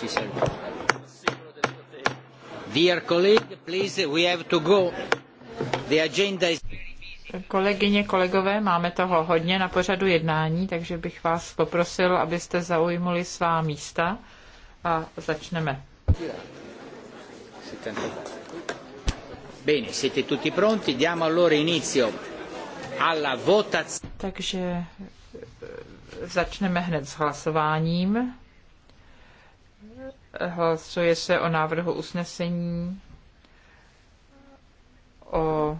necessary. Dear colleague, please, we have to go. The agenda is... Kolegyně, kolegové, máme toho hodně na pořadu jednání, takže bych vás poprosil, abyste zaujmuli svá místa a začneme. Bene, siete tutti pronti, diamo allora inizio alla votazione. Takže eh, začneme hned s hlasováním. Hlasuje se o návrhu usnesení o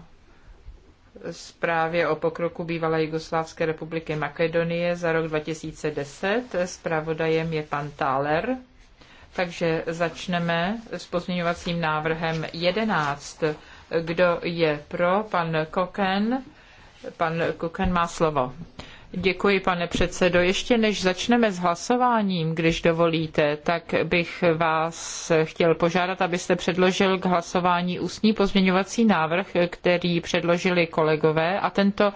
zprávě o pokroku bývalé Jugoslávské republiky Makedonie za rok 2010. Zpravodajem je pan Thaler. Takže začneme s pozměňovacím návrhem 11. Kdo je pro? Pan Koken. Pan Koken má slovo. Děkuji, pane předsedo. Ještě než začneme s hlasováním, když dovolíte, tak bych vás chtěl požádat, abyste předložil k hlasování ústní pozměňovací návrh, který předložili kolegové. A tento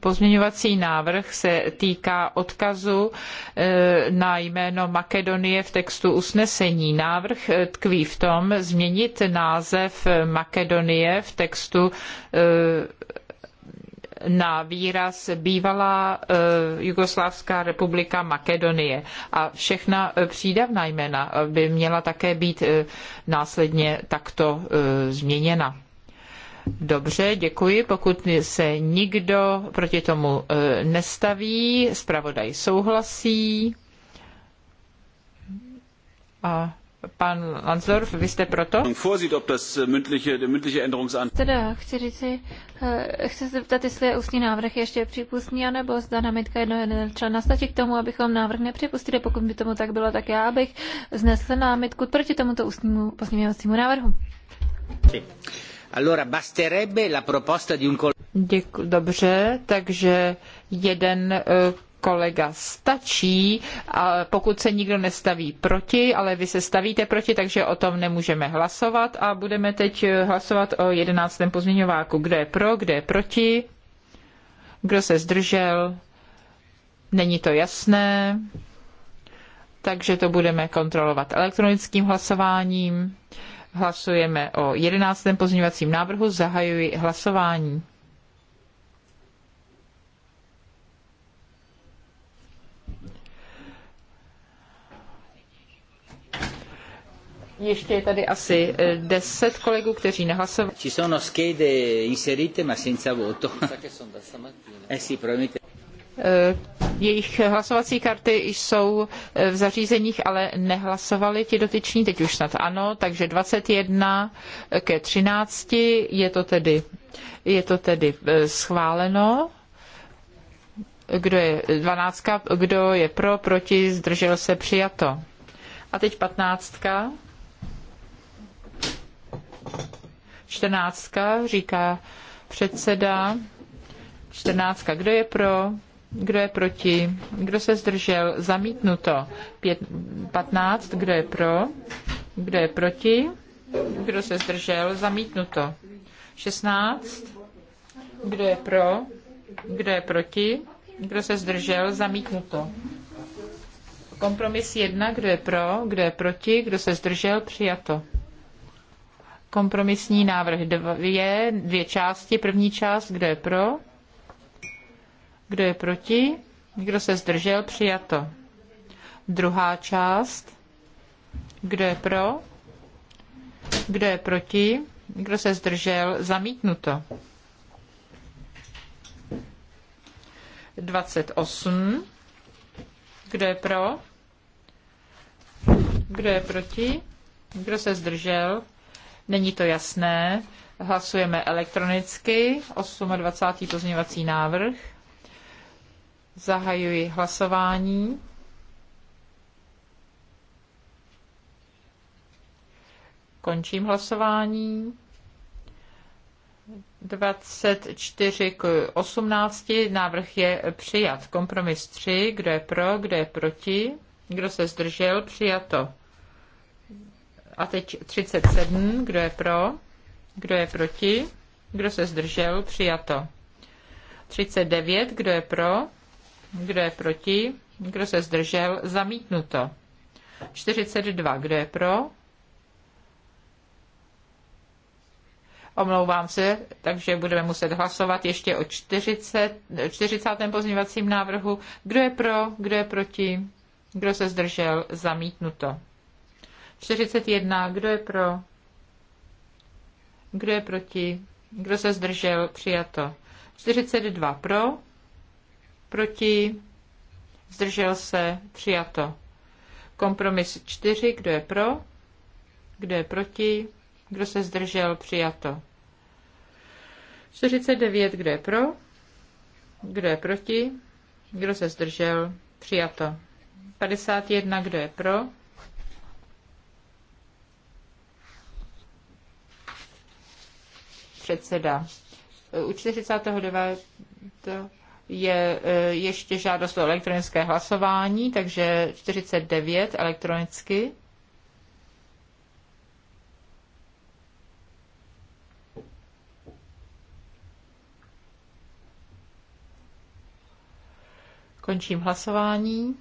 pozměňovací návrh se týká odkazu e, na jméno Makedonie v textu usnesení. Návrh tkví v tom změnit název Makedonie v textu e, na výraz bývalá eh, Jugoslávská republika Makedonie. A všechna eh, přídavná jména eh, by měla také být následně takto změněna. Dobře, děkuji. Pokud se nikdo proti tomu nestaví, zpravodaj souhlasí. A Pan Lansdorf, vy jste proto? Vorsieht, ob das äh, mündliche, der mündliche Änderungsantrag. Teda, chci říci, eh, chci se zeptat, jestli je ústní návrh ještě přípustný, anebo zda námitka jednoho člena stačí k tomu, abychom návrh nepřipustili. Pokud by tomu tak bylo, tak já bych znesl námitku proti tomuto ústnímu pozměňovacímu návrhu. Allora basterebbe la proposta di un Děkuji, dobře, takže jeden eh, kolega stačí, pokud se nikdo nestaví proti, ale vy se stavíte proti, takže o tom nemůžeme hlasovat a budeme teď hlasovat o jedenáctém pozměňováku. Kdo je pro, kdo je proti, kdo se zdržel, není to jasné, takže to budeme kontrolovat elektronickým hlasováním. Hlasujeme o jedenáctém pozměňovacím návrhu, zahajuji hlasování. Ještě je tady asi eh, deset kolegů, kteří nehlasovali. Ci sono schede inserite ma senza voto. Eh sì, probabilmente eh, jejich hlasovací karty jsou eh, v zařízeních, ale nehlasovali ti dotyční, teď už snad ano, takže 21 ke 13 je to tedy, je to tedy schváleno. Kdo je 12, kdo je pro, proti, zdržel se, přijato. A teď 15. Čtrnáctka, říká předseda. Čtrnáctka, kdo je pro? Kdo je proti? Kdo se zdržel? Zamítnuto. Pět, 15. Kdo je pro? Kdo je proti? Kdo se zdržel? Zamítnuto. 16. Kdo je pro? Kdo je proti? Kdo se zdržel? Zamítnuto. Kompromis 1. Kdo je pro? Kdo je proti? Kdo se zdržel? Přijato. Kompromisní návrh dvě, dvě části. První část, kdo je pro? Kdo je proti? Kdo se zdržel? Přijato. Druhá část. Kdo je pro? Kdo je proti? Kdo se zdržel? Zamítnuto. 28. Kdo je pro? Kdo je proti? Kdo se zdržel? Není to jasné. Hlasujeme elektronicky. 28. pozměňovací návrh. Zahajuji hlasování. Končím hlasování. 24 k 18. Návrh je přijat. Kompromis 3. Kdo je pro, kdo je proti? Kdo se zdržel? Přijato. A teď 37. Kdo je pro? Kdo je proti? Kdo se zdržel? Přijato. 39. Kdo je pro? Kdo je proti? Kdo se zdržel? Zamítnuto. 42. Kdo je pro? Omlouvám se, takže budeme muset hlasovat ještě o 40, 40. pozměňovacím návrhu. Kdo je pro? Kdo je proti? Kdo se zdržel? Zamítnuto. 41. Kdo je pro? Kdo je proti? Kdo se zdržel? Přijato. 42 pro, proti, zdržel se, přijato. Kompromis 4, kdo je pro, kdo je proti, kdo se zdržel, přijato. 49, kdo je pro, kdo je proti, kdo se zdržel, přijato. 51, kdo je pro, předseda. U 49 je e, ještě žádost o elektronické hlasování, takže 49 elektronicky. Končím hlasování.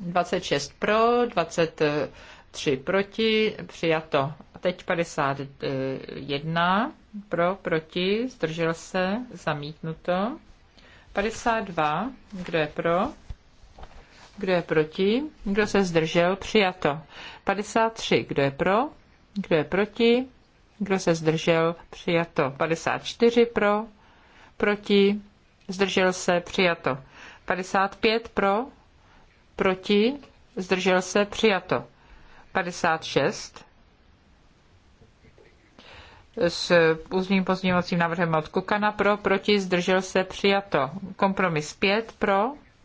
26 pro, 23 proti, přijato a teď 51 pro, proti, zdržel se, zamítnuto. 52, kdo je pro, kdo je proti, kdo se zdržel, přijato. 53, kdo je pro, kdo je proti, kdo se zdržel, přijato. 54 pro, proti, zdržel se, přijato. 55 pro, proti, zdržel se, přijato. 56 s ústním pozměňovacím návrhem od Kukana pro, proti, zdržel se, přijato. Kompromis 5 pro,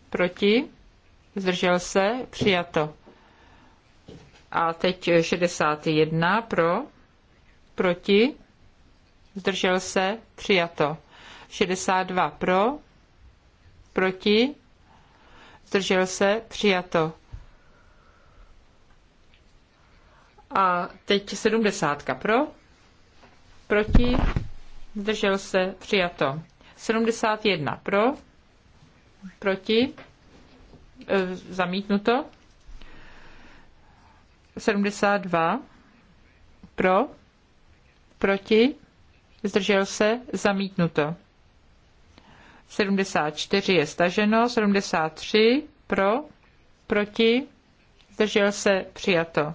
proti, zdržel se, přijato. A teď 61 pro, proti, zdržel se, přijato. 62 pro, proti, zdržel se, přijato. A teď 70 pro, proti, zdržel se, přijato. 71 pro, proti, e, zamítnuto. 72 pro, proti, zdržel se, zamítnuto. 74 je staženo, 73 pro, proti, zdržel se, přijato.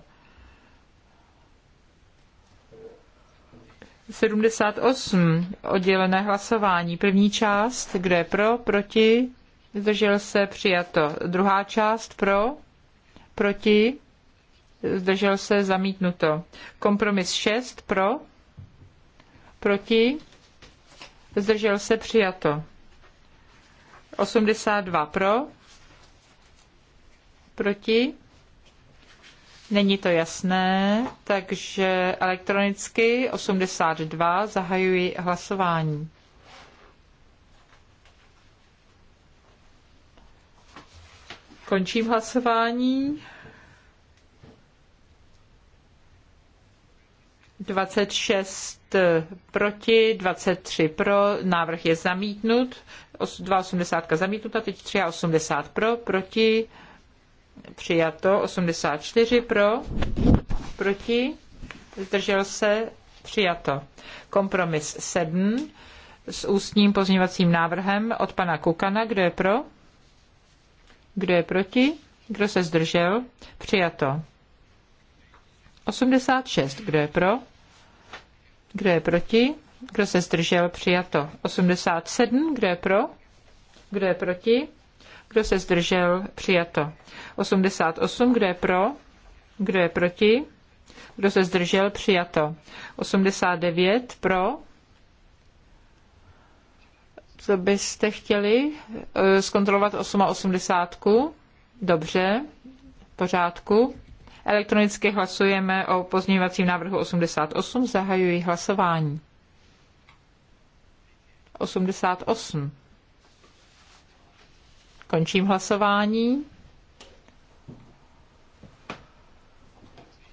78, oddělené hlasování. První část, kde pro, proti, zdržel se, přijato. Druhá část pro, proti, zdržel se, zamítnuto. Kompromis 6, pro, proti, zdržel se, přijato. 82 pro, proti, Není to jasné, takže elektronicky 82 zahajuji hlasování. Končím hlasování. 26 proti, 23 pro, návrh je zamítnut, 2,80 zamítnuta, teď 3,80 pro, proti, přijato, 84 pro, proti, zdržel se, přijato. Kompromis 7 s ústním pozměňovacím návrhem od pana Kukana, kdo je pro, kdo je proti, kdo se zdržel, přijato. 86, kdo je pro, kdo je proti, kdo se zdržel, přijato. 87, kdo je pro, kdo je proti, kdo se zdržel? Přijato. 88. Kdo je pro? Kdo je proti? Kdo se zdržel? Přijato. 89. Pro? Co byste chtěli? Eh, zkontrolovat 88. Dobře. V pořádku. Elektronicky hlasujeme o pozměňovacím návrhu 88. Zahajuji hlasování. 88. Končím hlasování.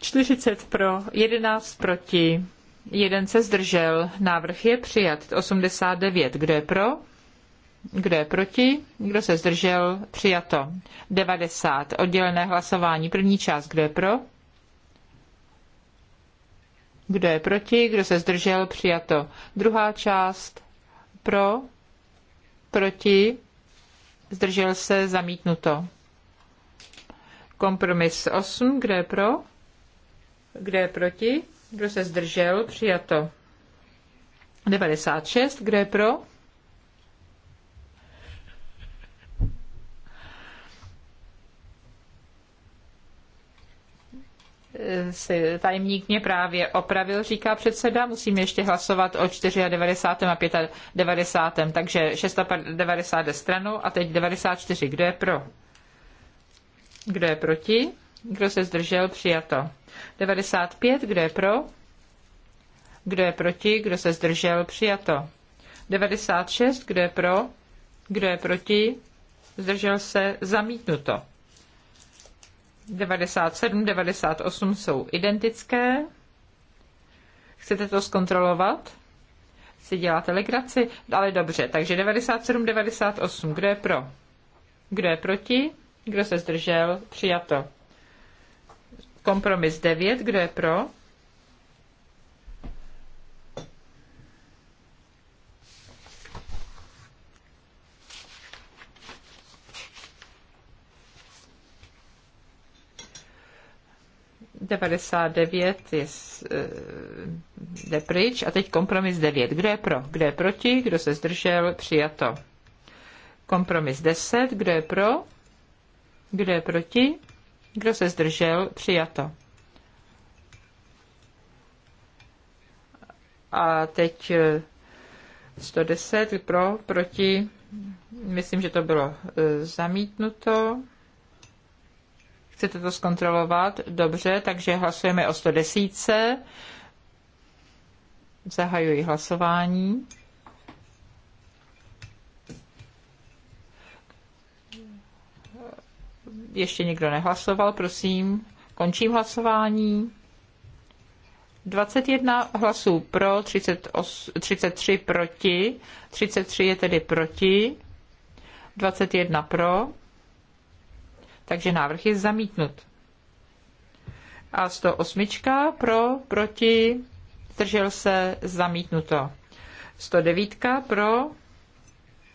40 pro, 11 proti, jeden se zdržel. Návrh je přijat. 89. Kdo je pro? Kdo je proti? Kdo se zdržel? Přijato. 90. Oddělené hlasování. První část. Kdo je pro? Kdo je proti? Kdo se zdržel? Přijato. Druhá část. Pro? Proti? zdržel se, zamítnuto. Kompromis 8, kde je pro, kde je proti, kdo se zdržel, přijato. 96, kde je pro, si tajemník mě právě opravil, říká předseda, musíme ještě hlasovat o 94. a 95. Takže 690 jde stranu a teď 94. Kdo je pro? Kdo je proti? Kdo se zdržel? Přijato. 95. Kdo je pro? Kdo je proti? Kdo se zdržel? Přijato. 96. Kdo je pro? Kdo je proti? Zdržel se? Zamítnuto. 97, 98 jsou identické. Chcete to zkontrolovat? Si děláte legraci? Ale dobře, takže 97, 98. Kdo je pro? Kdo je proti? Kdo se zdržel? Přijato. Kompromis 9. Kdo je pro? 99 je, eh, jde pryč a teď kompromis 9. Kdo je pro? Kdo je proti? Kdo se zdržel? Přijato. Kompromis 10. Kdo je pro? Kdo je proti? Kdo se zdržel? Přijato. A teď 110 eh, pro, proti. Myslím, že to bylo eh, zamítnuto. Chcete to zkontrolovat? Dobře, takže hlasujeme o 110. Zahajuji hlasování. Ještě nikdo nehlasoval, prosím. Končím hlasování. 21 hlasů pro, 38, 33 proti, 33 je tedy proti, 21 pro takže návrh je zamítnut. A 108 pro, proti, zdržel se, zamítnuto. 109 pro,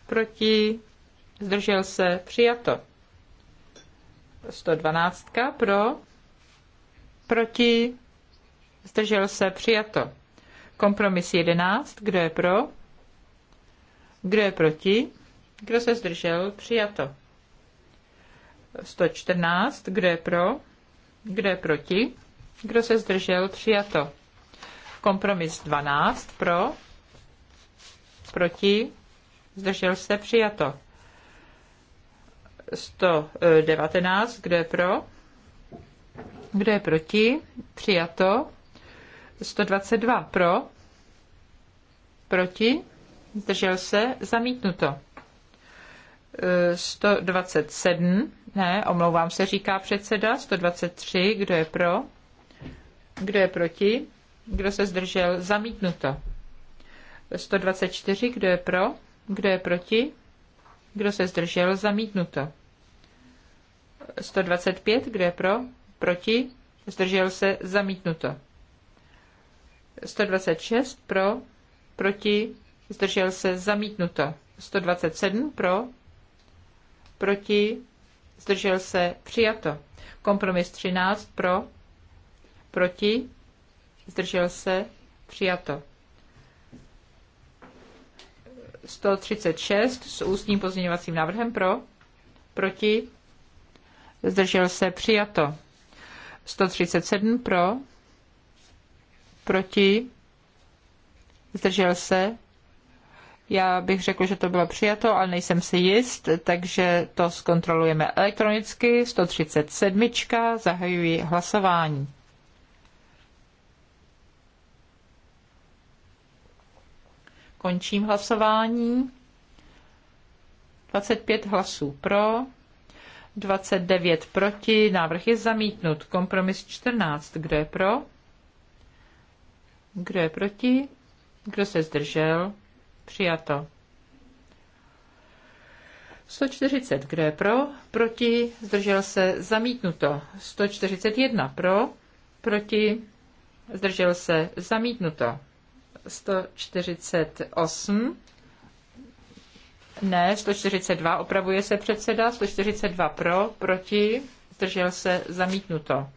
proti, zdržel se, přijato. 112 pro, proti, zdržel se, přijato. Kompromis 11, kdo je pro, kdo je proti, kdo se zdržel, přijato. 114, kdo je pro, kdo je proti, kdo se zdržel, přijato. Kompromis 12 pro, proti, zdržel se, přijato. 119, kdo je pro, kdo je proti, přijato. 122 pro, proti, zdržel se, zamítnuto. 127 ne, omlouvám se, říká předseda. 123, kdo je pro? Kdo je proti? Kdo se zdržel? Zamítnuto. 124, kdo je pro? Kdo je proti? Kdo se zdržel? Zamítnuto. 125, kdo je pro? Proti? Zdržel se? Zamítnuto. 126 pro, proti, zdržel se, zamítnuto. 127 pro, proti, zdržel se, přijato. Kompromis 13 pro, proti, zdržel se, přijato. 136 s ústním pozměňovacím návrhem pro, proti, zdržel se, přijato. 137 pro, proti, zdržel se, já bych řekl, že to bylo přijato, ale nejsem si jist, takže to zkontrolujeme elektronicky. 137. Zahajuji hlasování. Končím hlasování. 25 hlasů pro, 29 proti, návrh je zamítnut. Kompromis 14. Kdo je pro? Kdo je proti? Kdo se zdržel? Přijato. 140, kde je pro? Proti, zdržel se, zamítnuto. 141 pro, proti, zdržel se, zamítnuto. 148, ne, 142, opravuje se předseda, 142 pro, proti, zdržel se, zamítnuto.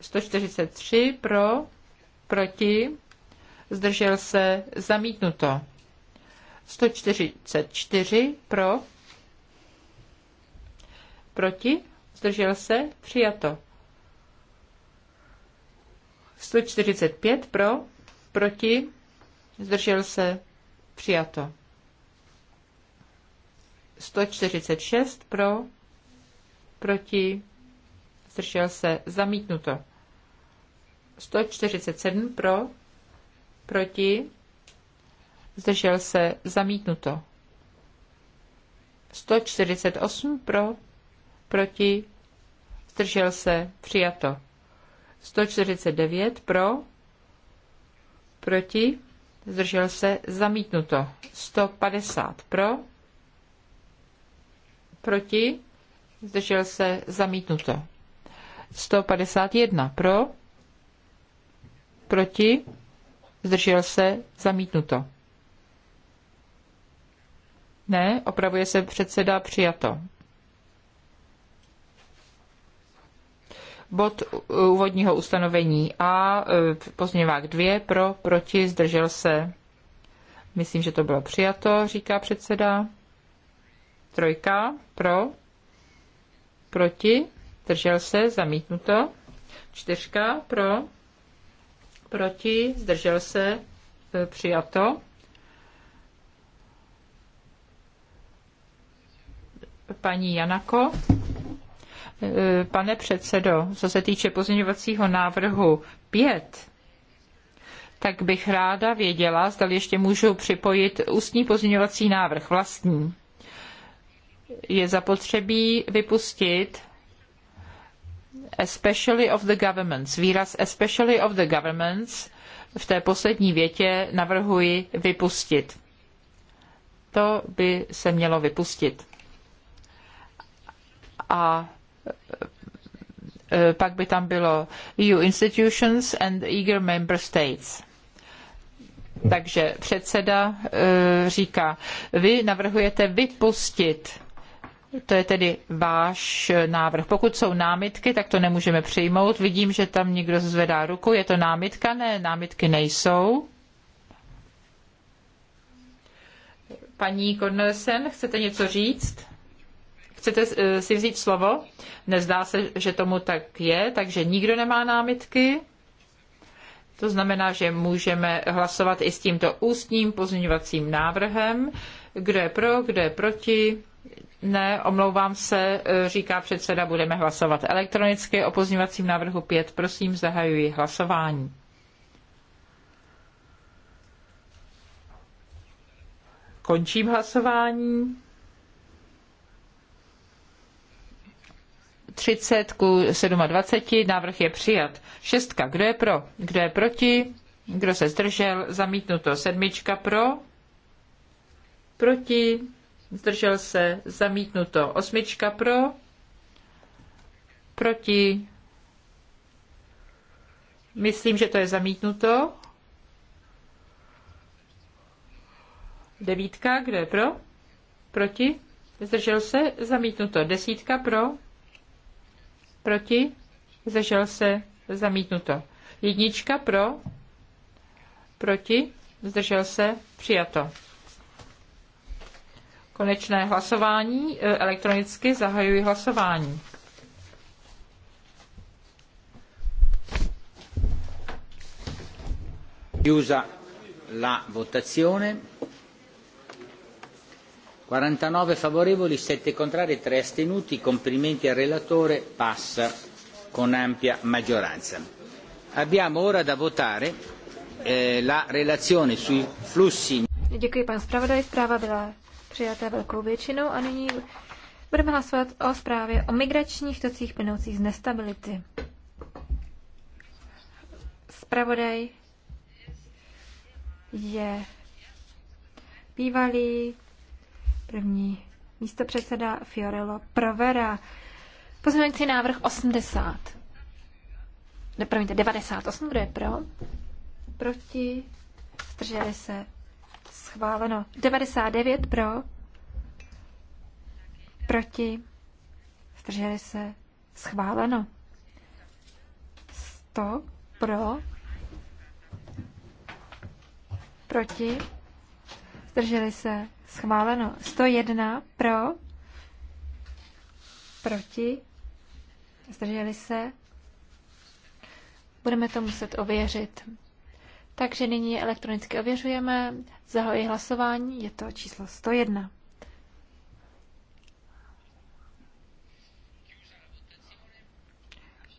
143 pro, proti, zdržel se, zamítnuto. 144 pro, proti, zdržel se, přijato. 145 pro, proti, zdržel se, přijato. 146 pro, proti, zdržel se, zamítnuto. 147 pro, proti, zdržel se, zamítnuto. 148 pro, proti, zdržel se, přijato. 149 pro, proti, zdržel se, zamítnuto. 150 pro, proti, zdržel se, zamítnuto. 151 pro, proti, zdržel se, zamítnuto. Ne, opravuje se předseda přijato. Bod úvodního ustanovení A, e, pozměňovák 2, pro, proti, zdržel se. Myslím, že to bylo přijato, říká předseda. Trojka, pro, proti, zdržel se, zamítnuto. Čtyřka, pro, proti, zdržel se, e, přijato. paní Janako. Eh, pane předsedo, co se týče pozměňovacího návrhu 5, tak bych ráda věděla, zda ještě můžu připojit ústní pozměňovací návrh vlastní. Je zapotřebí vypustit especially of the governments. Výraz especially of the governments v té poslední větě navrhuji vypustit. To by se mělo vypustit a e, pak by tam bylo EU institutions and eager member states. Takže předseda e, říká, vy navrhujete vypustit to je tedy váš návrh. Pokud jsou námitky, tak to nemůžeme přijmout. Vidím, že tam někdo zvedá ruku. Je to námitka? Ne, námitky nejsou. Paní Cornelsen, chcete něco říct? Chcete eh, si vzít slovo? Nezdá se, že tomu tak je, takže nikdo nemá námitky. To znamená, že můžeme hlasovat i s tímto ústním pozměňovacím návrhem. Kdo je pro, kdo je proti? Ne, omlouvám se, eh, říká předseda, budeme hlasovat elektronicky o pozměňovacím návrhu 5. Prosím, zahajuji hlasování. Končím hlasování. 30 ku 27, návrh je přijat. Šestka, kdo je pro, kdo je proti, kdo se zdržel, zamítnuto. Sedmička pro, proti, zdržel se, zamítnuto. Osmička pro, proti, myslím, že to je zamítnuto. Devítka, kdo je pro, proti, zdržel se, zamítnuto. Desítka pro, proti, zdržel se, zamítnuto. Jednička pro, proti, zdržel se, přijato. Konečné hlasování, e, elektronicky zahajuji hlasování. Chiusa la votazione. 49 favorevoli, 7 contrari, 3 astenuti. Complimenti al relatore, passa con ampia maggioranza. Abbiamo ora da votare eh, la relazione sui flussi. Děkuji, pan zpravodaj. Zpráva byla přijata velkou většinou a nyní budeme hlasovat o zprávě o migračních tocích plynoucích z nestability. Zpravodaj je bývalý První místo předseda Fiorello Provera. Pozměňující návrh 80. Ne, promiňte, 98. Kdo je pro? Proti? Zdrželi se? Schváleno. 99 pro? Proti? Zdrželi se? Schváleno. 100 pro? Proti? zdrželi se, schváleno. 101 pro, proti, zdrželi se. Budeme to muset ověřit. Takže nyní elektronicky ověřujeme. Zahoji hlasování, je to číslo 101.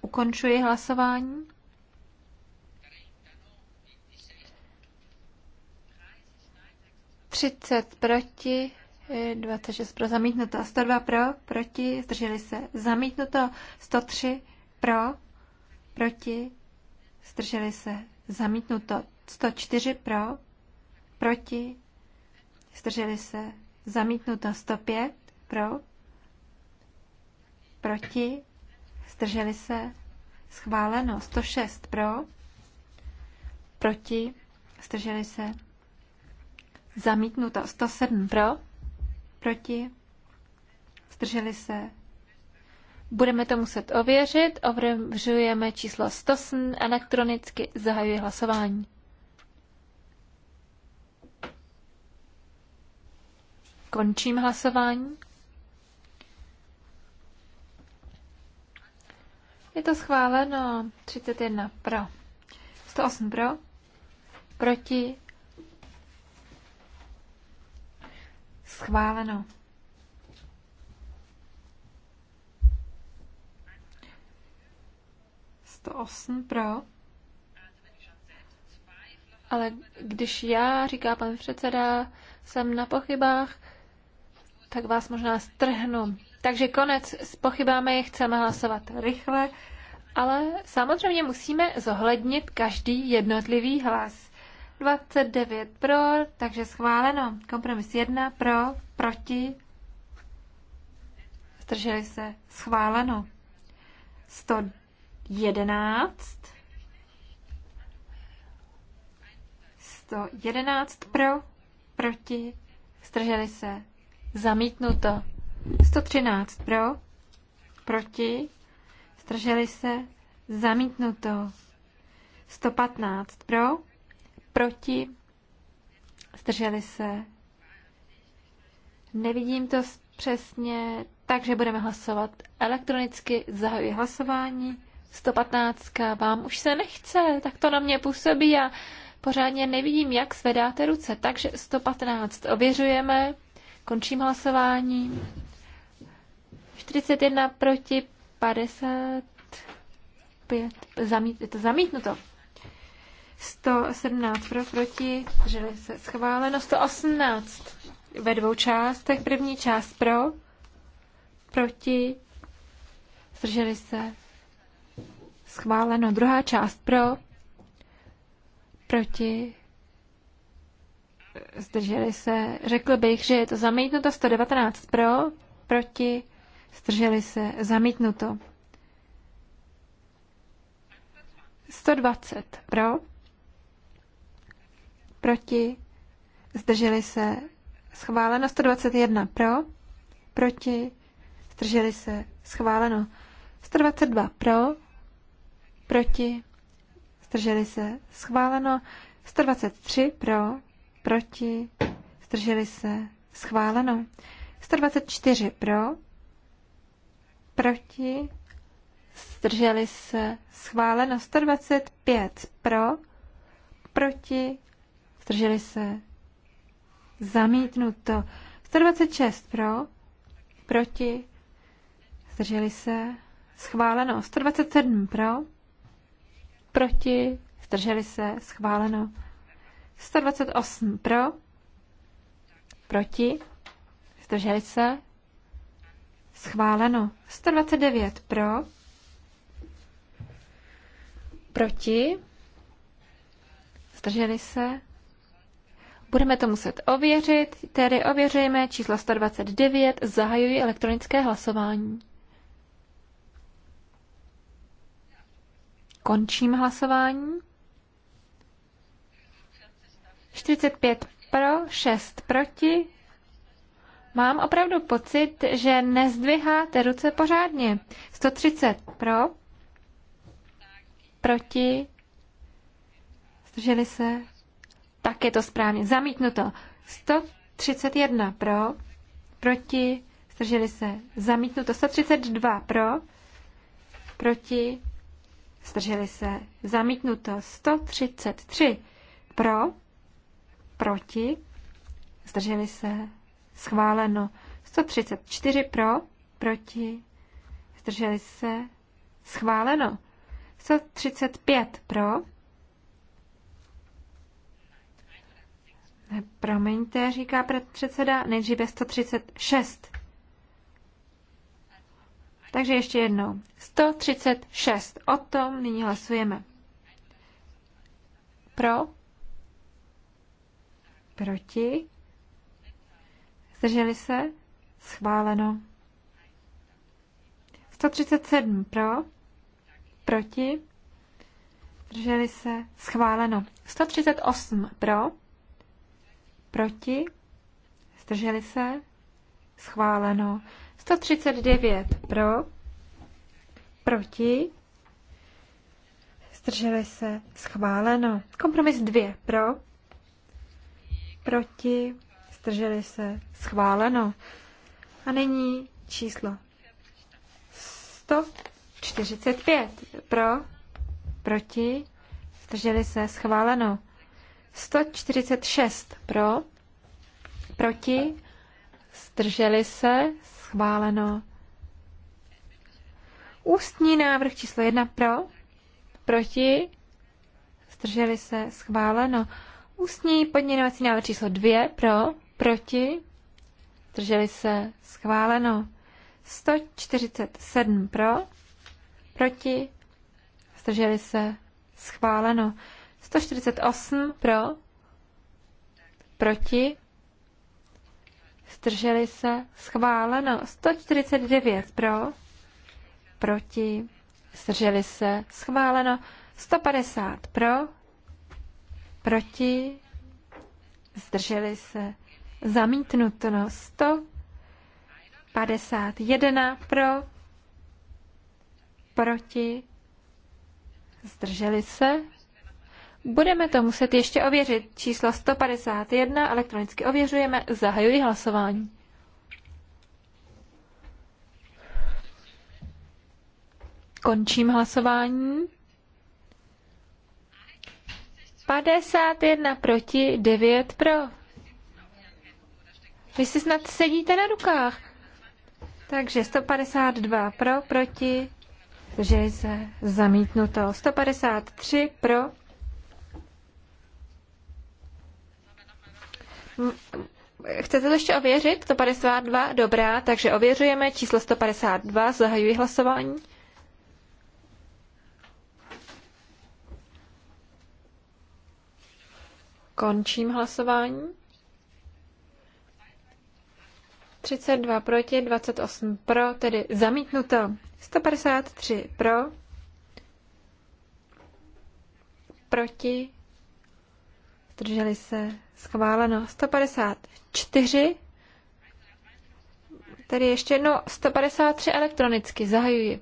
Ukončuji hlasování. 30 proti, 26 eh, pro zamítnuto, 102 pro, proti, zdrželi se zamítnuto, 103 pro, proti, zdrželi se zamítnuto, 104 pro, proti, zdrželi se zamítnuto, 105 pro, proti, zdrželi se schváleno, 106 pro, proti, zdrželi se Zamítnuto 107 pro, proti, zdrželi se. Budeme to muset ověřit. Ověřujeme číslo 108 elektronicky. Zahajuji hlasování. Končím hlasování. Je to schváleno 31 pro. 108 pro. Proti Schváleno. pro. Ale když já, říká pan předseda, jsem na pochybách, tak vás možná strhnu. Takže konec s pochybami, chceme hlasovat rychle, ale samozřejmě musíme zohlednit každý jednotlivý hlas. 29 pro, takže schváleno. Kompromis 1 pro, proti. Zdrželi se. Schváleno. 111. 111 pro, proti. Zdrželi se. Zamítnuto. 113 pro, proti. Zdrželi se. Zamítnuto. 115 pro, Proti? Zdrželi se? Nevidím to přesně, takže budeme hlasovat elektronicky. Zahajuji hlasování. 115. Vám už se nechce, tak to na mě působí. Já pořádně nevidím, jak zvedáte ruce. Takže 115 ověřujeme. Končím hlasování. 41 proti 55. Zamít, je to zamítnuto. 117 pro, proti, že se schváleno. 118 ve dvou částech. První část pro, proti, zdrželi se schváleno. Druhá část pro, proti, zdrželi se. Řekl bych, že je to zamítnuto 119 pro, proti, zdrželi se, zamítnuto. 120 pro, proti, zdrželi se, schváleno 121 pro, proti, zdrželi se, schváleno 122 pro, proti, zdrželi se, schváleno 123 pro, proti, zdrželi se, schváleno 124 pro, proti, zdrželi se, schváleno 125 pro, proti, zdrželi se, zamítnuto. 126 pro, proti, zdrželi se, schváleno. 127 pro, proti, zdrželi se, schváleno. 128 pro, proti, zdrželi se, schváleno. 129 pro, proti, zdrželi se, Budeme to muset ověřit, tedy ověříme číslo 129, zahajuji elektronické hlasování. Končím hlasování. 45 pro, 6 proti. Mám opravdu pocit, že nezdviháte ruce pořádně. 130 pro, proti, zdrželi se tak je to správně. Zamítnuto. 131 pro, proti, zdrželi se. Zamítnuto. 132 pro, proti, zdrželi se. Zamítnuto. 133 pro, proti, zdrželi se. Schváleno. 134 pro, proti, zdrželi se. Schváleno. 135 pro, Promiňte, říká předseda, nejdříve 136. Takže ještě jednou. 136. O tom nyní hlasujeme. Pro? Proti? Zdrželi se? Schváleno. 137 pro? Proti? Zdrželi se? Schváleno. 138 pro? Proti? Zdrželi se? Schváleno. 139 pro. Proti? Zdrželi se? Schváleno. Kompromis 2 pro. Proti? Zdrželi se? Schváleno. A nyní číslo 145 pro. Proti? Zdrželi se? Schváleno. 146 pro, proti, zdrželi se, schváleno. Ústní návrh číslo 1 pro, proti, zdrželi se, schváleno. Ústní podměňovací návrh číslo 2 pro, proti, zdrželi se, schváleno. 147 pro, proti, zdrželi se, schváleno. 148 pro, proti, zdrželi se, schváleno. 149 pro, proti, zdrželi se, schváleno. 150 pro, proti, zdrželi se, zamítnuto. 151 no, pro, proti, zdrželi se, Budeme to muset ještě ověřit. Číslo 151 elektronicky ověřujeme. Zahajuji hlasování. Končím hlasování. 51 proti, 9 pro. Vy si snad sedíte na rukách. Takže 152 pro, proti, že se zamítnuto. 153 pro, Chcete to ještě ověřit? 152, dobrá, takže ověřujeme číslo 152, zahajuji hlasování. Končím hlasování. 32 proti, 28 pro, tedy zamítnuto. 153 pro, proti, Drželi se Schváleno 154, tedy ještě jednou 153 elektronicky, zahajuji.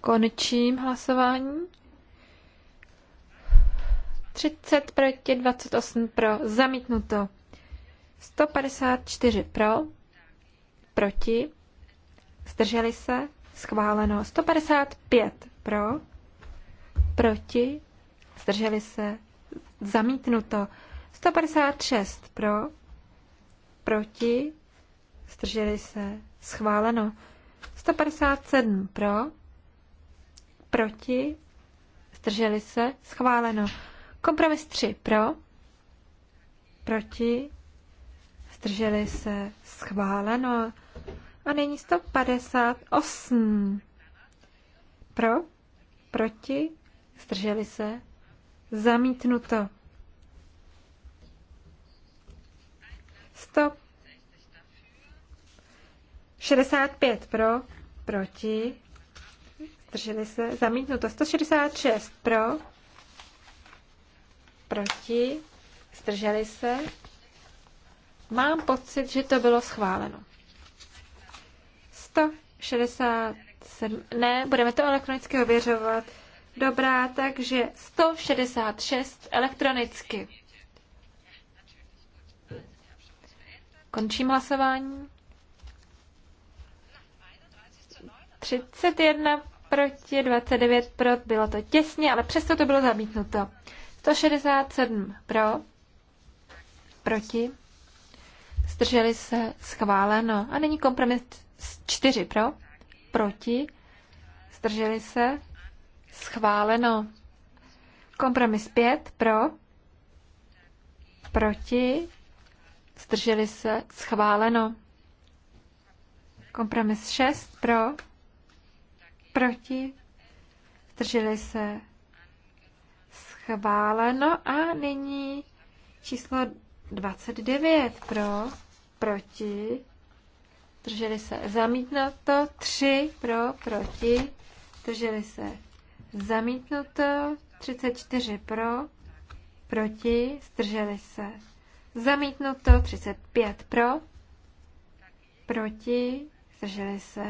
Končím hlasování. 30 proti 28 pro, zamítnuto. 154 pro, proti, zdrželi se, schváleno. 155 pro, proti, zdrželi se, zamítnuto. 156 pro, proti, zdrželi se, schváleno. 157 pro, proti, zdrželi se, schváleno. Kompromis 3 pro, proti, zdrželi se, schváleno. A nyní 158 pro, proti, Zdrželi se? Zamítnuto. Stop. 65 pro, proti, zdrželi se, zamítnuto. 166 pro, proti, zdrželi se. Mám pocit, že to bylo schváleno. 167, ne, budeme to elektronicky ověřovat. Dobrá, takže 166 elektronicky. Končím hlasování. 31 proti, 29 pro, bylo to těsně, ale přesto to bylo zamítnuto. 167 pro, proti, zdrželi se schváleno. A není kompromis 4 pro, proti, zdrželi se Schváleno. Kompromis 5 pro. Proti. Zdrželi se. Schváleno. Kompromis 6 pro. Proti. Zdrželi se. Schváleno. A nyní číslo 29 pro. Proti. Zdrželi se. Zamítnuto. 3 pro. Proti. Zdrželi se Zamítnuto 34 pro, proti, zdrželi se. Zamítnuto 35 pro, proti, zdrželi se.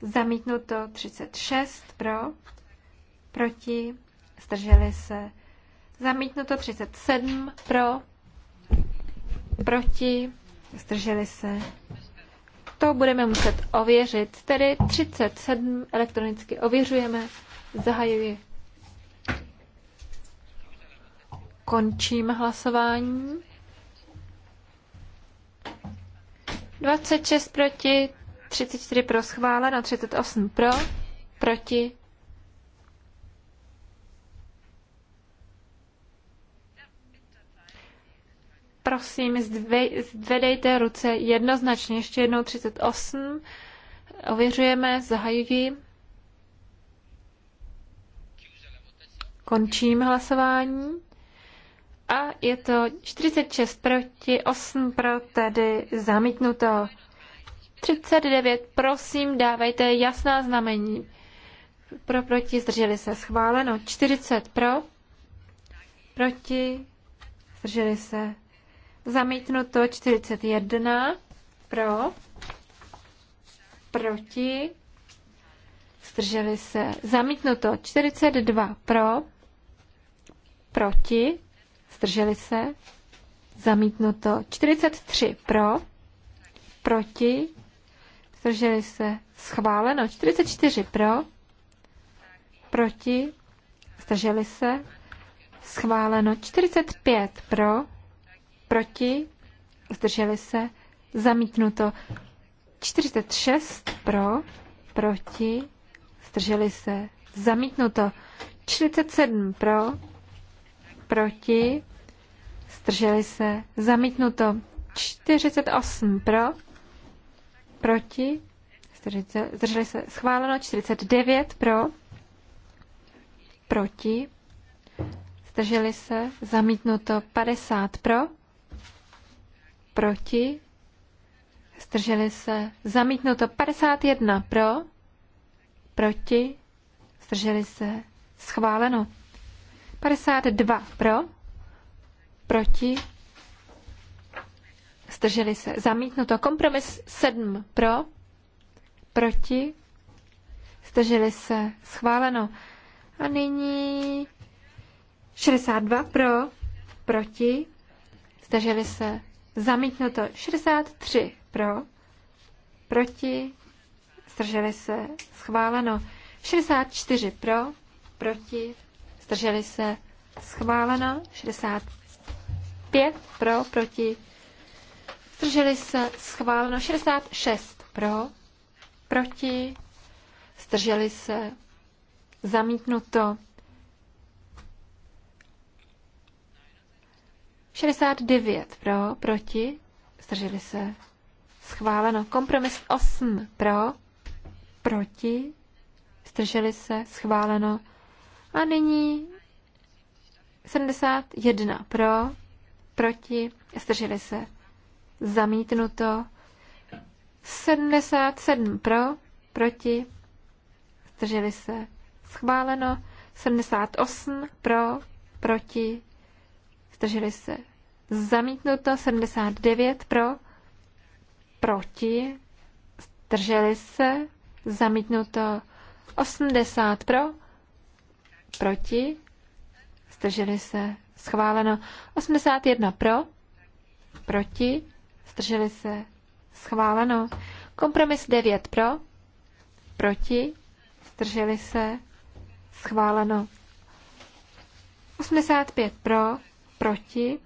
Zamítnuto 36 pro, proti, zdrželi se. Zamítnuto 37 pro, proti, zdrželi se. To budeme muset ověřit, tedy 37 elektronicky ověřujeme. Zahajuji. Končím hlasování. 26 proti, 34 pro schváleno, 38 pro, proti. Prosím, zvedejte ruce jednoznačně, ještě jednou 38. Ověřujeme, zahajuji. Končím hlasování. A je to 46 proti, 8 pro, tedy zamítnuto. 39, prosím, dávejte jasná znamení. Pro, proti, zdrželi se, schváleno. 40 pro, proti, zdrželi se, zamítnuto. 41 pro, proti, zdrželi se, zamítnuto. 42 pro, proti, zdrželi se, zamítnuto. 43 pro, proti, zdrželi se, schváleno. 44 pro, proti, zdrželi se, schváleno. 45 pro, proti, zdrželi se, zamítnuto. 46 pro, proti, zdrželi se, zamítnuto. 47 pro, proti, zdrželi se, zamítnuto. 48 pro, proti, zdrželi se, schváleno. 49 pro, proti, zdrželi se, zamítnuto. 50 pro, proti, zdrželi se, zamítnuto. 51 pro, proti, zdrželi se, schváleno. 52 pro, proti, zdrželi se, zamítnuto. Kompromis 7 pro, proti, zdrželi se, schváleno. A nyní 62 pro, proti, zdrželi se, zamítnuto. 63 pro, proti, zdrželi se, schváleno. 64 pro, proti, zdrželi se, schválena 65 pro, proti, zdrželi se, schválena 66 pro, proti, zdrželi se, zamítnuto. 69 pro, proti, zdrželi se, schváleno. Kompromis 8 pro, proti, zdrželi se, schváleno. A nyní 71 pro, proti, zdrželi se, zamítnuto. 77 pro, proti, zdrželi se, schváleno. 78 pro, proti, zdrželi se, zamítnuto. 79 pro, proti, zdrželi se, zamítnuto. 80 pro, proti, zdrželi se, schváleno 81 pro, proti, zdrželi se, schváleno. Kompromis 9 pro, proti, zdrželi se, schváleno. 85 pro, proti,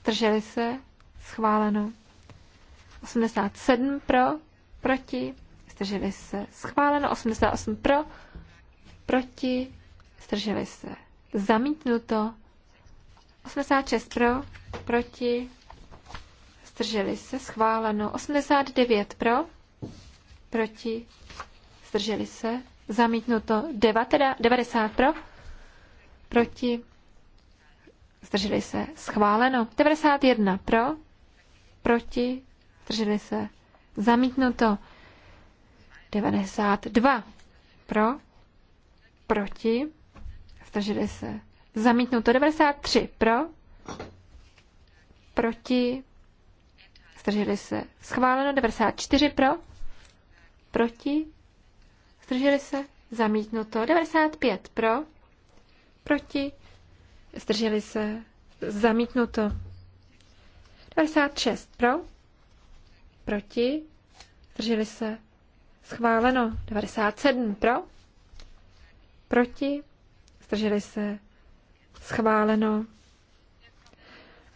zdrželi se, schváleno. 87 pro, proti, zdrželi se, schváleno. 88 pro, proti, Zdrželi se. Zamítnuto. 86 pro, proti. Zdrželi se. Schváleno. 89 pro, proti. Zdrželi se. Zamítnuto. 90 pro, proti. Zdrželi se. Schváleno. 91 pro, proti. Zdrželi se. Zamítnuto. 92 pro, proti, 160. to 93 pro, proti, zdrželi se. Schváleno 94 pro, proti, zdrželi se. Zamítnuto 95 pro, proti, zdrželi se. Zamítnuto 96 pro, proti, zdrželi se. Schváleno 97 pro, proti, zdrželi se, schváleno.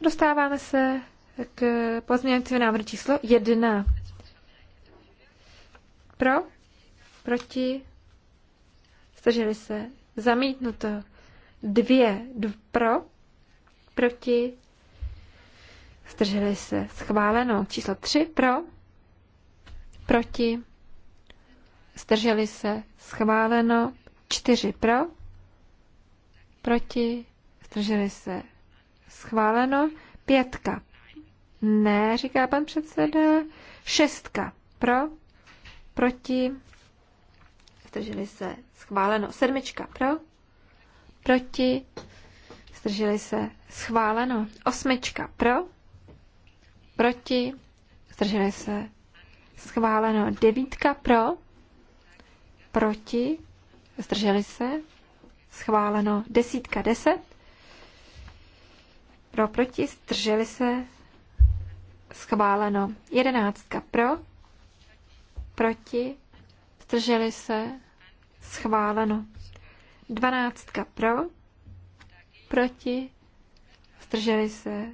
Dostáváme se k pozměňovacímu návrhu číslo 1. Pro, proti, zdrželi se, zamítnuto. Dvě dv, pro, proti, zdrželi se, schváleno. Číslo 3 pro, proti, zdrželi se, schváleno. čtyři. pro, proti, zdrželi se, schváleno. Pětka. Ne, říká pan předseda. Šestka. Pro, proti, zdrželi se, schváleno. Sedmička. Pro, proti, zdrželi se, schváleno. Osmička. Pro, proti, zdrželi se, schváleno. Devítka. Pro, proti, zdrželi se, schváleno desítka deset, pro, proti, zdrželi se, schváleno jedenáctka pro, proti, zdrželi se, schváleno dvanáctka pro, proti, zdrželi se,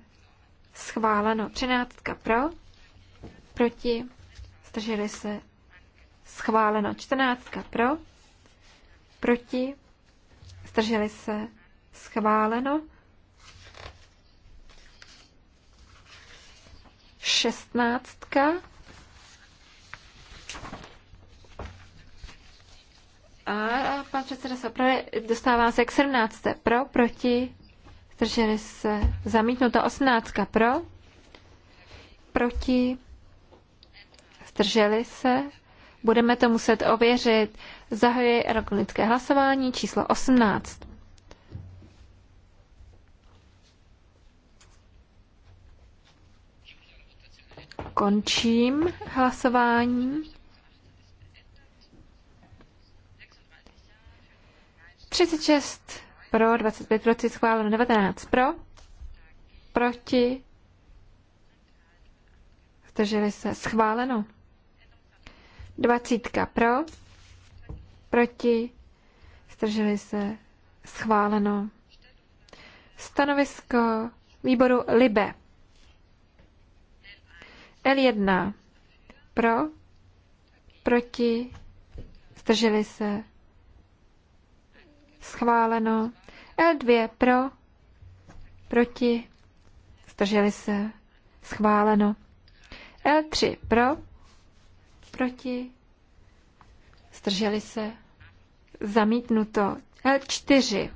schváleno třináctka pro, proti, zdrželi se, schváleno čtrnáctka pro, proti, Zdrželi se? Schváleno. 16. A pan předseda Soprave dostává se k 17. Pro, proti, zdrželi se, zamítnuto 18. Pro, proti, zdrželi se, budeme to muset ověřit. Zahajuji elektronické hlasování číslo 18. Končím hlasování. Třicet šest pro, dvacet pět proti, schváleno devatenáct pro, proti, zdrželi se, schváleno. dvacítka pro, proti, zdrželi se, schváleno. Stanovisko výboru LIBE. L1. Pro, proti, zdrželi se, schváleno. L2 pro, proti, zdrželi se, schváleno. L3 pro, proti, zdrželi se, zamítnuto. L4.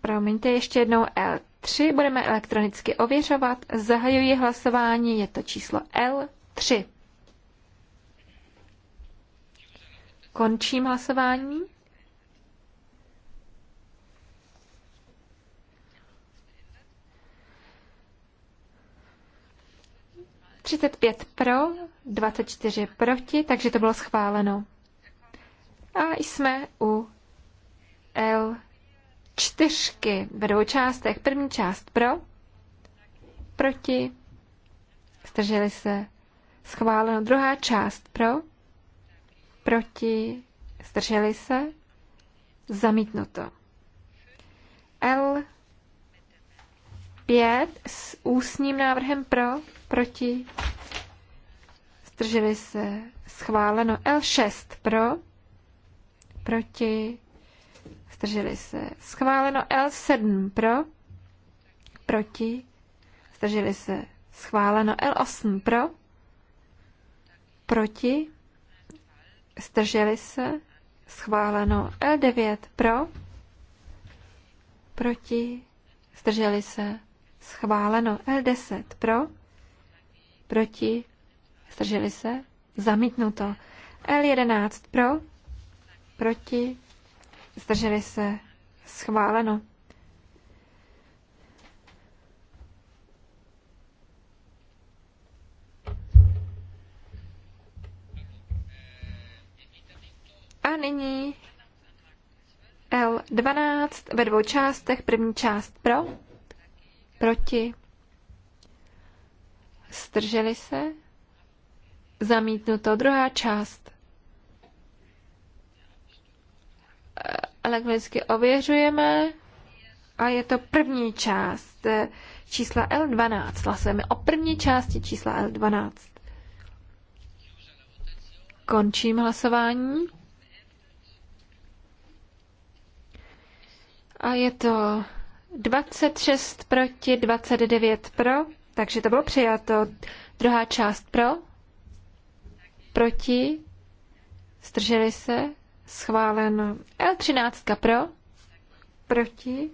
Promiňte ještě jednou L3. Budeme elektronicky ověřovat. Zahajuji hlasování, je to číslo L3. Končím hlasování. Třicet pět pro, 24 proti, takže to bylo schváleno. A jsme u L4 ve dvou částech. První část pro, proti, strželi se, schváleno. Druhá část pro, proti, strželi se, zamítnuto. L5 s ústním návrhem pro, proti, zdrželi se, schváleno L6 pro, proti, zdrželi se, schváleno L7 pro, proti, zdrželi se, schváleno L8 pro, proti, zdrželi se, schváleno L9 pro, proti, zdrželi se, schváleno L10 pro, proti, zdrželi se, zamítnuto. L11 pro, proti, zdrželi se, schváleno. A nyní L12 ve dvou částech. První část pro, proti, zdrželi se, Zamítnuto. Druhá část. Elektronicky ověřujeme. A je to první část eh, čísla L12. Hlasujeme o první části čísla L12. Končím hlasování. A je to 26 proti 29 pro, takže to bylo přijato. Druhá část pro, proti, zdrželi se, schváleno. L13 pro, proti,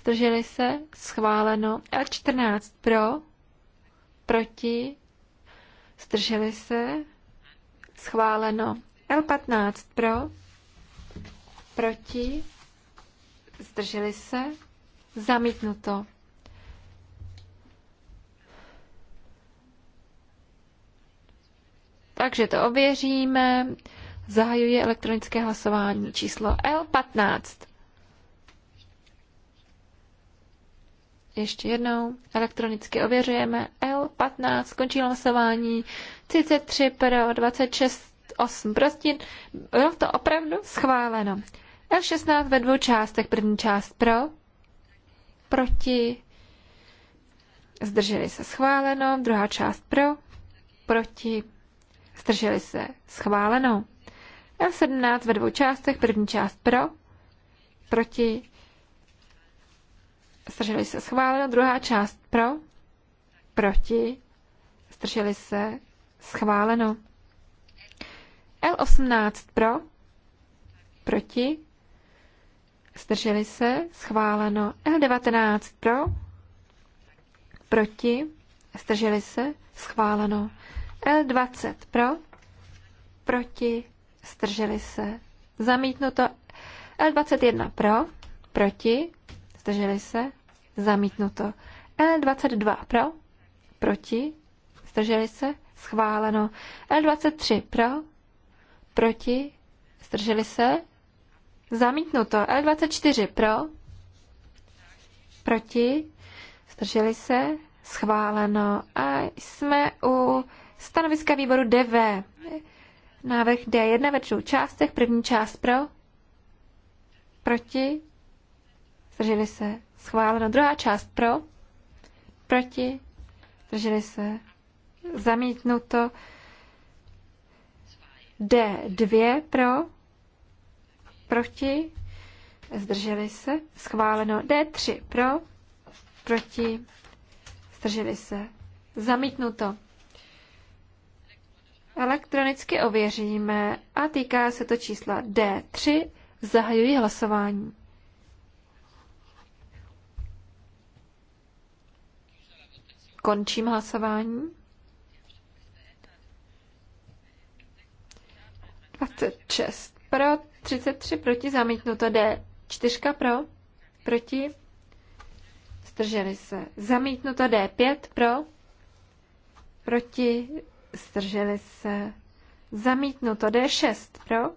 zdrželi se, schváleno. L14 pro, proti, zdrželi se, schváleno. L15 pro, proti, zdrželi se, zamítnuto. Takže to ověříme. Zahajuji elektronické hlasování číslo L15. Ještě jednou elektronicky ověřujeme L15. Skončí hlasování 33 pro 26 8 proti. Bylo to opravdu schváleno. L16 ve dvou částech. První část pro, proti, zdrželi se schváleno. Druhá část pro, proti, Zdrželi se. Schváleno. L17 ve dvou částech. První část pro. Proti. Zdrželi se. Schváleno. Druhá část pro. Proti. Zdrželi se. Schváleno. L18 pro. Proti. Zdrželi se. Schváleno. L19 pro. Proti. Zdrželi se. Schváleno. L20 pro, proti, zdrželi se, zamítnuto. L21 pro, proti, zdrželi se, zamítnuto. L22 pro, proti, zdrželi se, schváleno. L23 pro, proti, zdrželi se, zamítnuto. L24 pro, proti, zdrželi se, schváleno. A jsme u Stanoviska výboru DV. Návrh D1 ve dvou částech. První část pro. Proti. Zdrželi se. Schváleno. Druhá část pro. Proti. Zdrželi se. Zamítnuto. D2 pro. Proti. Zdrželi se. Schváleno. D3 pro. Proti. Zdrželi se. Zamítnuto. Elektronicky ověříme a týká se to čísla D3. Zahajuji hlasování. Končím hlasování. 26 pro, 33 proti, zamítnuto D4 pro, proti, zdrželi se. Zamítnuto D5 pro, proti, zdrželi se, zamítnuto D6 pro,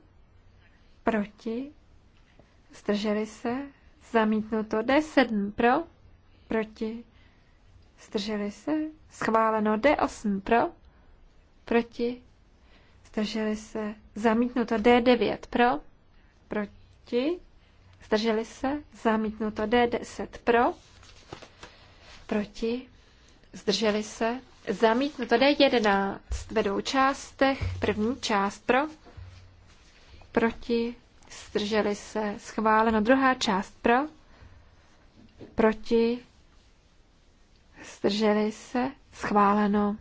proti, zdrželi se, zamítnuto D7 pro, proti, zdrželi se, schváleno D8 pro, proti, zdrželi se, zamítnuto D9 pro, proti, zdrželi se, zamítnuto D10 pro, proti, zdrželi se, Zamítnuto D11 ve dvou částech. První část pro, proti, zdrželi se, schváleno. Druhá část pro, proti, zdrželi se, schváleno.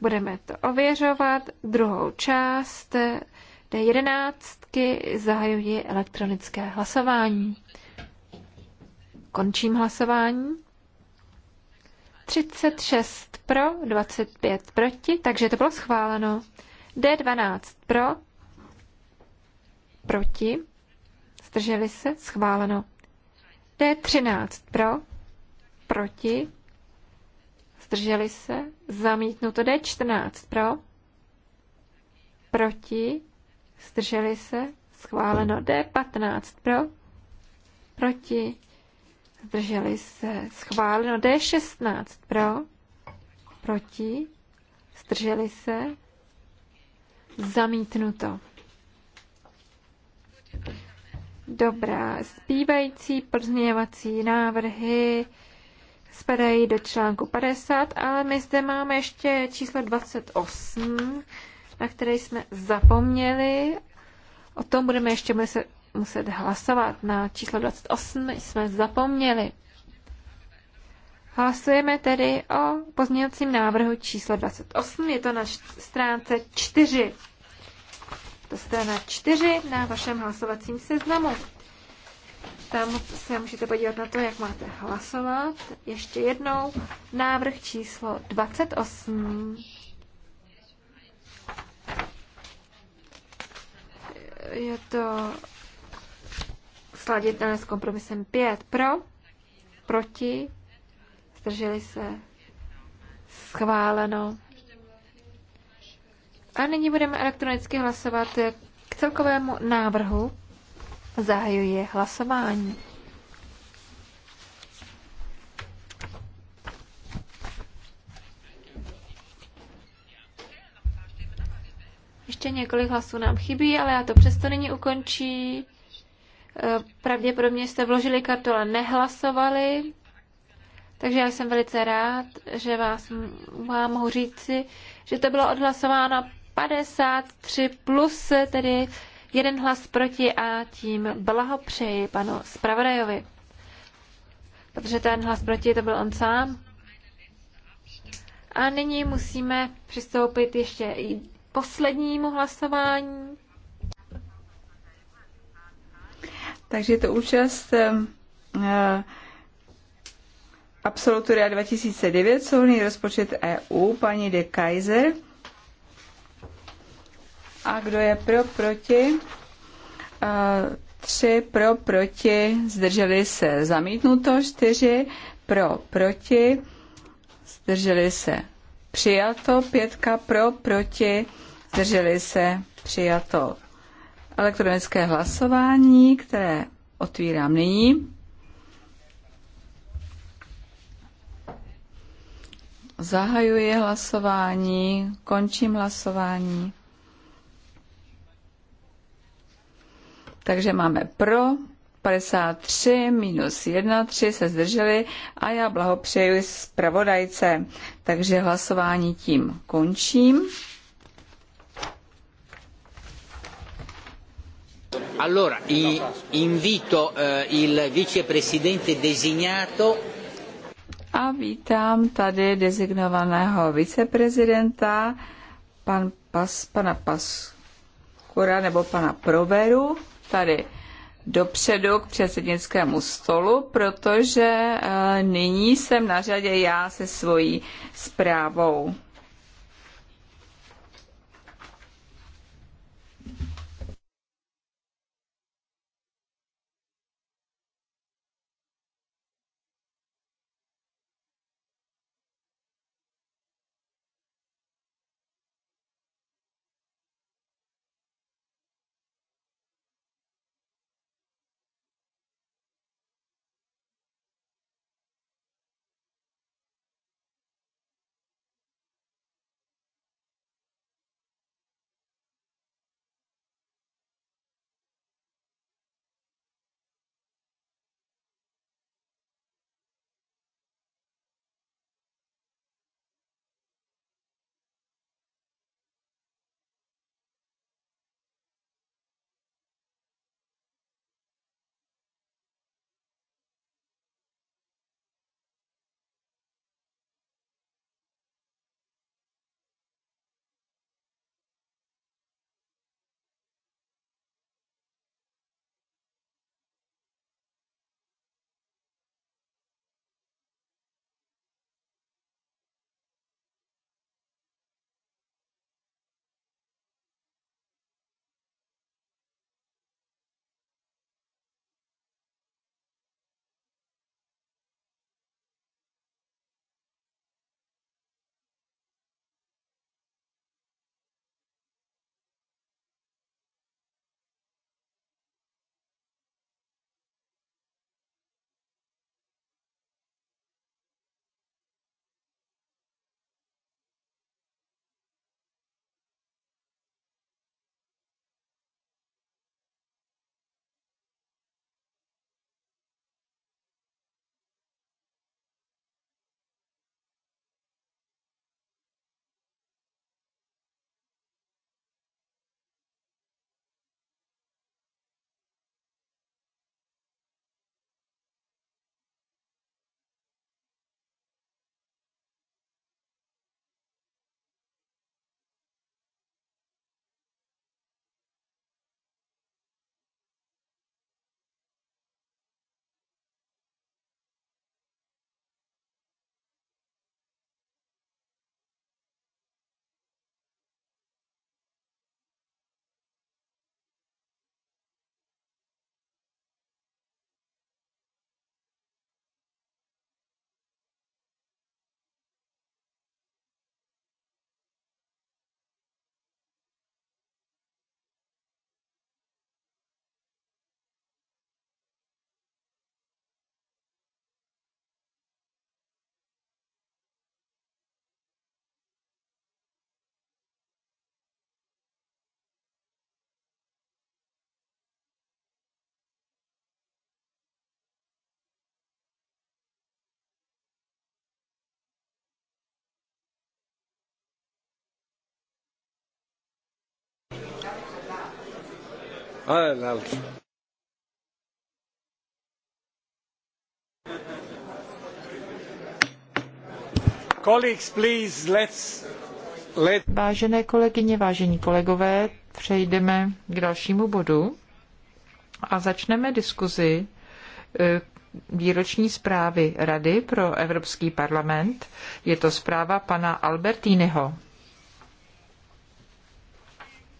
Budeme to ověřovat. Druhou část D11 zahajuji elektronické hlasování. Končím hlasování. 36 pro, 25 proti, takže to bylo schváleno. D12 pro, proti, zdrželi se, schváleno. D13 pro, proti, zdrželi se, zamítnuto. D14 pro, proti, zdrželi se, schváleno. D15 pro, proti, zdrželi se, schváleno D16 pro, proti, zdrželi se, zamítnuto. Dobrá, zbývající pozměňovací návrhy spadají do článku 50, ale my zde máme ještě číslo 28, na které jsme zapomněli. O tom budeme ještě muset muset hlasovat. Na číslo 28 jsme zapomněli. Hlasujeme tedy o pozměňovacím návrhu číslo 28. Je to na stránce 4. To na 4 na vašem hlasovacím seznamu. Tam se můžete podívat na to, jak máte hlasovat. Ještě jednou. Návrh číslo 28. Je to Sladit eh, s kompromisem 5. Pro, proti, zdrželi se, schváleno. A nyní budeme elektronicky hlasovat k celkovému návrhu. Zahajuji hlasování. Ještě několik hlasů nám chybí, ale já to přesto nyní ukončí. Pravděpodobně jste vložili kartu, ale nehlasovali. Takže já jsem velice rád, že vás, vám mohu říci, že to bylo odhlasováno 53 plus, tedy jeden hlas proti a tím blahopřeji panu Spravodajovi. Protože ten hlas proti to byl on sám. A nyní musíme přistoupit ještě i poslednímu hlasování. Takže je to účast eh, absolutoria 2009, souhrný rozpočet EU, paní de Kaiser. A kdo je pro, proti? Eh, tři pro, proti, zdrželi se zamítnuto, čtyři pro, proti, zdrželi se přijato, pětka pro, proti, zdrželi se přijato elektronické hlasování, které otvírám nyní. Zahajuji hlasování, končím hlasování. Takže máme pro 53 minus 1, 3 se zdrželi a já blahopřeju zpravodajce. Takže hlasování tím končím. Allora, invito eh, il vicepresidente designato. A vítám tady designovaného viceprezidenta, pan Pas, pana Paskura nebo pana Proveru, tady dopředu k předsednickému stolu, protože eh, nyní jsem na řadě já se svojí zprávou. Ah, l'altro. Vážené kolegyně, vážení kolegové, přejdeme k dalšímu bodu a začneme diskuzi eh, výroční zprávy Rady pro Evropský parlament. Je to zpráva pana Albertínyho.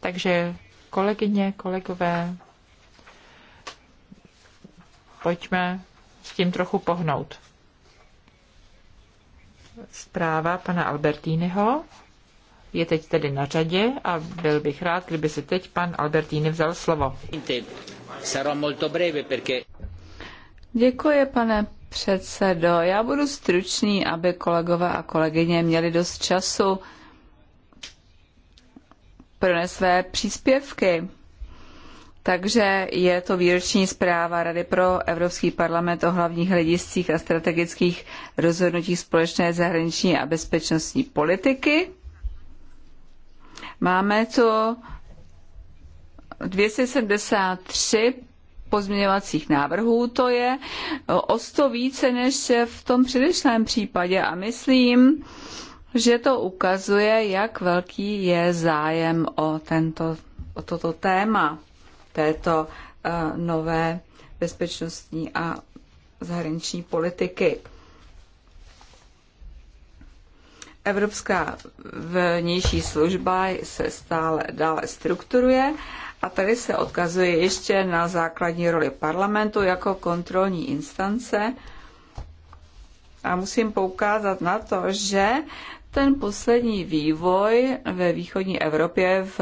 Takže kolegyně, kolegové, pojďme s tím trochu pohnout. Zpráva pana Albertínyho je teď tedy na řadě a byl bych rád, kdyby si teď pan Albertíny vzal slovo. Děkuji, pane předsedo. Já budu stručný, aby kolegové a kolegyně měli dost času prones své příspěvky. Takže je to výroční zpráva Rady pro Evropský parlament o hlavních hlediscích a strategických rozhodnutích společné zahraniční a bezpečnostní politiky. Máme tu 273 pozměňovacích návrhů, to je o sto více než v tom předešlém případě a myslím, že to ukazuje, jak velký je zájem o, tento, o toto téma této uh, nové bezpečnostní a zahraniční politiky. Evropská vnější služba se stále dále strukturuje a tady se odkazuje ještě na základní roli parlamentu jako kontrolní instance. A musím poukázat na to, že ten poslední vývoj ve východní Evropě, v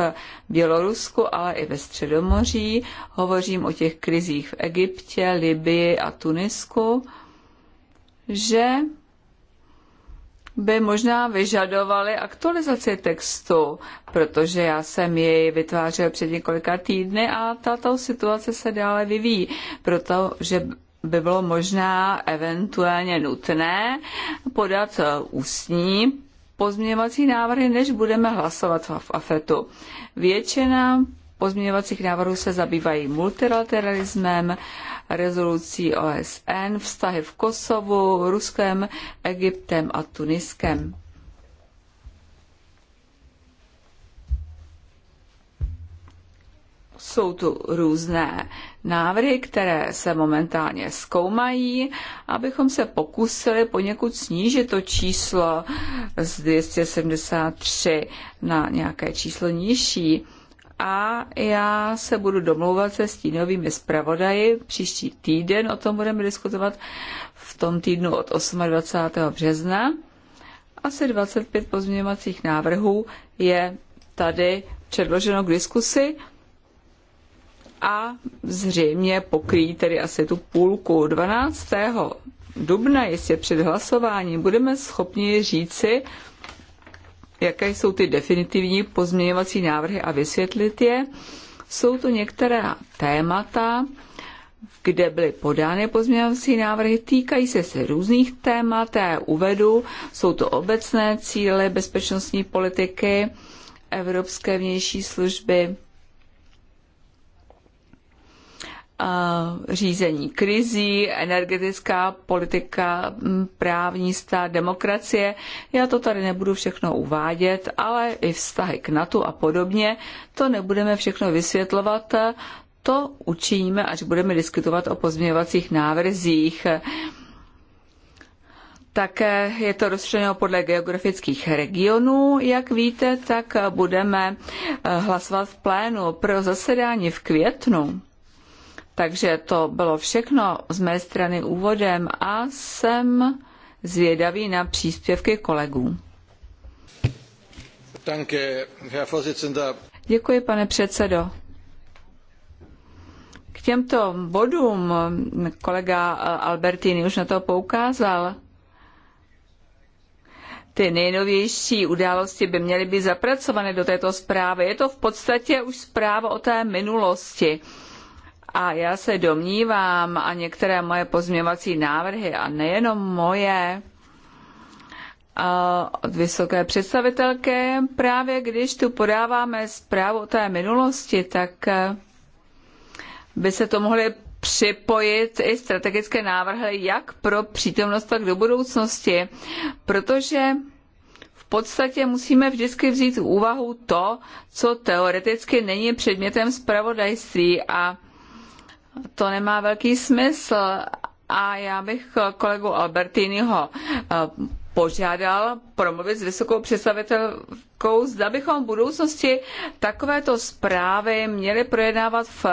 Bělorusku, ale i ve Středomoří, hovořím o těch krizích v Egyptě, Libii a Tunisku, že by možná vyžadovali aktualizaci textu, protože já jsem jej vytvářel před několika týdny a tato situace se dále vyvíjí, protože by bylo možná eventuálně nutné podat ústní pozměňovací návrhy, než budeme hlasovat v AFETu. Většina pozměňovacích návrhů se zabývají multilateralismem, rezolucí OSN, vztahy v Kosovu, Ruskem, Egyptem a Tuniskem. Jsou tu různé návrhy, které se momentálně zkoumají, abychom se pokusili poněkud snížit to číslo z 273 na nějaké číslo nižší. A já se budu domlouvat se stínovými zpravodaji. Příští týden o tom budeme diskutovat v tom týdnu od 28. března. Asi 25 pozměňovacích návrhů je tady předloženo k diskusi a zřejmě pokryjí tedy asi tu půlku 12. dubna, jestli před hlasováním budeme schopni říci, jaké jsou ty definitivní pozměňovací návrhy a vysvětlit je. Jsou tu některá témata, kde byly podány pozměňovací návrhy, týkají se se různých témat, já je uvedu, jsou to obecné cíle bezpečnostní politiky, evropské vnější služby, řízení krizí, energetická politika, právní stát, demokracie. Já to tady nebudu všechno uvádět, ale i vztahy k NATO a podobně. To nebudeme všechno vysvětlovat, to učiníme, až budeme diskutovat o pozměňovacích návrzích. Také je to rozšířeno podle geografických regionů, jak víte, tak budeme eh, hlasovat v plénu pro zasedání v květnu takže to bylo všechno z mé strany úvodem a jsem zvědavý na příspěvky kolegů. Danke, Herr Vorsitzender. Děkuji, pane předsedo. K těmto bodům kolega Albertini už na to poukázal. Ty nejnovější události by měly být zapracované do této zprávy. Je to v podstatě už zpráva o té minulosti. A já se domnívám, a některé moje pozměvací návrhy, a nejenom moje, eh, od vysoké představitelky, právě když tu podáváme zprávu o té minulosti, tak eh, by se to mohly připojit i strategické návrhy jak pro přítomnost, tak do budoucnosti, protože v podstatě musíme vždycky vzít v úvahu to, co teoreticky není předmětem zpravodajství a to nemá velký smysl. A já bych kolegu Albertiniho eh, požádal promluvit s vysokou představitelkou, zda bychom v budoucnosti takovéto zprávy měli projednávat v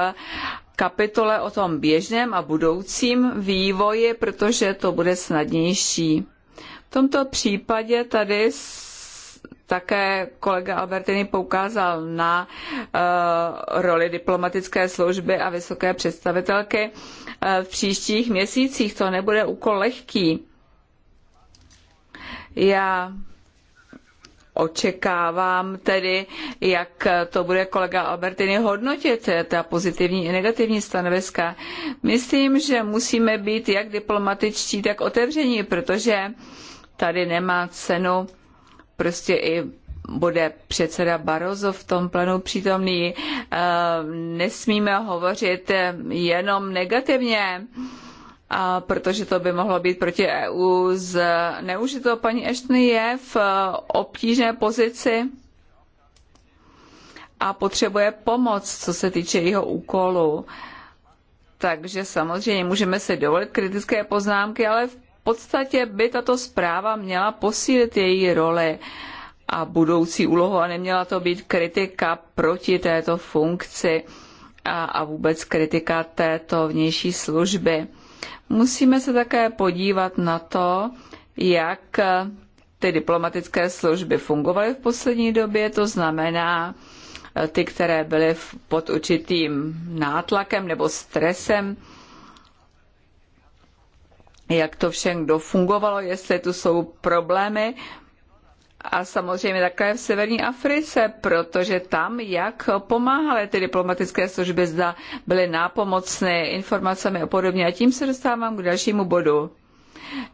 kapitole o tom běžném a budoucím vývoji, protože to bude snadnější. V tomto případě tady také kolega Albertini poukázal na eh, roli diplomatické služby a vysoké představitelky eh, v příštích měsících. To nebude úkol lehký. Já očekávám tedy, jak to bude kolega Albertini hodnotit, ta pozitivní i negativní stanoviska. Myslím, že musíme být jak diplomatičtí, tak otevření, protože tady nemá cenu prostě i bude předseda Barozo v tom plenu přítomný. Eh, nesmíme hovořit jenom negativně, protože to by mohlo být proti EU z neužito. Paní Ashton je v eh, obtížné pozici a potřebuje pomoc, co se týče jeho úkolu. Takže samozřejmě můžeme se dovolit kritické poznámky, ale v podstatě by tato zpráva měla posílit její roli a budoucí úlohu a neměla to být kritika proti této funkci a, a vůbec kritika této vnější služby. Musíme se také podívat na to, jak ty diplomatické služby fungovaly v poslední době, to znamená eh, ty, které byly pod určitým nátlakem nebo stresem jak to všem dofungovalo, jestli tu jsou problémy. A samozřejmě také v severní Africe, protože tam, jak pomáhaly ty diplomatické služby, zda byly nápomocné informacemi a podobně. A tím se dostávám k dalšímu bodu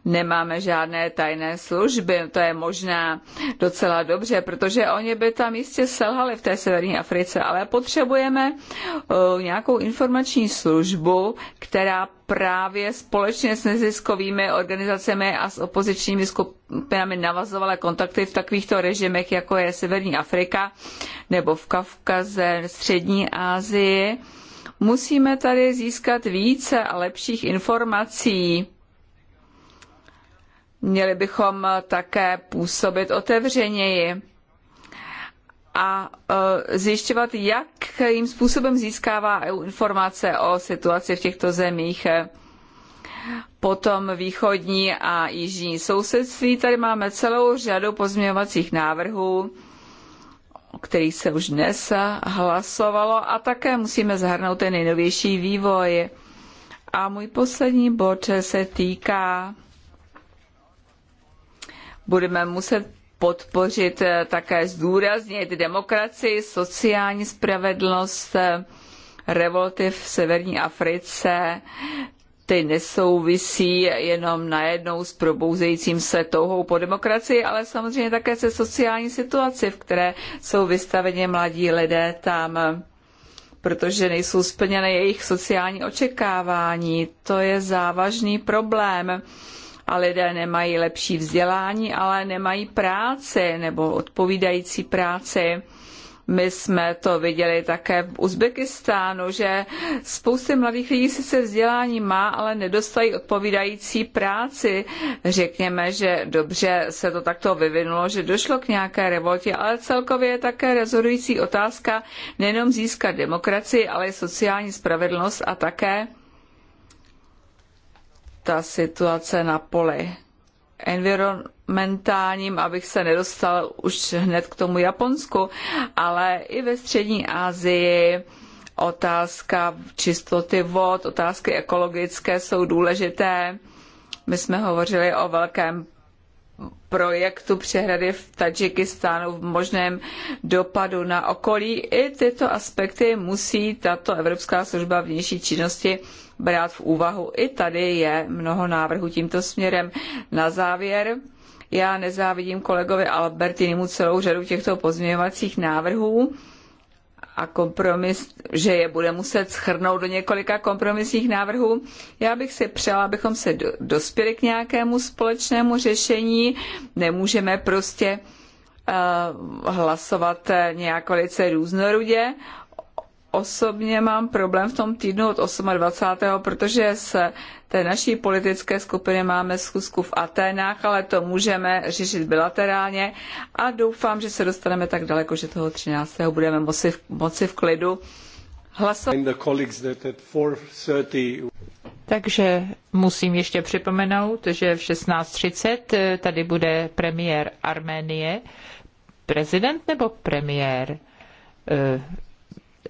nemáme žádné tajné služby. To je možná docela dobře, protože oni by tam jistě selhali v té severní Africe, ale potřebujeme eh, nějakou informační službu, která právě společně s neziskovými organizacemi a s opozičními skupinami navazovala kontakty v takovýchto režimech, jako je Severní Afrika nebo v Kavkaze, Střední Asii. Musíme tady získat více a lepších informací Měli bychom také působit otevřeněji a e, zjišťovat, jakým způsobem získává EU informace o situaci v těchto zemích. Potom východní a jižní sousedství. Tady máme celou řadu pozměňovacích návrhů, o kterých se už dnes hlasovalo a také musíme zahrnout ten nejnovější vývoj. A můj poslední bod se týká budeme muset podpořit eh, také zdůraznit demokracii, sociální spravedlnost, eh, revolty v severní Africe, ty nesouvisí jenom najednou s probouzejícím se touhou po demokracii, ale samozřejmě také se sociální situaci, v které jsou vystaveni mladí lidé tam, protože nejsou splněny jejich sociální očekávání. To je závažný problém a lidé nemají lepší vzdělání, ale nemají práci nebo odpovídající práci. My jsme to viděli také v Uzbekistánu, že spousty mladých lidí sice vzdělání má, ale nedostají odpovídající práci. Řekněme, že dobře se to takto vyvinulo, že došlo k nějaké revoltě, ale celkově je také rozhodující otázka nejenom získat demokracii, ale i sociální spravedlnost a také ta situace na poli environmentálním, abych se nedostal už hned k tomu Japonsku, ale i ve střední Asii otázka čistoty vod, otázky ekologické jsou důležité. My jsme hovořili o velkém projektu přehrady v Tadžikistánu v možném dopadu na okolí. I tyto aspekty musí tato Evropská služba vnější činnosti brát v úvahu. I tady je mnoho návrhů tímto směrem. Na závěr já nezávidím kolegovi Albertinimu celou řadu těchto pozměňovacích návrhů a kompromis, že je bude muset schrnout do několika kompromisních návrhů. Já bych si přála, abychom se dospěli k nějakému společnému řešení. Nemůžeme prostě uh, hlasovat nějak velice různorodě osobně mám problém v tom týdnu od 28. protože se té naší politické skupiny máme schůzku v Aténách, ale to můžeme řešit bilaterálně a doufám, že se dostaneme tak daleko, že toho 13. budeme moci, moci v klidu hlasovat. Takže musím ještě připomenout, že v 16.30 eh, tady bude premiér Arménie. Prezident nebo premiér? Eh,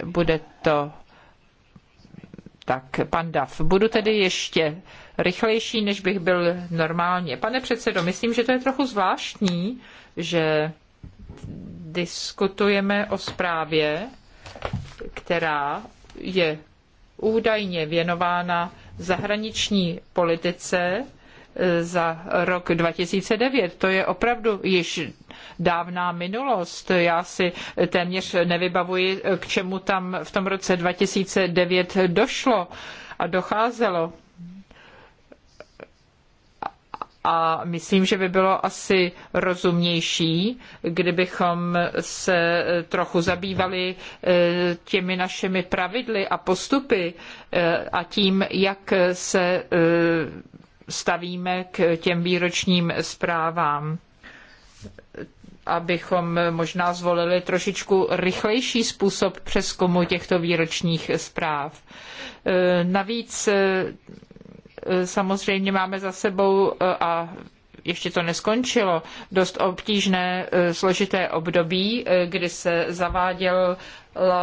bude to tak, pan Dav, budu tedy ještě rychlejší, než bych byl normálně. Pane předsedo, myslím, že to je trochu zvláštní, že diskutujeme o zprávě, která je údajně věnována zahraniční politice za rok 2009. To je opravdu již dávná minulost. Já si téměř nevybavuji, k čemu tam v tom roce 2009 došlo a docházelo. A myslím, že by bylo asi rozumnější, kdybychom se trochu zabývali eh, těmi našimi pravidly a postupy eh, a tím, jak se eh, stavíme k těm výročním zprávám abychom možná zvolili trošičku rychlejší způsob přeskumu těchto výročních zpráv. E, navíc e, samozřejmě máme za sebou e, a ještě to neskončilo, dost obtížné, složité období, kdy se zaváděl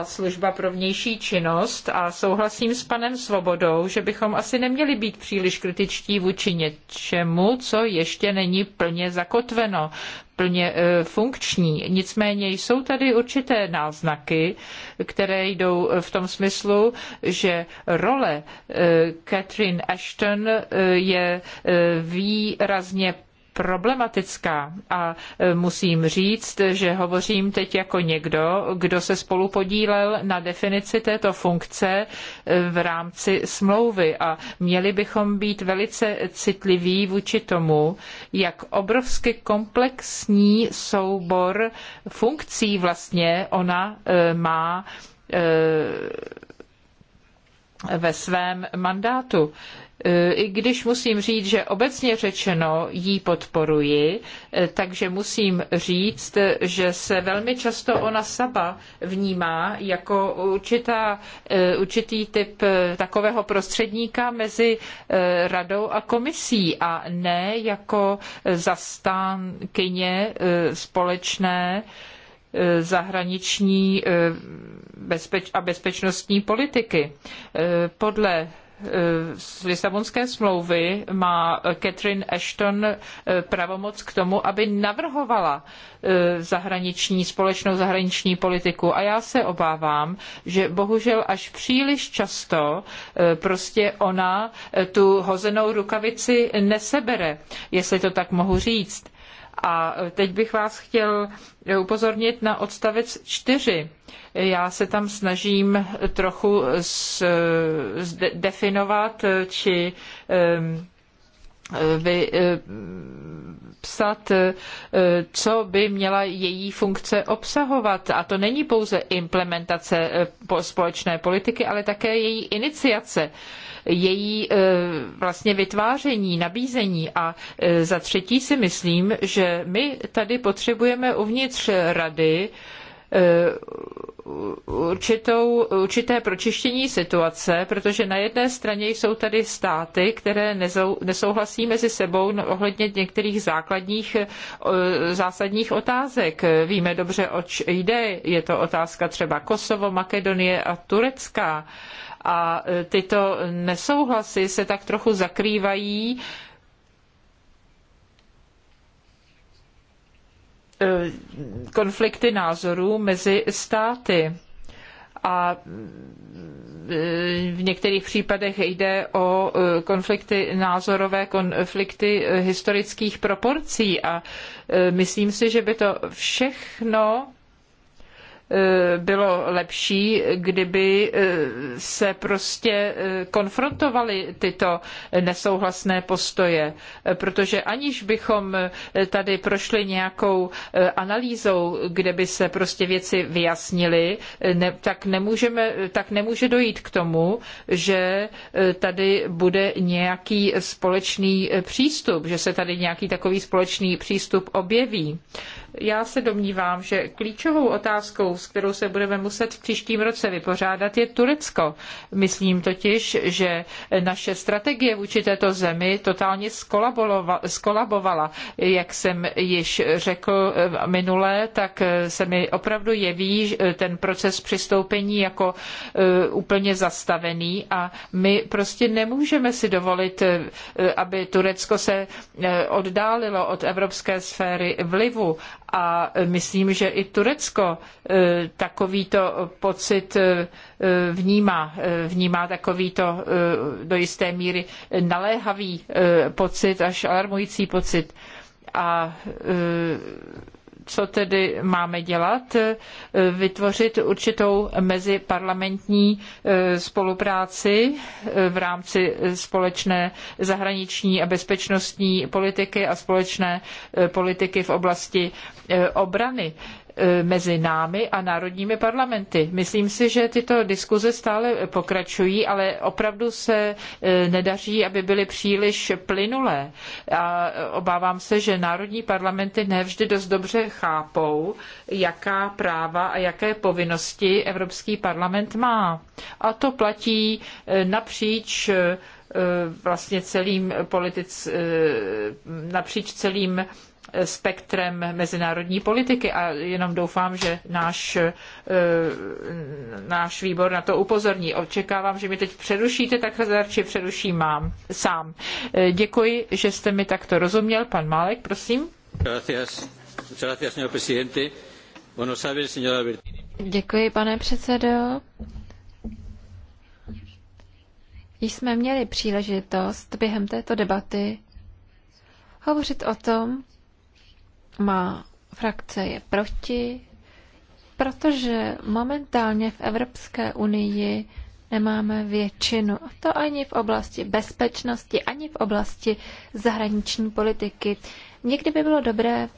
služba pro vnější činnost a souhlasím s panem Svobodou, že bychom asi neměli být příliš kritičtí vůči něčemu, co ještě není plně zakotveno, plně e, funkční. Nicméně jsou tady určité náznaky, které jdou v tom smyslu, že role e, Catherine Ashton e, je výrazně problematická a e, musím říct, že hovořím teď jako někdo, kdo se spolu podílel na definici této funkce e, v rámci smlouvy a měli bychom být velice citliví vůči tomu, jak obrovsky komplexní soubor funkcí vlastně ona e, má ve svém mandátu. E, i když musím říct, že obecně řečeno jí podporuji, e, takže musím říct, že se velmi často ona sama vnímá jako určitá, e, určitý typ takového prostředníka mezi radou a komisí a ne jako zastánkyně společné zahraniční a bezpečnostní politiky. Podle z Lisabonské smlouvy má Catherine Ashton eh, pravomoc k tomu, aby navrhovala eh, zahraniční, společnou zahraniční politiku. A já se obávám, že bohužel až příliš často eh, prostě ona tu hozenou rukavici nesebere, jestli to tak mohu říct. A teď bych vás chtěl upozornit na odstavec 4. Já se tam snažím trochu definovat či um, vy, psat, eh, co by měla její funkce obsahovat. A to není pouze implementace eh, společné politiky, ale také její iniciace, její eh, vlastně vytváření, nabízení. A za třetí si myslím, že my tady potřebujeme uvnitř rady, Eh, určitou, určité pročištění situace, protože na jedné straně jsou tady státy, které nesouhlasí mezi sebou no, ohledně některých základních eh, zásadních otázek. Víme dobře, oč jde. Je to otázka třeba Kosovo, Makedonie a Turecka. A eh, tyto nesouhlasy se tak trochu zakrývají Eh, konflikty názorů mezi státy. A eh, v některých případech jde o eh, konflikty názorové, konflikty historických proporcí a myslím si, že by to všechno E, bylo lepší, kdyby e, se prostě e, konfrontovaly tyto nesouhlasné postoje, protože aniž bychom tady prošli nějakou analýzou, kde by se prostě věci vyjasnily, ne, tak, nemůžeme, tak nemůže dojít k tomu, že tady bude nějaký společný přístup, že se tady nějaký takový společný přístup objeví. Já se domnívám, že klíčovou otázkou otázkou, s kterou se budeme muset v příštím roce vypořádat, je Turecko. Myslím totiž, že naše strategie vůči této zemi totálně skolabovala. Jak jsem již řekl eh, minule, tak eh, se mi opravdu jeví ten proces přistoupení jako eh, úplně zastavený a my prostě nemůžeme si dovolit, aby Turecko se oddálilo od evropské sféry vlivu a myslím, že i Turecko eh, takovýto pocit eh, vnímá, eh, vnímá takovýto do jisté míry naléhavý pocit, až alarmující pocit. A co tedy máme dělat? Eh, vytvořit určitou meziparlamentní eh, spolupráci eh, v rámci společné zahraniční a bezpečnostní politiky a společné politiky v oblasti obrany E, mezi námi a národními parlamenty. Myslím si, že tyto diskuze stále pokračují, ale opravdu se e, nedaří, aby byly příliš plynulé. A obávám se, že národní parlamenty nevždy dost dobře chápou, jaká práva a jaké povinnosti Evropský parlament má. A to platí e, napříč vlastně celým politic, napříč celým spektrem mezinárodní politiky a jenom doufám, že náš, e, náš výbor na to upozorní. Očekávám, že mi teď přerušíte, tak radši přeruším mám, sám. E, děkuji, že jste mi takto rozuměl. Pan Málek, prosím. Děkuji, pane předsedo. Již jsme měli příležitost během této debaty hovořit o tom, má frakce je proti, protože momentálně v Evropské unii nemáme většinu. A to ani v oblasti bezpečnosti, ani v oblasti zahraniční politiky. Někdy by bylo dobré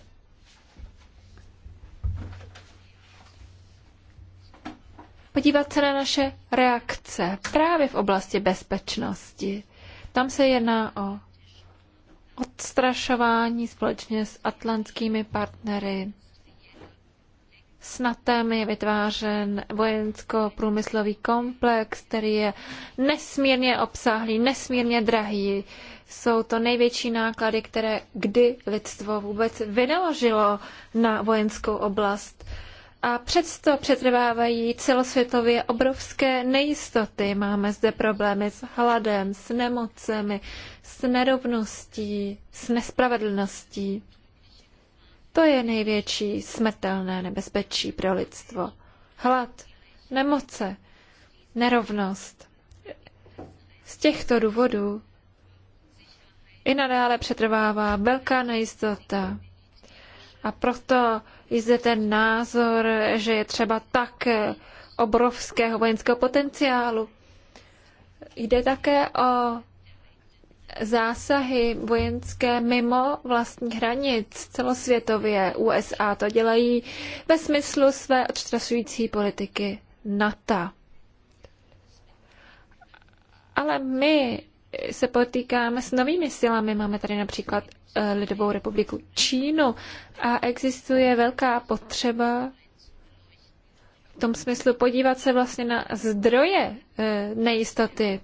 podívat se na naše reakce právě v oblasti bezpečnosti. Tam se jedná o odstrašování společně s atlantskými partnery. S je vytvářen vojensko-průmyslový komplex, který je nesmírně obsáhlý, nesmírně drahý. Jsou to největší náklady, které kdy lidstvo vůbec vynaložilo na vojenskou oblast. A přesto přetrvávají celosvětově obrovské nejistoty. Máme zde problémy s hladem, s nemocemi, s nerovností, s nespravedlností. To je největší smrtelné nebezpečí pro lidstvo. Hlad, nemoce, nerovnost. Z těchto důvodů i nadále přetrvává velká nejistota. A proto je zde ten názor, že je třeba tak obrovského vojenského potenciálu. Jde také o zásahy vojenské mimo vlastních hranic celosvětově USA to dělají ve smyslu své odstrašující politiky NATO. Ale my se potýkáme s novými silami. Máme tady například eh, Lidovou republiku Čínu a existuje velká potřeba v tom smyslu podívat se vlastně na zdroje eh, nejistoty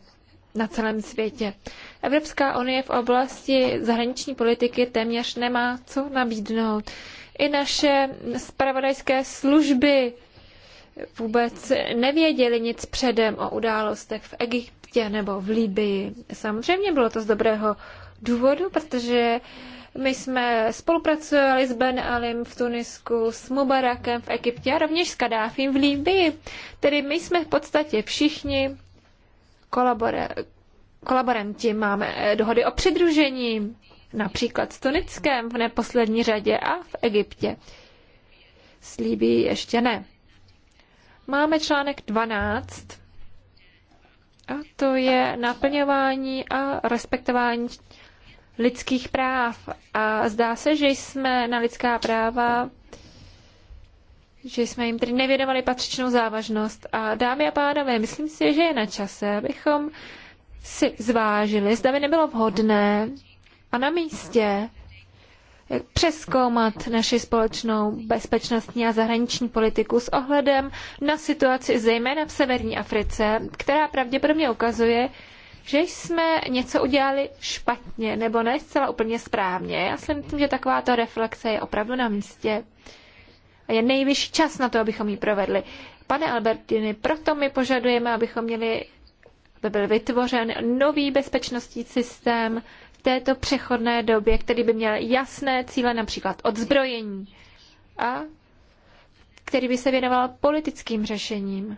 na celém světě. Evropská unie v oblasti zahraniční politiky téměř nemá co nabídnout. I naše spravodajské služby vůbec nevěděli nic předem o událostech v Egyptě nebo v Libii. Samozřejmě bylo to z dobrého důvodu, protože my jsme spolupracovali s Ben Alim v Tunisku, s Mubarakem v Egyptě a rovněž s Kadáfím v Líbii. Tedy my jsme v podstatě všichni kolaboranti, máme eh, dohody o přidružení, například s Tunickem v neposlední řadě a v Egyptě. Slíbí ještě ne. Máme článek 12 a to je naplňování a respektování lidských práv. A zdá se, že jsme na lidská práva že jsme jim tedy nevěnovali patřičnou závažnost. A dámy a pánové, myslím si, že je na čase, abychom si zvážili, zda by nebylo vhodné a na místě přeskoumat naši společnou bezpečnostní a zahraniční politiku s ohledem na situaci zejména v severní Africe, která pravděpodobně ukazuje, že jsme něco udělali špatně nebo ne zcela úplně správně. Já si myslím, že takováto reflexe je opravdu na místě. A je nejvyšší čas na to, abychom ji provedli. Pane Albertini, proto my požadujeme, abychom měli by byl vytvořen nový bezpečnostní systém v této přechodné době, který by měl jasné cíle, například odzbrojení, a který by se věnoval politickým řešením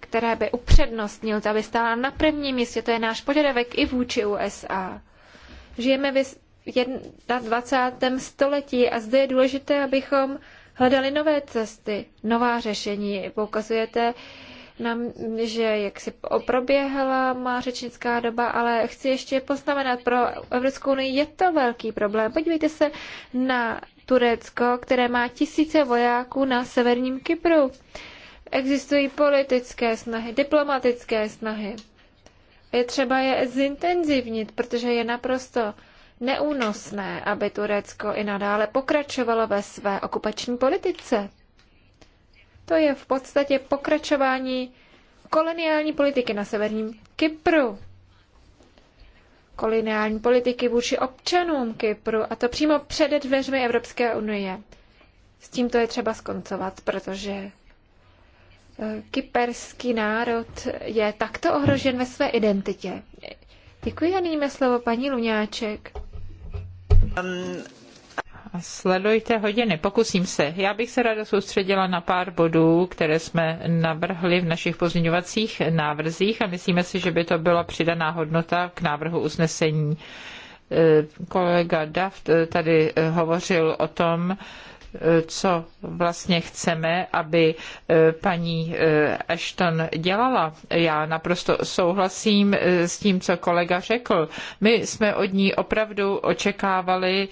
které by upřednostnil, aby stála na prvním místě. To je náš požadavek i vůči USA. Žijeme v 21. století a zde je důležité, abychom hledali nové cesty, nová řešení. Poukazujete nám, že jak si proběhla má řečnická doba, ale chci ještě poznamenat, pro Evropskou unii je to velký problém. Podívejte se na Turecko, které má tisíce vojáků na severním Kypru. Existují politické snahy, diplomatické snahy. Je třeba je zintenzivnit, protože je naprosto neúnosné, aby Turecko i nadále pokračovalo ve své okupační politice to je v podstatě pokračování koloniální politiky na severním Kypru. Koloniální politiky vůči občanům Kypru, a to přímo před dveřmi Evropské unie. S tímto je třeba skoncovat, protože eh, kyperský národ je takto ohrožen ve své identitě. Děkuji a nyní slovo paní Luňáček. Um, sledujte hodiny, pokusím se. Já bych se ráda soustředila na pár bodů, které jsme navrhli v našich pozměňovacích návrzích a myslíme si, že by to byla přidaná hodnota k návrhu usnesení. Eh, kolega Daft eh, tady eh, hovořil o tom, co vlastně chceme, aby eh, paní eh, Ashton dělala. Já naprosto souhlasím eh, s tím, co kolega řekl. My jsme od ní opravdu očekávali,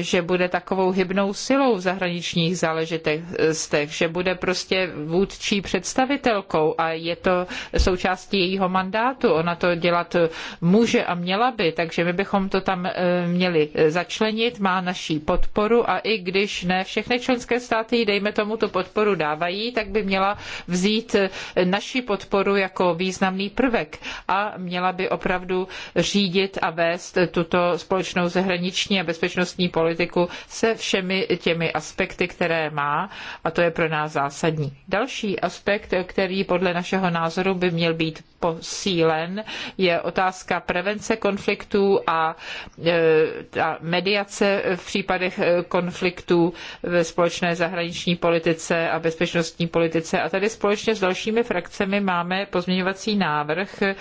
že bude takovou hybnou silou v zahraničních záležitostech, že bude prostě vůdčí představitelkou a je to součástí jejího mandátu. Ona to dělat může a měla by, takže my bychom to tam měli začlenit, má naší podporu a i když ne všechny všechny členské státy, dejme tomu, tu podporu dávají, tak by měla vzít naši podporu jako významný prvek a měla by opravdu řídit a vést tuto společnou zahraniční a bezpečnostní politiku se všemi těmi aspekty, které má a to je pro nás zásadní. Další aspekt, který podle našeho názoru by měl být posílen, je otázka prevence konfliktů a, e, a mediace v případech e, konfliktů ve společné zahraniční politice a bezpečnostní politice. A tady společně s dalšími frakcemi máme pozměňovací návrh, eh,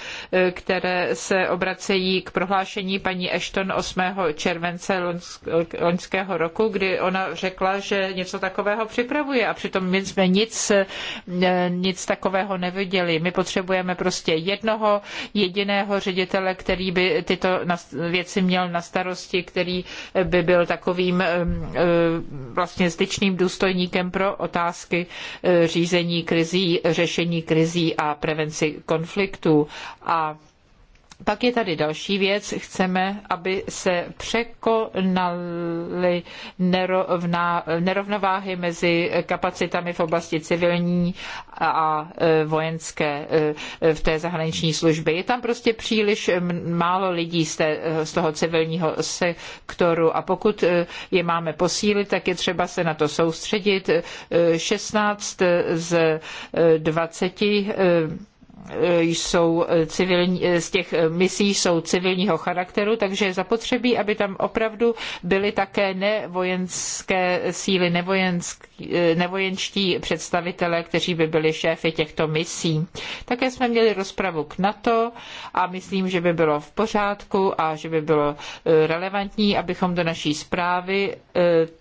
které se obracejí k prohlášení paní Ashton 8. července loňského roku, kdy ona řekla, že něco takového připravuje a přitom my jsme nic, eh, nic takového neviděli. My potřebujeme prostě jednoho jediného ředitele, který by tyto věci měl na starosti, který by byl takovým eh, vlastně vlastně styčným důstojníkem pro otázky eh, řízení krizí, řešení krizí a prevenci konfliktů. A pak je tady další věc. Chceme, aby se překonaly nerovnováhy mezi kapacitami v oblasti civilní a e, vojenské e, v té zahraniční službě. Je tam prostě příliš málo lidí z, té, e, z toho civilního sektoru a pokud je máme posílit, tak je třeba se na to soustředit. 16 z 20 Eh, jsou civilní, eh, z těch misí jsou civilního charakteru, takže je zapotřebí, aby tam opravdu byly také nevojenské síly, nevojenský, eh, nevojenští představitelé, kteří by byli šéfy těchto misí. Také jsme měli rozpravu k NATO a myslím, že by bylo v pořádku a že by bylo relevantní, abychom do naší zprávy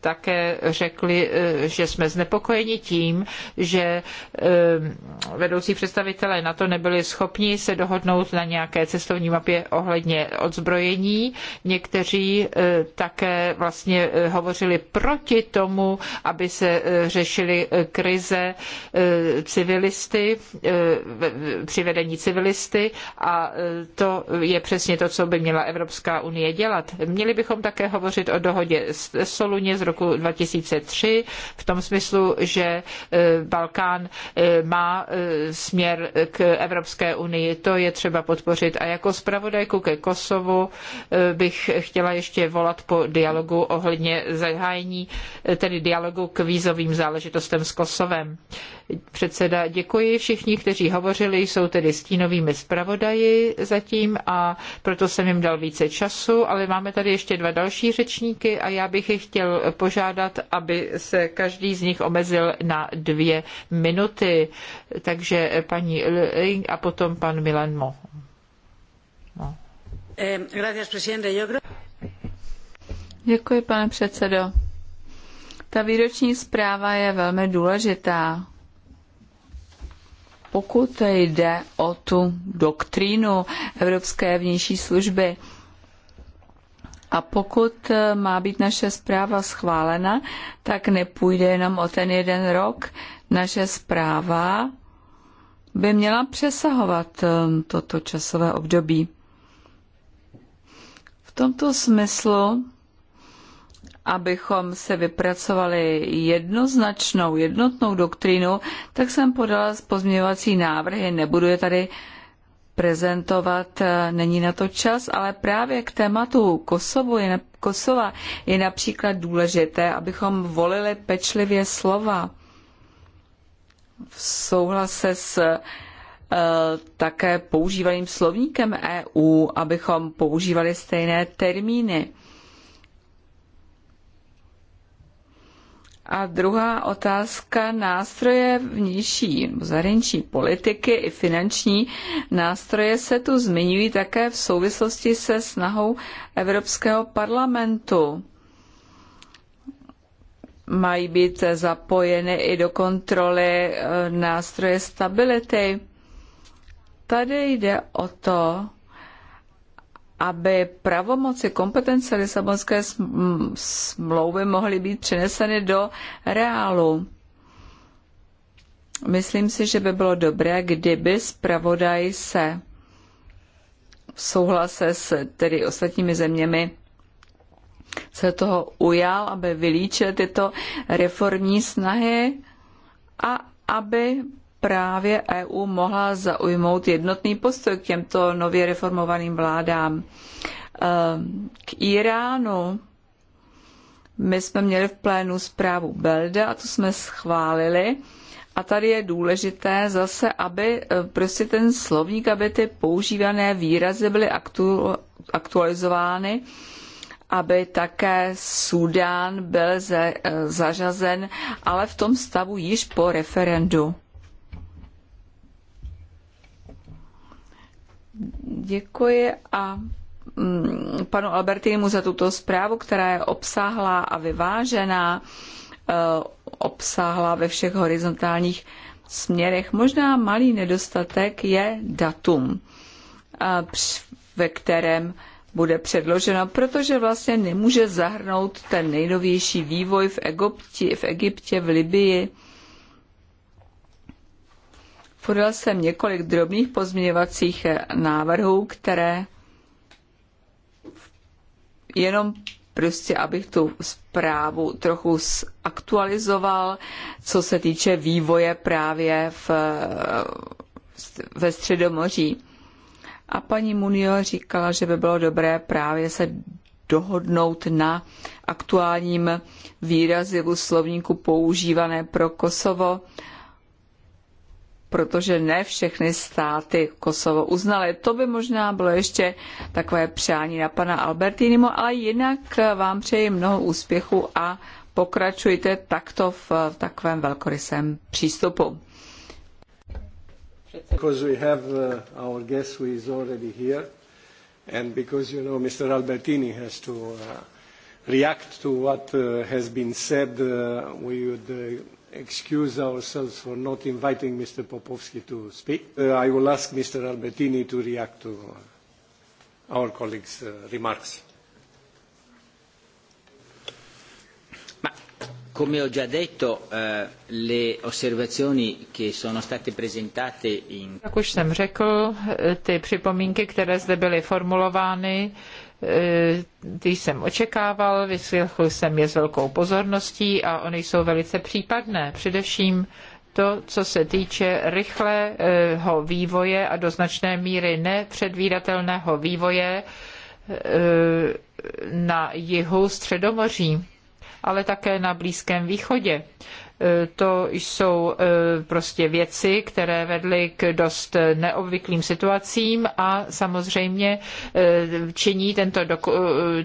také řekli, že jsme znepokojeni tím, že vedoucí představitelé NATO nebyli schopni se dohodnout na nějaké cestovní mapě ohledně odzbrojení. Někteří eh, také vlastně eh, hovořili proti tomu, aby se eh, řešily krize civilisty, přivedení civilisty a to je přesně to, co by měla Evropská unie dělat. Měli bychom také hovořit o dohodě s Soluně z roku 2003 v tom smyslu, že Balkán má směr k Evropské unii. To je třeba podpořit. A jako zpravodajku ke Kosovu eh, bych chtěla ještě volat po dialogu ohledně zahájení, eh, tedy dialogu k vízovým záležitostem s Kosovem. Předseda, děkuji všichni, kteří hovořili, jsou tedy stínovými zpravodaji zatím a proto jsem jim dal více času, ale máme tady ještě dva další řečníky a já bych je chtěl požádat, aby se každý z nich omezil na dvě minuty. Takže paní Girling a potom pan Milan Mo. No. Děkuji, pane předsedo. Ta výroční zpráva je velmi důležitá. Pokud jde o tu doktrínu Evropské vnější služby, a pokud má být naše zpráva schválena, tak nepůjde jenom o ten jeden rok. Naše zpráva by měla přesahovat um, toto časové období. V tomto smyslu, abychom se vypracovali jednoznačnou, jednotnou doktrínu, tak jsem podala pozměňovací návrhy, nebudu je tady prezentovat, eh, není na to čas, ale právě k tématu Kosovu je, Kosova je například důležité, abychom volili pečlivě slova v souhlase s eh, také používaným slovníkem EU, abychom používali stejné termíny. A druhá otázka, nástroje vnější zahraniční politiky i finanční nástroje se tu zmiňují také v souvislosti se snahou Evropského parlamentu mají být zapojeny i do kontroly eh, nástroje stability. Tady jde o to, aby pravomoci kompetence Lisabonské smlouvy mohly být přeneseny do reálu. Myslím si, že by bylo dobré, kdyby zpravodaj se v souhlase s tedy ostatními zeměmi se toho ujal, aby vylíčil tyto reformní snahy a aby právě EU mohla zaujmout jednotný postoj k těmto nově reformovaným vládám. Ehm, k Iránu my jsme měli v plénu zprávu Belda a tu jsme schválili. A tady je důležité zase, aby e, prostě ten slovník, aby ty používané výrazy byly aktualizovány aby také Súdán byl ze, eh, zařazen, ale v tom stavu již po referendu. Děkuji a mm, panu Albertinimu za tuto zprávu, která je obsáhlá a vyvážená, eh, obsáhlá ve všech horizontálních směrech. Možná malý nedostatek je datum, eh, ve kterém bude předložena, protože vlastně nemůže zahrnout ten nejnovější vývoj v Egyptě, v, Egyptě, v Libii. Podal jsem několik drobných pozměňovacích návrhů, které jenom prostě abych tu zprávu trochu zaktualizoval, co se týče vývoje právě v, ve Středomoří. A paní Munio říkala, že by bylo dobré právě se dohodnout na aktuálním výrazivu slovníku používané pro Kosovo, protože ne všechny státy Kosovo uznaly. To by možná bylo ještě takové přání na pana Albertinimo, ale jinak vám přeji mnoho úspěchu a pokračujte takto v, v takovém velkorysém přístupu. Because we have uh, our guest who is already here, and because you know Mr. Albertini has to uh, react to what uh, has been said, uh, we would uh, excuse ourselves for not inviting Mr. Popovsky to speak. Uh, I will ask Mr. Albertini to react to our colleagues' uh, remarks. Come ho già detto, eh, le osservazioni che sono state presentate in... Jak už jsem řekl, ty připomínky, které zde byly formulovány, eh, ty jsem očekával, vyslechl jsem je s velkou pozorností a ony jsou velice případné. Především to, co se týče rychlého vývoje a do značné míry nepředvídatelného vývoje eh, na jihu Středomoří ale také na Blízkém východě. E, to jsou e, prostě věci, které vedly k dost neobvyklým situacím a samozřejmě e, činí tento, doku,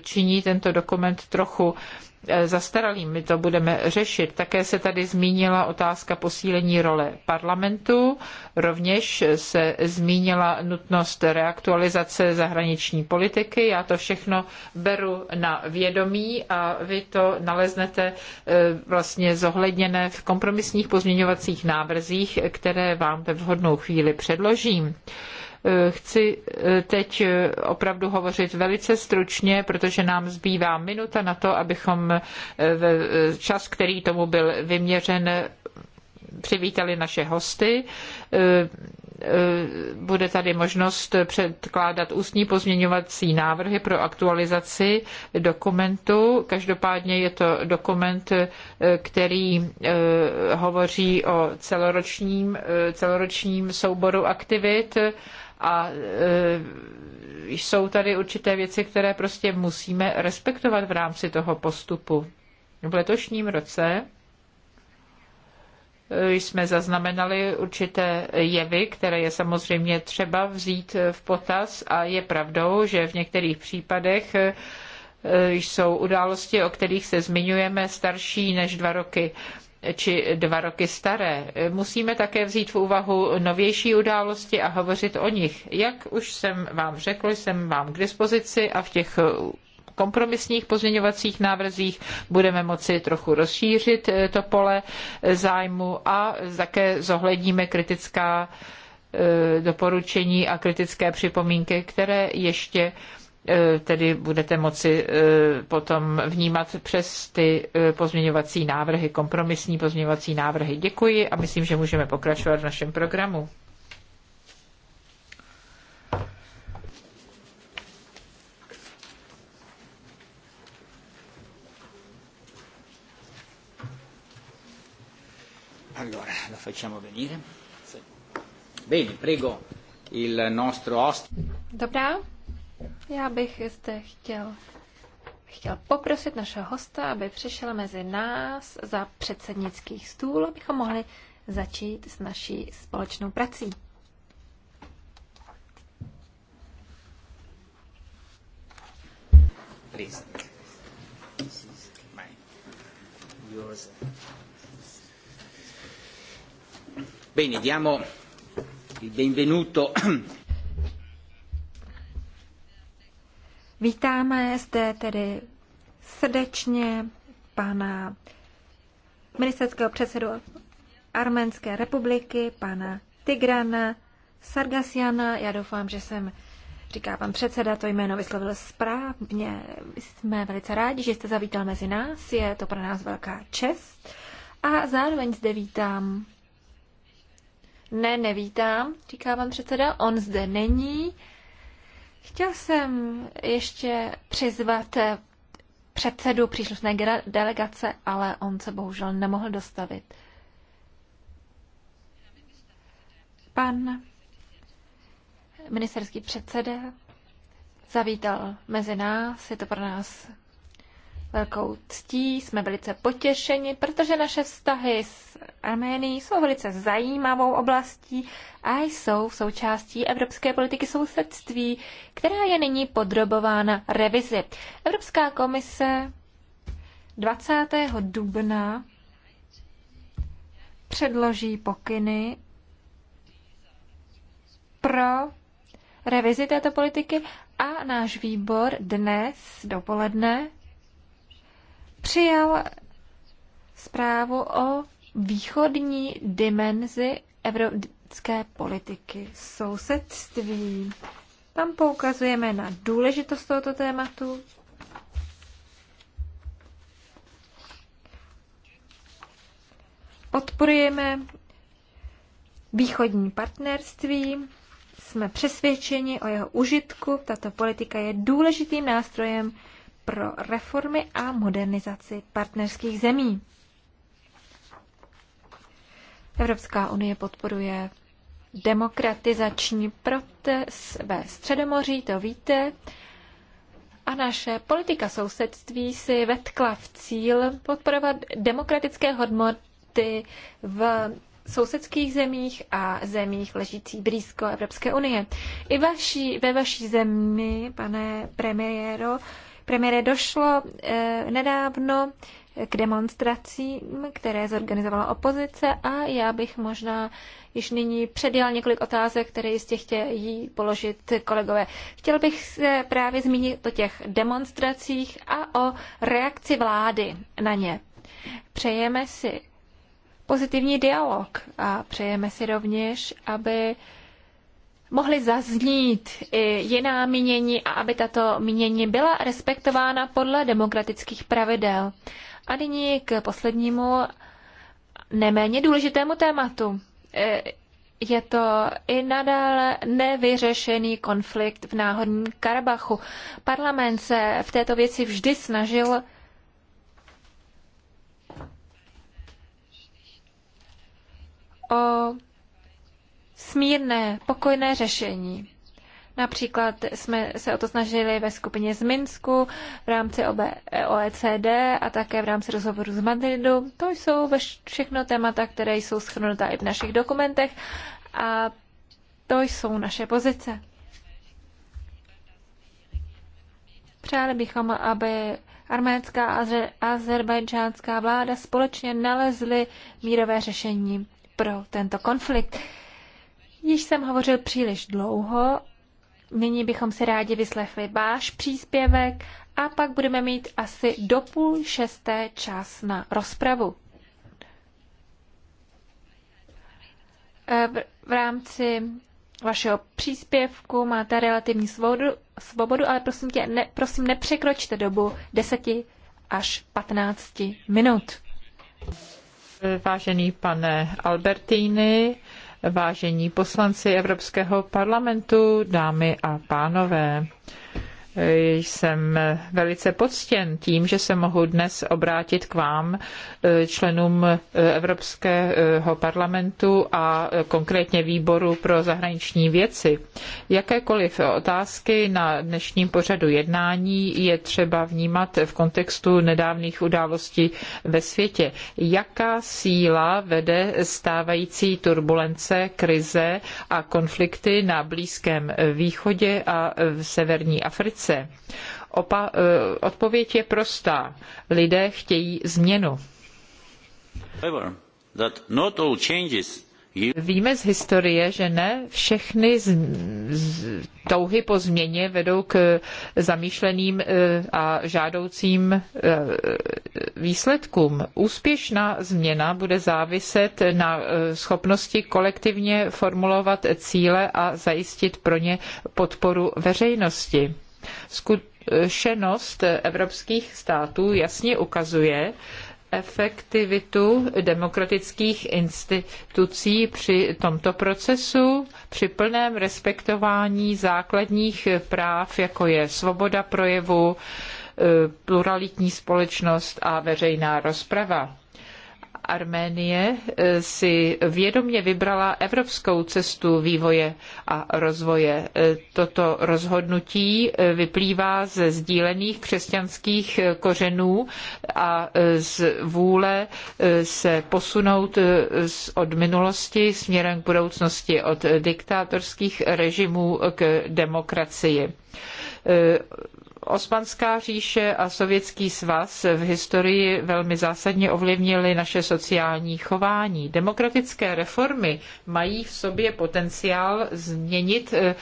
činí tento dokument trochu Eh, zastaralým. My to budeme řešit. Také se tady zmínila otázka posílení role parlamentu. Rovněž se zmínila nutnost reaktualizace zahraniční politiky. Já to všechno beru na vědomí a vy to naleznete eh, vlastně zohledněné v kompromisních pozměňovacích návrzích, které vám ve vhodnou chvíli předložím. Chci eh, teď eh, opravdu hovořit velice stručně, protože nám zbývá minuta na to, abychom eh, čas, který tomu byl vyměřen, přivítali naše hosty. Bude tady možnost předkládat ústní pozměňovací návrhy pro aktualizaci dokumentu. Každopádně je to dokument, který hovoří o celoročním, celoročním souboru aktivit a e, jsou tady určité věci, které prostě musíme respektovat v rámci toho postupu. V letošním roce e, jsme zaznamenali určité jevy, které je samozřejmě třeba vzít v potaz a je pravdou, že v některých případech e, jsou události, o kterých se zmiňujeme, starší než dva roky či dva roky staré. Musíme také vzít v úvahu novější události a hovořit o nich. Jak už jsem vám řekl, jsem vám k dispozici a v těch kompromisních pozměňovacích návrzích budeme moci trochu rozšířit eh, to pole eh, zájmu a také zohledníme kritická eh, doporučení a kritické připomínky, které ještě E, tedy budete moci e, potom vnímat přes ty e, pozměňovací návrhy, kompromisní pozměňovací návrhy. Děkuji a myslím, že můžeme pokračovat v našem programu. Allora, facciamo venire. Bene, prego il nostro Dobrá, já bych zde chtěl, chtěl poprosit našeho hosta, aby přišel mezi nás za předsednický stůl, abychom mohli začít s naší společnou prací. Bene, diamo il benvenuto Vítáme zde tedy srdečně pana ministerského předsedu Arménské republiky, pana Tigrana Sargasiana. Já doufám, že jsem, říká pan předseda, to jméno vyslovil správně. Jsme velice rádi, že jste zavítal mezi nás. Je to pro nás velká čest. A zároveň zde vítám. Ne, nevítám, říká pan předseda. On zde není. Chtěl jsem ještě přizvat předsedu příslušné delegace, ale on se bohužel nemohl dostavit. Pan ministerský předseda zavítal mezi nás, je to pro nás velkou ctí, jsme velice potěšeni, protože naše vztahy s Arménií jsou velice zajímavou oblastí a jsou v součástí evropské politiky sousedství, která je nyní podrobována revizi. Evropská komise 20. dubna předloží pokyny pro revizi této politiky a náš výbor dnes dopoledne přijal zprávu o východní dimenzi evropské politiky sousedství. Tam poukazujeme na důležitost tohoto tématu. Podporujeme východní partnerství, jsme přesvědčeni o jeho užitku. Tato politika je důležitým nástrojem pro reformy a modernizaci partnerských zemí. Evropská unie podporuje demokratizační proces ve Středomoří, to víte, a naše politika sousedství si vetkla v cíl podporovat demokratické hodnoty v sousedských zemích a zemích ležících blízko Evropské unie. I vaší, ve vaší zemi, pane premiéro, Premiére, došlo eh, nedávno k demonstracím, které zorganizovala opozice a já bych možná již nyní předjel několik otázek, které jistě chtějí položit kolegové. Chtěl bych se právě zmínit o těch demonstracích a o reakci vlády na ně. Přejeme si pozitivní dialog a přejeme si rovněž, aby mohly zaznít i jiná mínění a aby tato mínění byla respektována podle demokratických pravidel. A nyní k poslednímu neméně důležitému tématu. E, je to i nadále nevyřešený konflikt v náhodním Karabachu. Parlament se v této věci vždy snažil o smírné, pokojné řešení. Například jsme se o to snažili ve skupině z Minsku, v rámci OECD e a také v rámci rozhovoru z Madridu. To jsou všechno témata, které jsou schrnuté i v našich dokumentech a to jsou naše pozice. Přáli bychom, aby arménská a azerbajdžánská vláda společně nalezly mírové řešení pro tento konflikt. Již jsem hovořil příliš dlouho, nyní bychom si rádi vyslechli váš příspěvek a pak budeme mít asi do půl šesté čas na rozpravu. Eh, v rámci vašeho příspěvku máte relativní svobodu, svobodu ale prosím tě, ne, prosím nepřekročte dobu 10 až 15 minut. Vážený pane Albertini, vážení poslanci Evropského parlamentu, dámy a pánové. Jsem velice poctěn tím, že se mohu dnes obrátit k vám, eh, členům eh, Evropského parlamentu a eh, konkrétně výboru pro zahraniční věci. Jakékoliv otázky na dnešním pořadu jednání je třeba vnímat v kontextu nedávných událostí ve světě. Jaká síla vede stávající turbulence, krize a konflikty na Blízkém východě a v severní Africe? reakce? Opa- eh, odpověď je prostá. Lidé chtějí změnu. Víme z historie, že ne všechny z, z, touhy po změně vedou k zamýšleným eh, a žádoucím eh, výsledkům. Úspěšná změna bude záviset na schopnosti kolektivně formulovat cíle a zajistit pro ně podporu veřejnosti. Zkušenost evropských států jasně ukazuje, efektivitu demokratických institucí při tomto procesu, při plném respektování základních práv, jako je svoboda projevu, e, pluralitní společnost a veřejná rozprava. Arménie eh, si vědomě vybrala evropskou cestu vývoje a rozvoje. Eh, toto rozhodnutí eh, vyplývá ze sdílených křesťanských kořenů a z vůle se posunout od minulosti směrem k budoucnosti, od diktátorských režimů k demokracii Osmanská říše a Sovětský svaz v historii velmi zásadně ovlivnily naše sociální chování. Demokratické reformy mají v sobě potenciál změnit eh,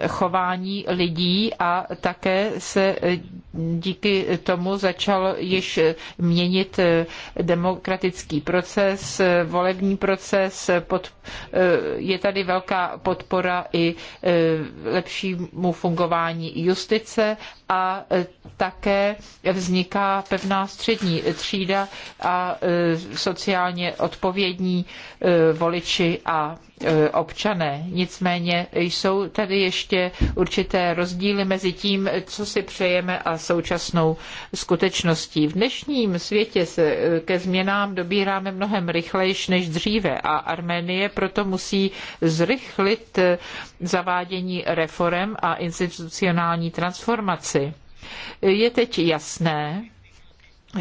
eh, chování lidí a také se eh, díky tomu začal již měnit demokratický proces, volební proces. je tady velká podpora i lepšímu fungování justice justice a e, také vzniká pevná střední třída a e, sociálně odpovědní e, voliči a E, občané. Nicméně jsou tady ještě určité rozdíly mezi tím, co si přejeme a současnou skutečností. V dnešním světě se e, ke změnám dobíráme mnohem rychlejš než dříve a Arménie proto musí zrychlit e, zavádění reform a institucionální transformaci. Je teď jasné,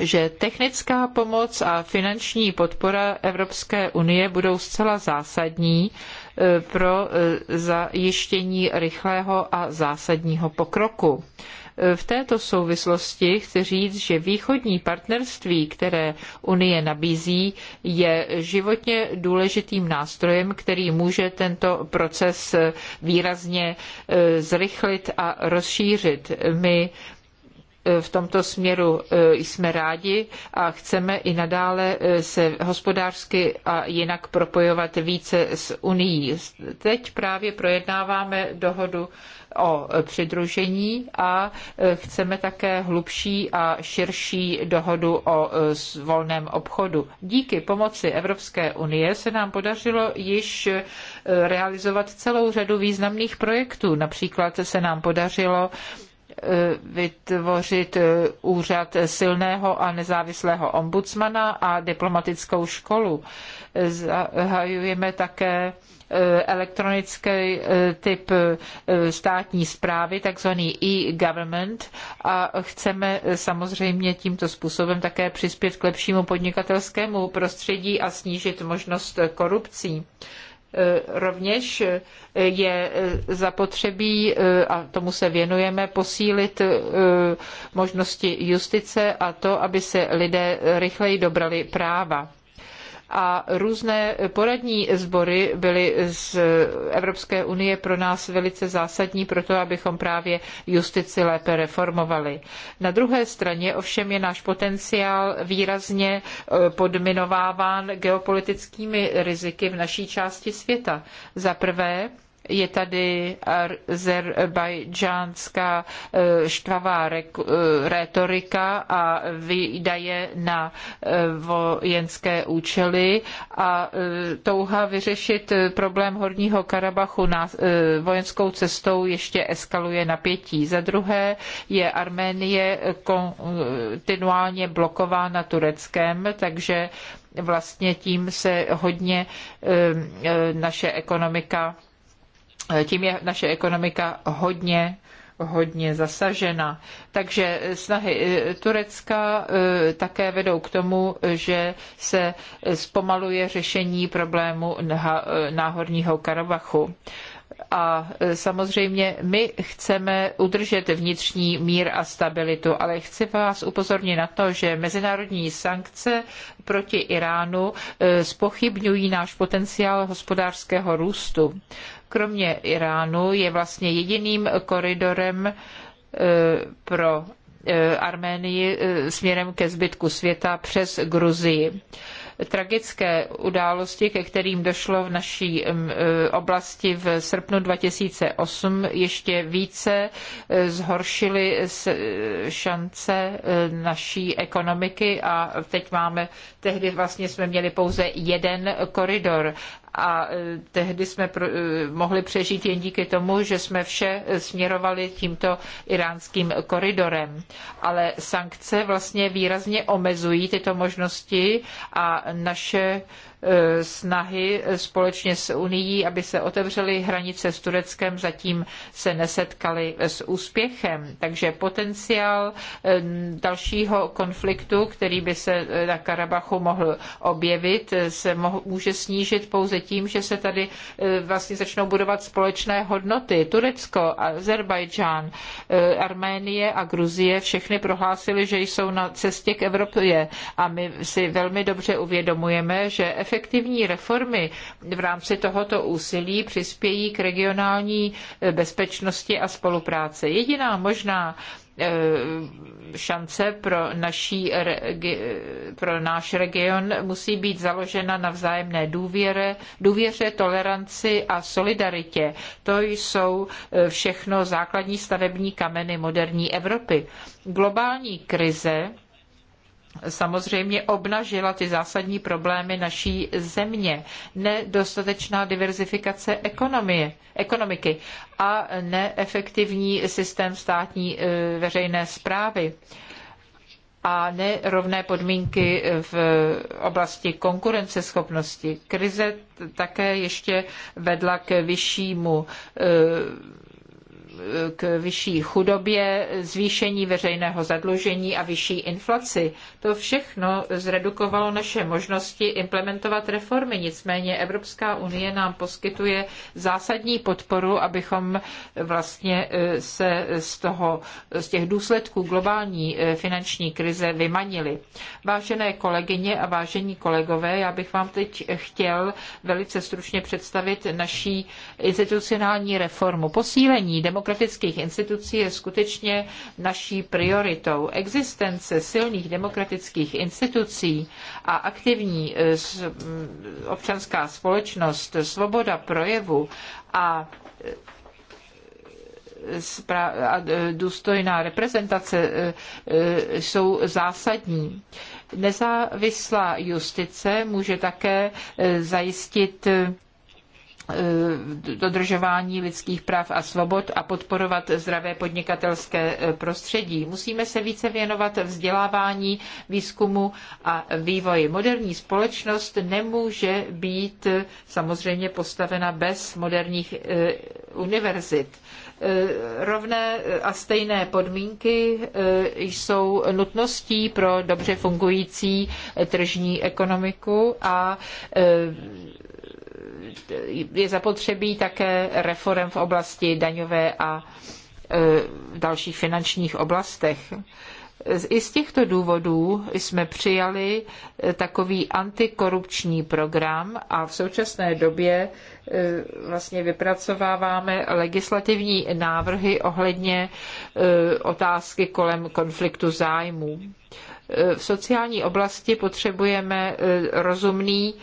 že technická pomoc a finanční podpora Evropské unie budou zcela zásadní e, pro e, zajištění rychlého a zásadního pokroku. E, v této souvislosti chci říct, že východní partnerství, které Unie nabízí, je životně důležitým nástrojem, který může tento proces výrazně zrychlit a rozšířit. My Eh, v tomto směru eh, jsme rádi a chceme i nadále eh, se hospodářsky a jinak propojovat více s Unií. Teď právě projednáváme dohodu o přidružení a chceme také hlubší a širší dohodu o volném obchodu. Díky pomoci Evropské unie se nám podařilo již realizovat celou řadu významných projektů. Například se nám podařilo vytvořit úřad silného a nezávislého ombudsmana a diplomatickou školu. Zahajujeme také eh, elektronický eh, typ eh, státní zprávy, takzvaný e-government a chceme samozřejmě tímto způsobem také přispět k lepšímu podnikatelskému prostředí a snížit možnost korupcí. E, rovněž e, je e, zapotřebí, a tomu se věnujeme, posílit možnosti justice a to, aby se lidé rychleji dobrali práva a různé poradní sbory byly z Evropské unie pro nás velice zásadní pro to, abychom právě justici lépe reformovali. Na druhé straně ovšem je náš potenciál výrazně e, podminováván geopolitickými riziky v naší části světa. Za prvé, je tady azerbajdžánská eh, štvavá eh, rétorika a výdaje na eh, vojenské účely a touha vyřešit problém Horního Karabachu na vojenskou cestou ještě eskaluje napětí. Za druhé je Arménie kontinuálně blokována Tureckem, takže vlastně tím se hodně naše ekonomika Eh, tím je naše ekonomika hodně hodně zasažena. Takže snahy eh, Turecka eh, také vedou k tomu, že se zpomaluje řešení problému náhorního Karabachu. A samozřejmě my chceme udržet vnitřní mír a stabilitu, ale chci vás upozornit na to, že mezinárodní sankce proti Iránu spochybňují náš potenciál hospodářského růstu kromě Iránu je vlastně jediným koridorem eh, pro eh, Arménii eh, směrem ke zbytku světa přes Gruzii tragické události, ke kterým došlo v naší mm, oblasti v srpnu 2008, ještě více zhoršily šance naší ekonomiky a teď máme, tehdy vlastně jsme měli pouze jeden koridor a e, tehdy jsme e, mohli přežít jen díky tomu, že jsme vše směrovali tímto iránským koridorem. Ale sankce vlastně výrazně omezují tyto možnosti a naše E, snahy společně s Unií, aby se otevřely hranice s Tureckem, zatím se nesetkaly s úspěchem. Takže potenciál e, dalšího konfliktu, který by se e, na Karabachu mohl objevit, se může snížit pouze tím, že se tady vlastně začnou budovat společné hodnoty. Turecko, Azerbajdžán, Arménie a Gruzie všechny prohlásily, že jsou na cestě k Evropě a my si velmi dobře uvědomujeme, že efektivní reformy v rámci tohoto úsilí přispějí k regionální eh, bezpečnosti a spolupráci. Jediná možná eh, šance pro, naší, pro náš region musí být založena na vzájemné důvěře, důvěře, toleranci a solidaritě. To jsou eh, všechno základní stavební kameny moderní Evropy. Globální krize samozřejmě obnažila ty zásadní problémy naší země. Nedostatečná diverzifikace ekonomie, ekonomiky a neefektivní systém státní e, veřejné správy a nerovné podmínky v oblasti konkurenceschopnosti. Krize také ještě vedla k vyššímu e, k vyšší chudobě, zvýšení veřejného zadlužení a vyšší inflaci. To všechno zredukovalo naše možnosti implementovat reformy. Nicméně Evropská unie nám poskytuje zásadní podporu, abychom vlastně eh, se z, toho, z těch důsledků globální eh, finanční krize vymanili. Vážené kolegyně a vážení kolegové, já bych vám teď chtěl velice stručně představit naší institucionální reformu. Posílení demokracie demokratických institucí je skutečně naší prioritou. Existence silných demokratických institucí a aktivní eh, mm, občanská společnost, svoboda projevu a eh, a eh, důstojná reprezentace jsou zásadní. Nezávislá justice může také zajistit Eh, dodržování lidských práv a svobod a podporovat zdravé podnikatelské eh, prostředí. Musíme se více věnovat vzdělávání, výzkumu a vývoji. Moderní společnost nemůže být eh, samozřejmě postavena bez moderních univerzit rovné a stejné podmínky jsou nutností pro dobře fungující tržní ekonomiku a je zapotřebí také reform v oblasti daňové a v e, dalších finančních oblastech. I z těchto důvodů jsme přijali e, takový antikorupční program a v současné době e, vlastně vypracováváme legislativní návrhy ohledně otázky kolem konfliktu zájmů. V sociální oblasti potřebujeme rozumný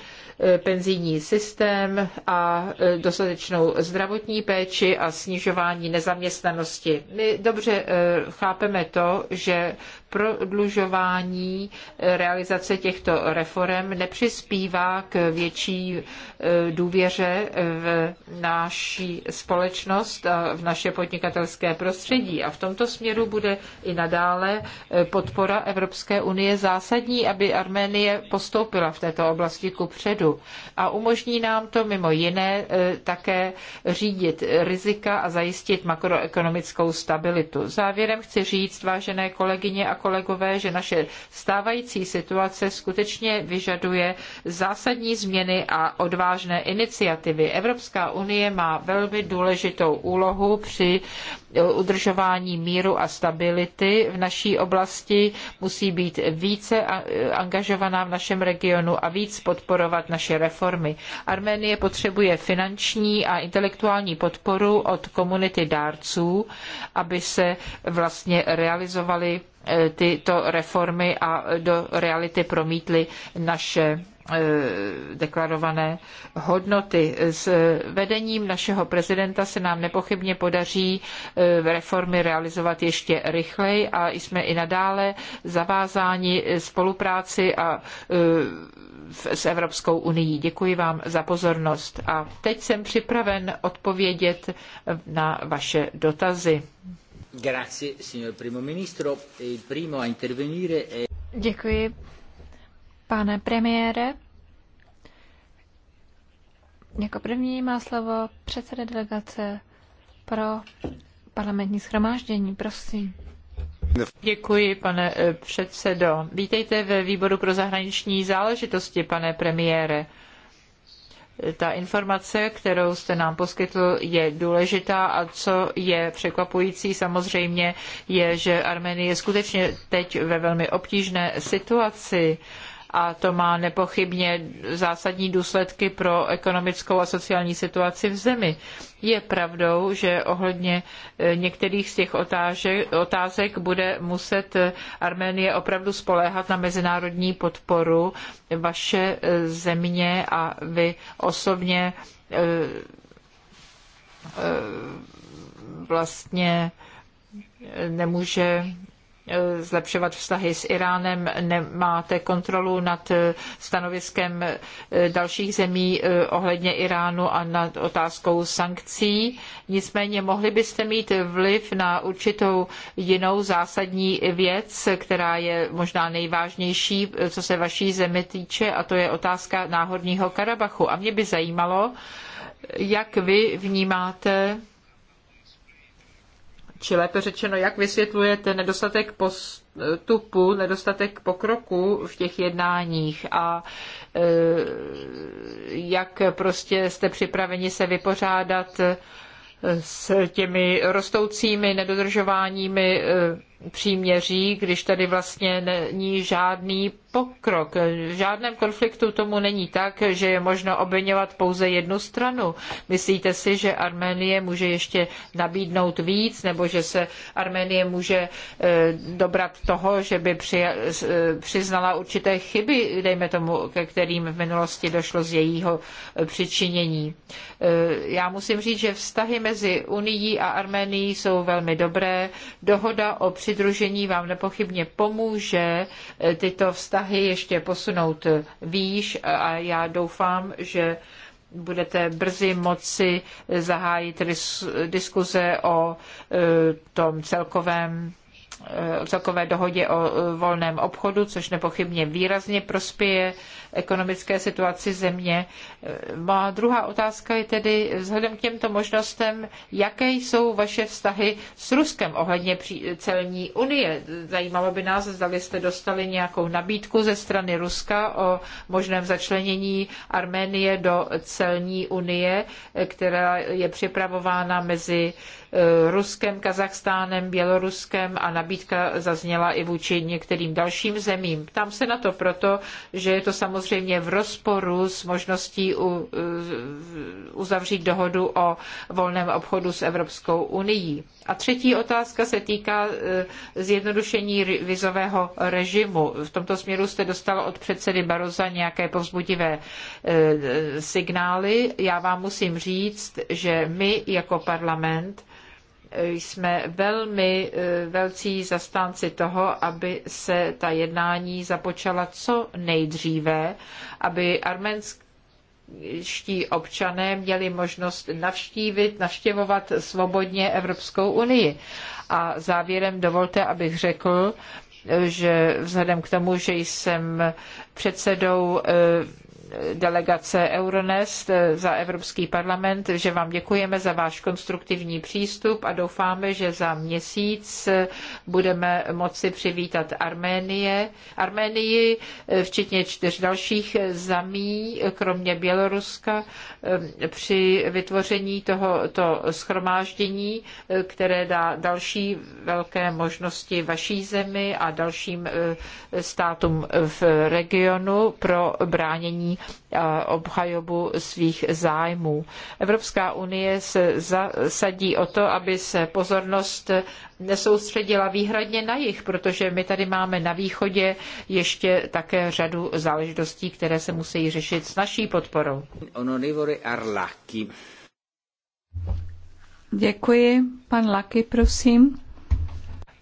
E, penzijní systém a e, dostatečnou zdravotní péči a snižování nezaměstnanosti. My dobře e, chápeme to, že prodlužování eh, realizace těchto reform nepřispívá k větší eh, důvěře eh, v naší společnost a v naše podnikatelské prostředí. A v tomto směru bude i nadále podpora Evropské unie zásadní, aby Arménie postoupila v této oblasti kupředu A umožní nám to mimo jiné také řídit rizika a zajistit makroekonomickou stabilitu. Závěrem chci říct, vážené kolegyně a kolegové, že naše stávající situace skutečně vyžaduje zásadní změny a odvážné iniciativy. Evropská unie má velmi důležitou úlohu při udržování míru a stability v naší oblasti, musí být více angažovaná v našem regionu a víc podporovat naše reformy. Arménie potřebuje finanční a intelektuální podporu od komunity dárců, aby se vlastně realizovaly Eh, tyto reformy a do reality promítly naše eh, deklarované hodnoty. S vedením našeho prezidenta se nám nepochybně podaří eh, reformy realizovat ještě rychleji a jsme i nadále zavázáni spolupráci a s Evropskou unii. Děkuji vám za pozornost a teď jsem připraven odpovědět na vaše dotazy. Grazie, signor primo ministro. E il primo a intervenire è... Děkuji, pane premiére. Jako první má slovo předseda delegace pro parlamentní schromáždění. Prosím. Děkuji, pane eh, předsedo. Vítejte ve výboru pro zahraniční záležitosti, pane premiére ta informace, kterou jste nám poskytl, je důležitá a co je překvapující samozřejmě je, že Arménie je skutečně teď ve velmi obtížné situaci a to má nepochybně zásadní důsledky pro ekonomickou a sociální situaci v zemi. Je pravdou, že ohledně eh, některých z těch otážek, otázek bude muset eh, Arménie opravdu spoléhat na mezinárodní podporu vaše eh, země a vy osobně vlastně nemůže Eh, zlepšovat vztahy s Iránem, nemáte kontrolu nad eh, stanoviskem eh, dalších zemí ohledně Iránu a nad otázkou sankcí. Nicméně mohli byste mít vliv na určitou jinou zásadní věc, která je možná nejvážnější, co se vaší zemi týče, a to je otázka náhodního Karabachu. A mě by zajímalo, jak vy vnímáte či lépe řečeno, jak vysvětlujete nedostatek postupu, nedostatek pokroku v těch jednáních a e, jak prostě jste připraveni se vypořádat e, s těmi rostoucími nedodržováními e, příměří, když tady vlastně není žádný pokrok. V žádném konfliktu tomu není tak, že je možno obvinovat pouze jednu stranu. Myslíte si, že Arménie může ještě nabídnout víc, nebo že se Arménie může eh, dobrat toho, že by eh, přiznala určité chyby, dejme tomu, ke kterým v minulosti došlo z jejího eh, přičinění. já musím říct, že vztahy mezi Unií a Arménií jsou velmi dobré. Dohoda o při přidružení vám nepochybně pomůže eh, tyto vztahy ještě posunout výš a já doufám, že budete brzy moci zahájit diskuze o eh, tom celkovém Eh, celkové dohodě o eh, volném obchodu, což nepochybně výrazně prospěje ekonomické situaci země. Eh, má druhá otázka je tedy vzhledem k těmto možnostem, jaké jsou vaše vztahy s Ruskem ohledně celní unie. Zajímalo by nás, zda jste dostali nějakou nabídku ze strany Ruska o možném začlenění Arménie do celní unie, která je připravována mezi Ruskem, Kazachstánem, Běloruskem a nabídka zazněla i vůči některým dalším zemím. Tam se na to proto, že je to samozřejmě v rozporu s možností uzavřít dohodu o volném obchodu s Evropskou unií. A třetí otázka se týká e, zjednodušení vizového režimu. V tomto směru jste dostal od předsedy Baroza nějaké povzbudivé e, signály. Já vám musím říct, že my jako parlament jsme velmi eh, velcí zastánci toho, aby se ta jednání započala co nejdříve, aby arménský ští občané měli možnost navštívit, navštěvovat svobodně Evropskou unii. A závěrem dovolte, abych řekl, eh, že vzhledem k tomu, že jsem předsedou eh, delegace Euronest za Evropský parlament, že vám děkujeme za váš konstruktivní přístup a doufáme, že za měsíc budeme moci přivítat Arménie, Arménii, včetně čtyř dalších zemí, kromě Běloruska, při vytvoření tohoto schromáždění, které dá další velké možnosti vaší zemi a dalším státům v regionu pro bránění obhajobu svých zájmů. Evropská unie se zasadí o to, aby se pozornost nesoustředila výhradně na jich, protože my tady máme na východě ještě také řadu záležitostí, které se musí řešit s naší podporou. Děkuji. Pan Laky, prosím.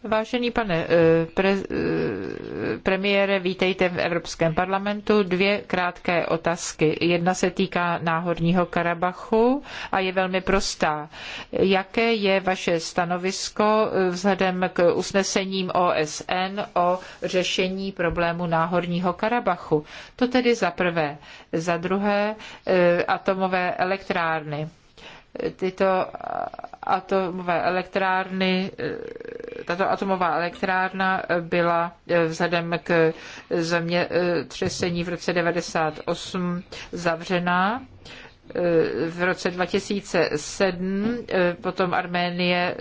Vážený pane eh, pre, eh, premiére, vítejte v Evropském parlamentu. Dvě krátké otázky. Jedna se týká Náhorního Karabachu a je velmi prostá. Jaké je vaše stanovisko eh, vzhledem k usnesením OSN o řešení problému Náhorního Karabachu? To tedy za prvé. Za druhé atomové elektrárny. Tyto atomové elektrárny, eh, tato atomová elektrárna eh, byla eh, vzhledem k zemětřesení v roce 98 zavřená v roce 2007 potom Arménie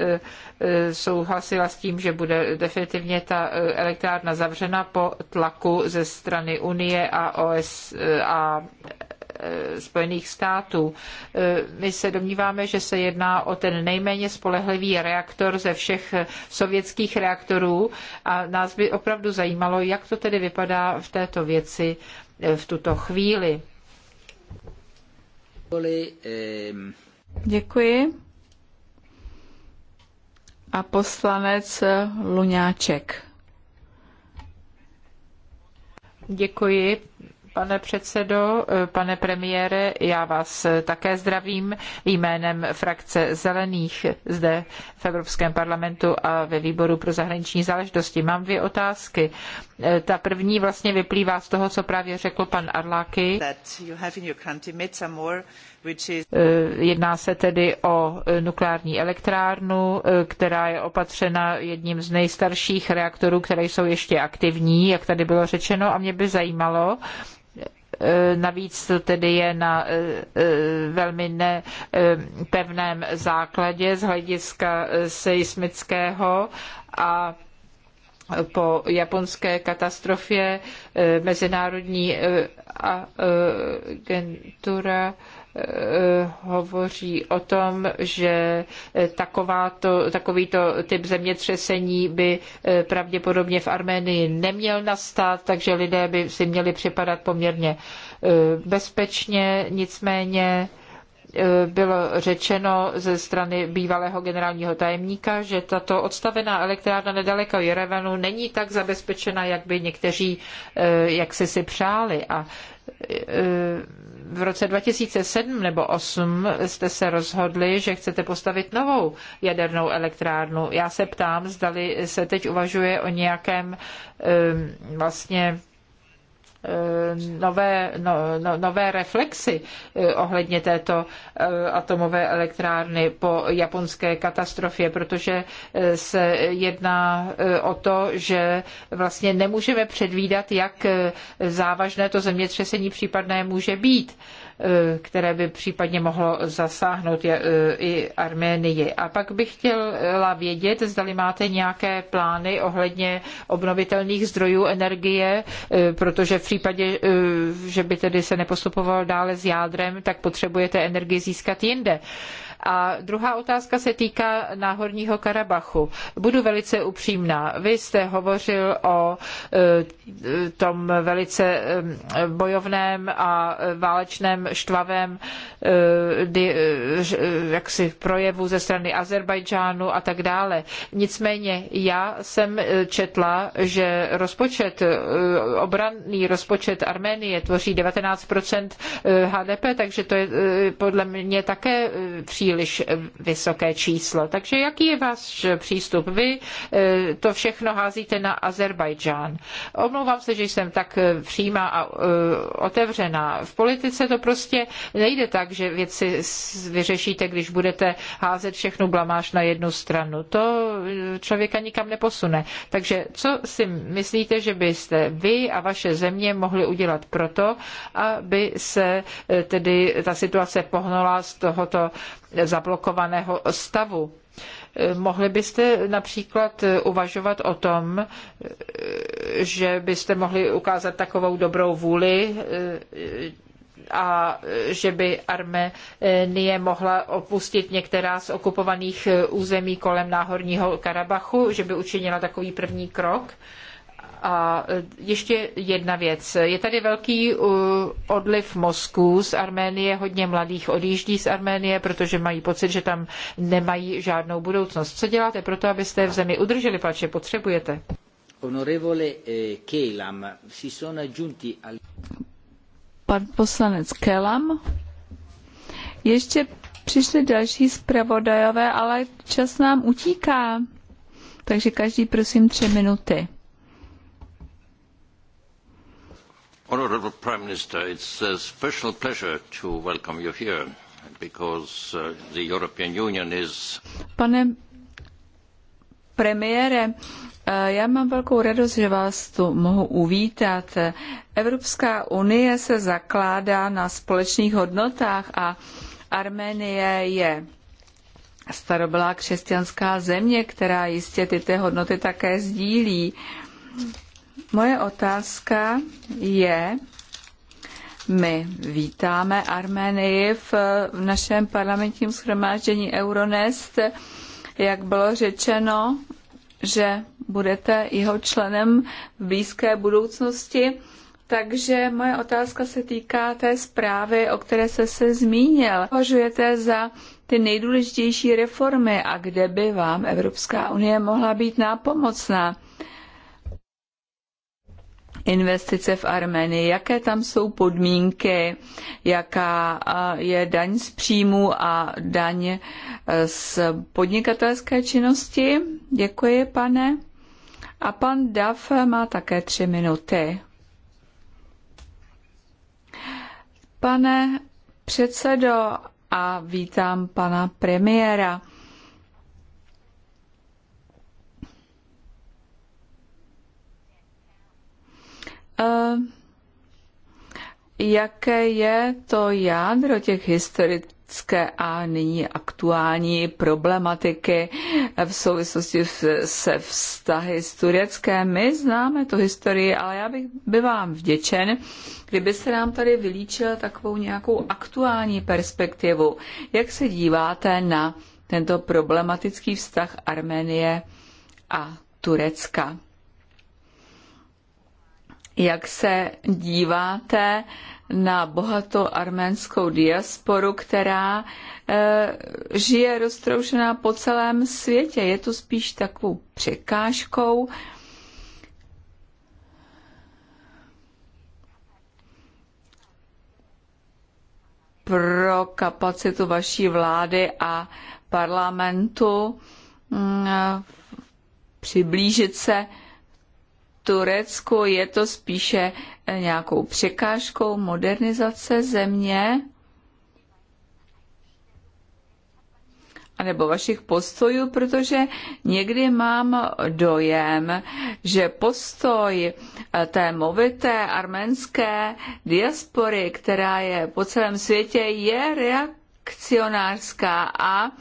souhlasila s tím, že bude definitivně ta elektrárna zavřena po tlaku ze strany Unie a, OS, a Eh, Spojených států. Eh, my se domníváme, že se jedná o ten nejméně spolehlivý reaktor ze všech sovětských reaktorů a nás by opravdu zajímalo, jak to tedy vypadá v této věci eh, v tuto chvíli. Děkuji. A poslanec Luňáček. Děkuji, pane předsedo, pane premiére, já vás také zdravím jménem frakce Zelených zde v Evropském parlamentu a ve výboru pro zahraniční záležitosti. Mám dvě otázky. Ta první vlastně vyplývá z toho, co právě řekl pan Arláky. Eh, jedná se tedy o nukleární elektrárnu, eh, která je opatřena jedním z nejstarších reaktorů, které jsou ještě aktivní, jak tady bylo řečeno, a mě by zajímalo, Eh, navíc to tedy je na eh, eh, velmi nepevném základě z hlediska seismického a po japonské katastrofě Mezinárodní agentura Eh, hovoří o tom, že eh, takováto, takovýto typ zemětřesení by eh, pravděpodobně v Arménii neměl nastat, takže lidé by si měli připadat poměrně bezpečně, nicméně bylo řečeno ze strany bývalého generálního tajemníka, že tato odstavená elektrárna nedaleko Jerevanu není tak zabezpečena, jak by někteří jak si si přáli. A Eh, v roce 2007 nebo 2008 jste se rozhodli, že chcete postavit novou jadernou elektrárnu. Já se ptám, zdali se teď uvažuje o nějakém eh, vlastně Eh, nové, no, no, nové reflexy eh, ohledně této eh, atomové elektrárny po japonské katastrofě, protože se jedná o to, že vlastně nemůžeme předvídat, jak závažné to zemětřesení případné může být. Eh, které by případně mohlo zasáhnout eh, i Arménii. A pak bych chtěla vědět, zdali máte nějaké plány ohledně obnovitelných zdrojů energie, eh, protože v případě, že by tedy se nepostupovalo dále s jádrem, tak potřebujete energii získat jinde. A druhá otázka se týká Náhorního Karabachu. Budu velice upřímná. Vy jste hovořil o e, tom velice e, bojovném a válečném štvavém e, jaksi projevu ze strany Azerbajdžánu a tak dále. Nicméně já jsem četla, že rozpočet, obranný rozpočet Arménie tvoří 19% HDP, takže to je podle mě také příliš příliš vysoké číslo. Takže jaký je váš přístup? Vy eh, to všechno házíte na Azerbajdžán. Omlouvám se, že jsem tak eh, přímá a eh, otevřená. V politice to prostě nejde tak, že věci vyřešíte, když budete házet všechnu blamáž na jednu stranu. To člověka nikam neposune. Takže co si myslíte, že byste vy a vaše země mohli udělat proto, aby se tedy ta situace pohnula z tohoto zablokovaného stavu. Mohli byste například uvažovat o tom, že byste mohli ukázat takovou dobrou vůli a že by Arménie mohla opustit některá z okupovaných území kolem Náhorního Karabachu, že by učinila takový první krok? A e, ještě jedna věc. Je tady velký e, odliv mozků z Arménie, hodně mladých odjíždí z Arménie, protože mají pocit, že tam nemají žádnou budoucnost. Co děláte pro to, abyste v zemi udrželi, pače potřebujete? Honorevole e, Kelam, si sono aggiunti al... Pan poslanec Kelam. Ještě přišli další zpravodajové, ale čas nám utíká. Takže každý prosím tři minuty. Prime Minister, it's a special pleasure to welcome you here because uh, the European Union is... Pane premiére, uh, já mám velkou radost, že vás tu mohu uvítat. Evropská unie se zakládá na společných hodnotách a Arménie je starobylá křesťanská země, která jistě tyto hodnoty také sdílí. Moje otázka je, my vítáme Arménii v našem parlamentním schromáždění Euronest. Jak bylo řečeno, že budete jeho členem v blízké budoucnosti. Takže moje otázka se týká té zprávy, o které se se zmínil. Považujete za ty nejdůležitější reformy a kde by vám Evropská unie mohla být nápomocná? investice v Armenii, jaké tam jsou podmínky, jaká je daň z příjmu a daň e, z podnikatelské činnosti. Děkuji, pane. A pan Daf má také tři minuty. Pane předsedo, a vítám pana premiéra. Eh, jaké je to jádro těch historické a nyní aktuální problematiky v souvislosti se vztahy s Tureckem. My známe tu historii, ale já bych by vám vděčen, kdyby se nám tady vylíčil takovou nějakou aktuální perspektivu. Jak se díváte na tento problematický vztah Arménie a Turecka? jak se díváte na bohatou arménskou diasporu, která e, žije roztroušená po celém světě. Je to spíš takovou překážkou. pro kapacitu vaší vlády a parlamentu mm, e, přiblížit se Turecku je to spíše eh, nějakou překážkou modernizace země? nebo vašich postojů, protože někdy mám dojem, že postoj eh, té movité arménské diaspory, která je po celém světě, je reakcionářská a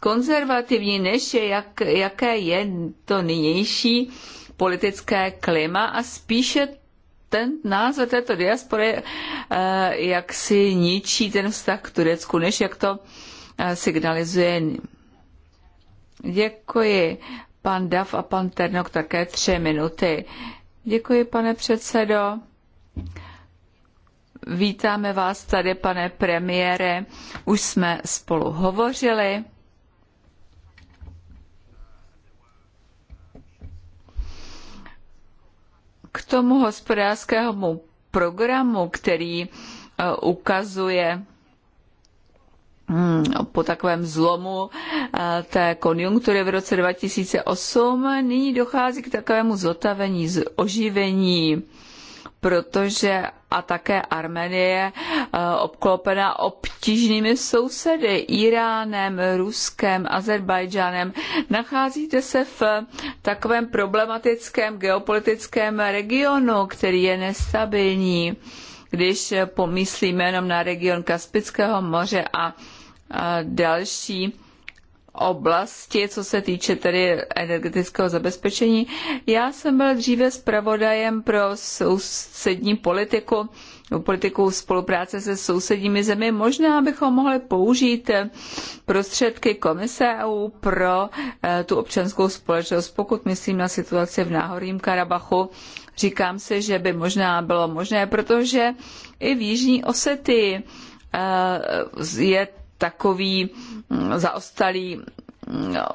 konzervativní, než je jak, jaké je to nynější politické klima a spíše ten názor této diaspory eh, jak si ničí ten vztah k Turecku, než jak to eh, signalizuje. Děkuji. Pan Dav a pan Ternok také tři minuty. Děkuji, pane předsedo. Vítáme vás tady, pane premiére. Už jsme spolu hovořili. tomu hospodářskému programu, který eh, ukazuje hm, po takovém zlomu eh, té konjunktury v roce 2008, nyní dochází k takovému zotavení, oživení, protože a také Arménie eh, obklopena obtížnými sousedy, Iránem, Ruskem, Azerbajdžánem. Nacházíte se v takovém problematickém geopolitickém regionu, který je nestabilní, když pomyslíme jenom na region Kaspického moře a další oblasti, co se týče tedy energetického zabezpečení. Já jsem byl dříve zpravodajem pro sousední politiku politiku spolupráce se sousedními zemi. Možná bychom mohli použít prostředky komise EU pro eh, tu občanskou společnost, pokud myslím na situaci v Náhorním Karabachu. Říkám si, že by možná bylo možné, protože i v Jižní Osety eh, je takový zaostalý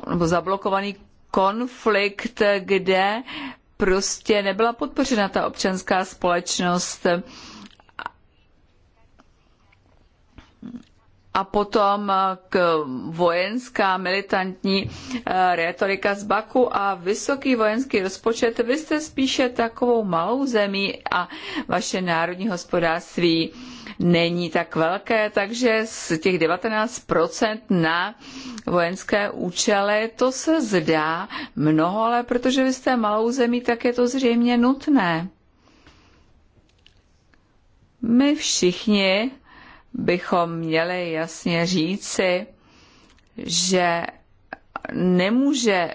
nebo zablokovaný konflikt, kde prostě nebyla podpořena ta občanská společnost. A potom k vojenská militantní eh, retorika z Baku a vysoký vojenský rozpočet. Vy jste spíše takovou malou zemí a vaše národní hospodářství není tak velké, takže z těch 19% na vojenské účely to se zdá mnoho, ale protože vy jste malou zemí, tak je to zřejmě nutné. My všichni bychom měli jasně říci, že nemůže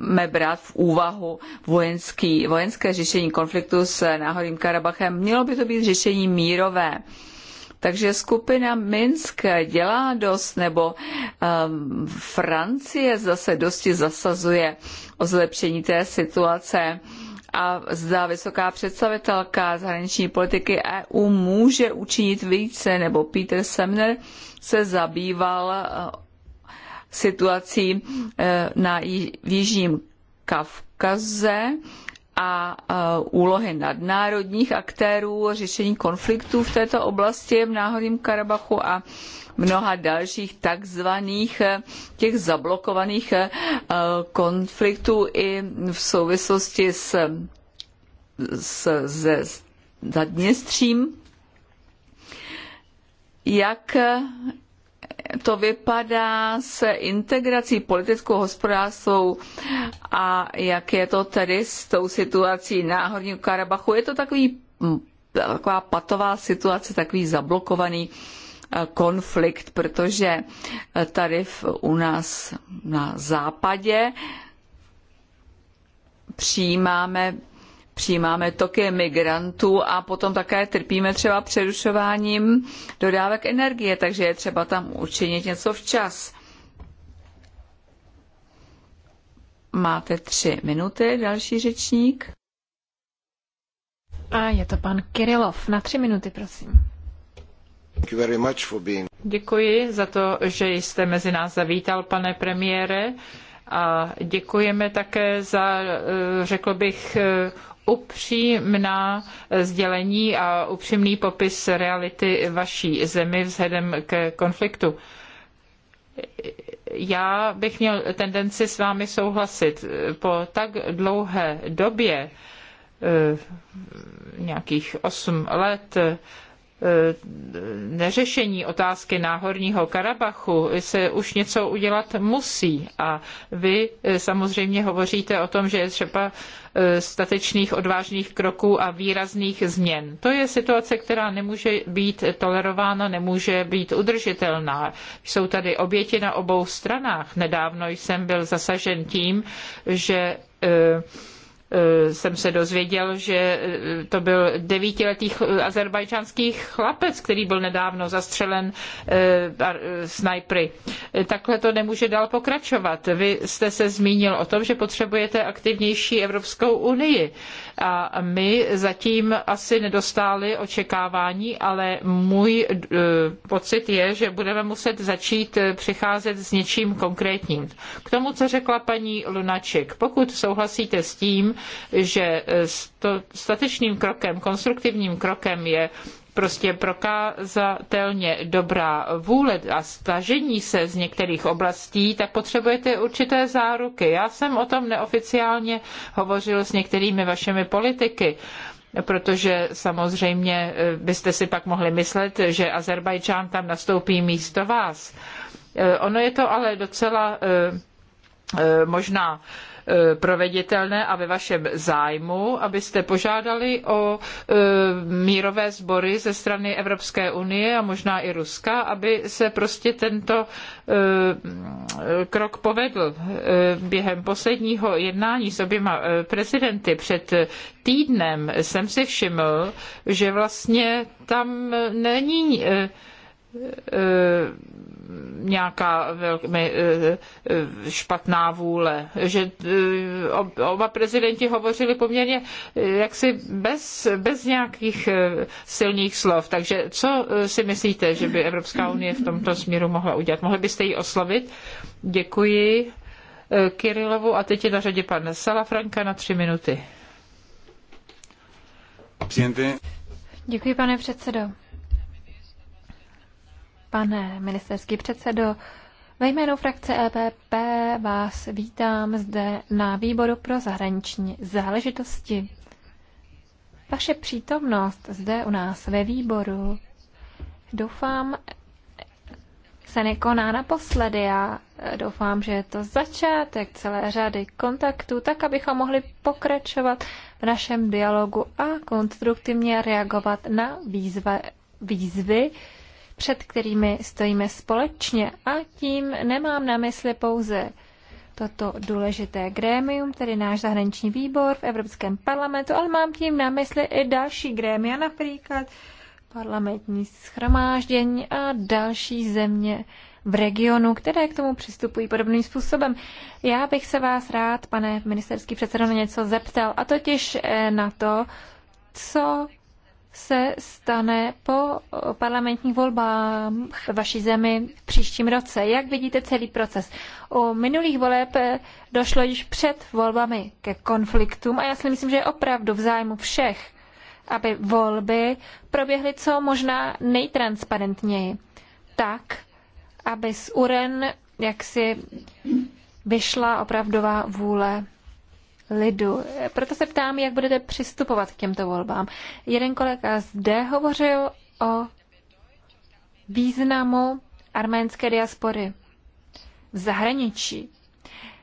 můžeme brát v úvahu vojenský, vojenské řešení konfliktu s Náhorým Karabachem. Mělo by to být řešení mírové. Takže skupina Minsk dělá dost, nebo um, Francie zase dosti zasazuje o zlepšení té situace. A zda vysoká představitelka zahraniční politiky EU může učinit více, nebo Peter Semner se zabýval situací eh, na v Jižním Kavkaze a eh, úlohy nadnárodních aktérů, řešení konfliktů v této oblasti v Náhodním Karabachu a mnoha dalších takzvaných eh, těch zablokovaných konfliktů i v souvislosti s, s, se Zadněstřím. Jak to vypadá s integrací politickou hospodářstvou a jak je to tedy s tou situací na Horním Karabachu. Je to takový, mm, taková patová situace, takový zablokovaný eh, konflikt, protože eh, tady v, u nás na západě přijímáme přijímáme toky migrantů a potom také trpíme třeba přerušováním dodávek energie, takže je třeba tam učinit něco včas. Máte tři minuty, další řečník. A je to pan Kirilov. Na tři minuty, prosím. Děkuji za to, že jste mezi nás zavítal, pane premiére. A děkujeme také za, eh, řekl bych, eh, upřímná sdělení a upřímný popis reality vaší zemi vzhledem k konfliktu. Já bych měl tendenci s vámi souhlasit. Po tak dlouhé době, eh, nějakých osm let, Eh, neřešení otázky náhorního Karabachu se už něco udělat musí. A vy eh, samozřejmě hovoříte o tom, že je třeba eh, statečných odvážných kroků a výrazných změn. To je situace, která nemůže být tolerována, nemůže být udržitelná. Jsou tady oběti na obou stranách. Nedávno jsem byl zasažen tím, že Eh, jsem se dozvěděl, že eh, to byl devítiletý eh, azerbajčanský chlapec, který byl nedávno zastřelen snajpry. Takhle to nemůže dál pokračovat. Vy jste se zmínil o tom, že potřebujete aktivnější Evropskou unii a my zatím asi nedostáli očekávání, ale můj pocit je, že budeme muset začít přicházet s něčím konkrétním. K tomu, co řekla paní Lunaček, pokud souhlasíte s tím, že statečným krokem, konstruktivním krokem je prostě prokázatelně dobrá vůle a stažení se z některých oblastí, tak potřebujete určité záruky. Já jsem o tom neoficiálně hovořil s některými vašimi politiky protože samozřejmě eh, byste si pak mohli myslet, že Azerbajdžán tam nastoupí místo vás. Eh, ono je to ale docela eh, možná E, proveditelné a ve vašem zájmu, abyste požádali o e, mírové sbory ze strany Evropské unie a možná i Ruska, aby se prostě tento e, krok povedl. Během posledního jednání s oběma prezidenty před týdnem jsem si všiml, že vlastně tam není Eh, nějaká velmi eh, špatná vůle. Že eh, oba prezidenti hovořili poměrně jaksi bez, bez nějakých silných slov. Takže co si myslíte, že by Evropská unie v tomto směru mohla udělat? Mohli byste ji oslovit? Děkuji Kirilovu a teď je na řadě pan Salafranka na tři minuty. Děkuji, pane předsedo. Pane ministerský předsedo, ve jménu frakce EPP vás vítám zde na výboru pro zahraniční záležitosti. Vaše přítomnost zde u nás ve výboru, doufám, se nekoná naposledy. a eh, doufám, že je to začátek celé řady kontaktů, tak abychom mohli pokračovat v našem dialogu a konstruktivně reagovat na výzve, výzvy před kterými stojíme společně a tím nemám na mysli pouze toto důležité grémium, tedy náš zahraniční výbor v Evropském parlamentu, ale mám tím na mysli i další grémia, například parlamentní schromáždění a další země v regionu, které k tomu přistupují podobným způsobem. Já bych se vás rád, pane ministerský předsedo, na něco zeptal, a totiž eh, na to, co se stane po parlamentních volbách v vaší zemi v příštím roce. Jak vidíte celý proces? U minulých voleb došlo již před volbami ke konfliktům a já si myslím, že je opravdu v zájmu všech, aby volby proběhly co možná nejtransparentněji. Tak, aby z uren jaksi vyšla opravdová vůle lidu. Proto se ptám, jak budete přistupovat k těmto volbám. Jeden kolega zde hovořil o významu arménské diaspory v zahraničí.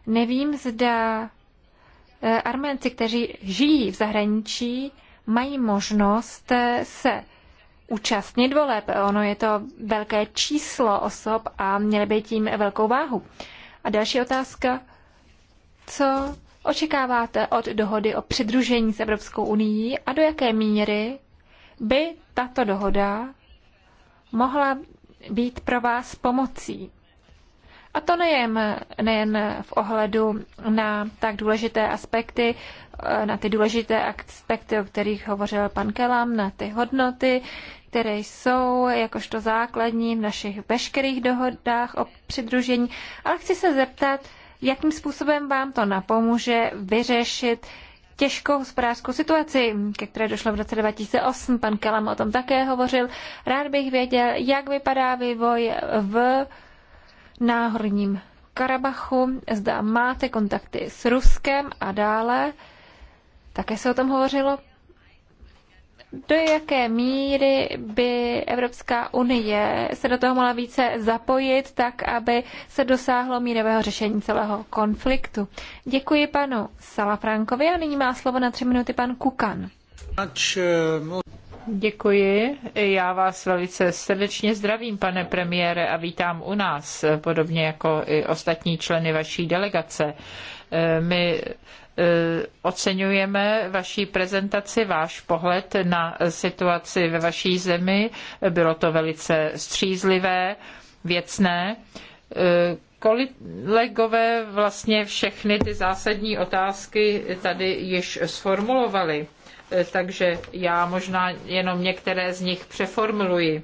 Nevím, zda eh, Arménci, kteří žijí v zahraničí, mají možnost eh, se účastnit voleb. Ono je to velké číslo osob a měly by tím velkou váhu. A další otázka, co očekáváte od dohody o přidružení s Evropskou unii a do jaké míry by tato dohoda mohla být pro vás pomocí. A to nejen, nejen v ohledu na tak důležité aspekty, na ty důležité aspekty, o kterých hovořil pan Kelam, na ty hodnoty, které jsou jakožto základní v našich veškerých dohodách o přidružení, ale chci se zeptat, jakým způsobem vám to napomůže vyřešit těžkou hospodářskou situaci, ke které došlo v roce 2008. Pan Kelam o tom také hovořil. Rád bych věděl, jak vypadá vývoj v náhorním Karabachu. Zda máte kontakty s Ruskem a dále. Také se o tom hovořilo do jaké míry by Evropská unie se do toho mohla více zapojit, tak aby se dosáhlo mírového řešení celého konfliktu. Děkuji panu Salafrankovi a nyní má slovo na tři minuty pan Kukan. Děkuji. Já vás velice srdečně zdravím, pane premiére, a vítám u nás, podobně jako i ostatní členy vaší delegace. My Eh, oceňujeme vaší prezentaci, váš pohled na situaci ve vaší zemi. Bylo to velice střízlivé, věcné eh, kolegové vlastně všechny ty zásadní otázky tady již sformulovali, eh, takže já možná jenom některé z nich přeformuluji.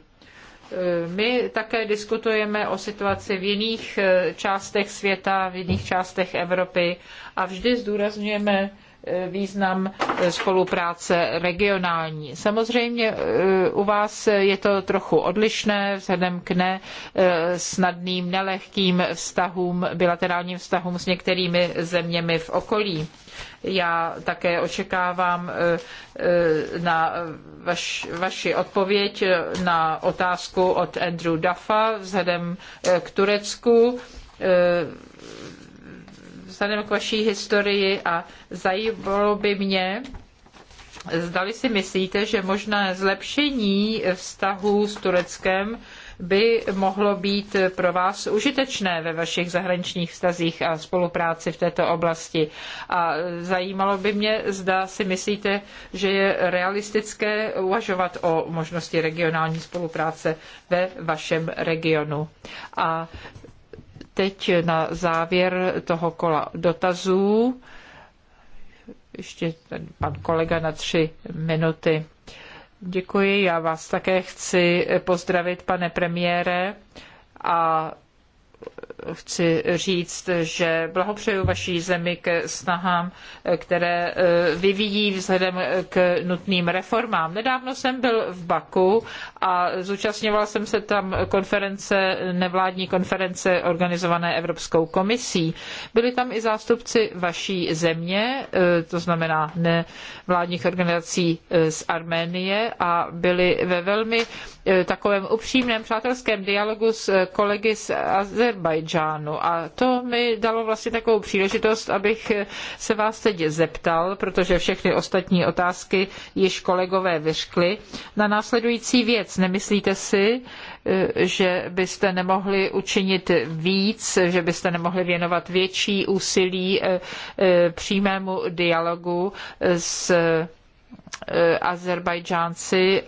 My také diskutujeme o situaci v jiných eh, částech světa, v jiných částech Evropy a vždy zdůrazňujeme význam spolupráce regionální. Samozřejmě eh, u vás je to trochu odlišné vzhledem k ne eh, snadným, nelehkým vztahům, bilaterálním vztahům s některými zeměmi v okolí. Já také očekávám eh, na vaš, vaši odpověď na otázku od Andrew Duffa vzhledem k Turecku dostaneme k vaší historii a zajímalo by mě, zdali si myslíte, že možné zlepšení vztahů s Tureckem by mohlo být pro vás užitečné ve vašich zahraničních vztazích a spolupráci v této oblasti. A zajímalo by mě, zda si myslíte, že je realistické uvažovat o možnosti regionální spolupráce ve vašem regionu. A teď na závěr toho kola dotazů. Ještě ten pan kolega na tři minuty. Děkuji, já vás také chci pozdravit, pane premiére, a chci říct, že blahopřeju vaší zemi ke snahám, které eh, vyvíjí vzhledem k nutným reformám. Nedávno jsem byl v Baku a zúčastňoval jsem se tam konference, nevládní konference organizované Evropskou komisí. Byli tam i zástupci vaší země, eh, to znamená nevládních organizací eh, z Arménie a byli ve velmi Eh, takovém upřímném přátelském dialogu s eh, kolegy z Azerbajdžánu. A to mi dalo vlastně takovou příležitost, abych eh, se vás teď zeptal, protože všechny ostatní otázky již kolegové vyřkli, na následující věc. Nemyslíte si, že byste nemohli učinit víc, že byste nemohli věnovat větší úsilí přímému dialogu s Azerbajdžánci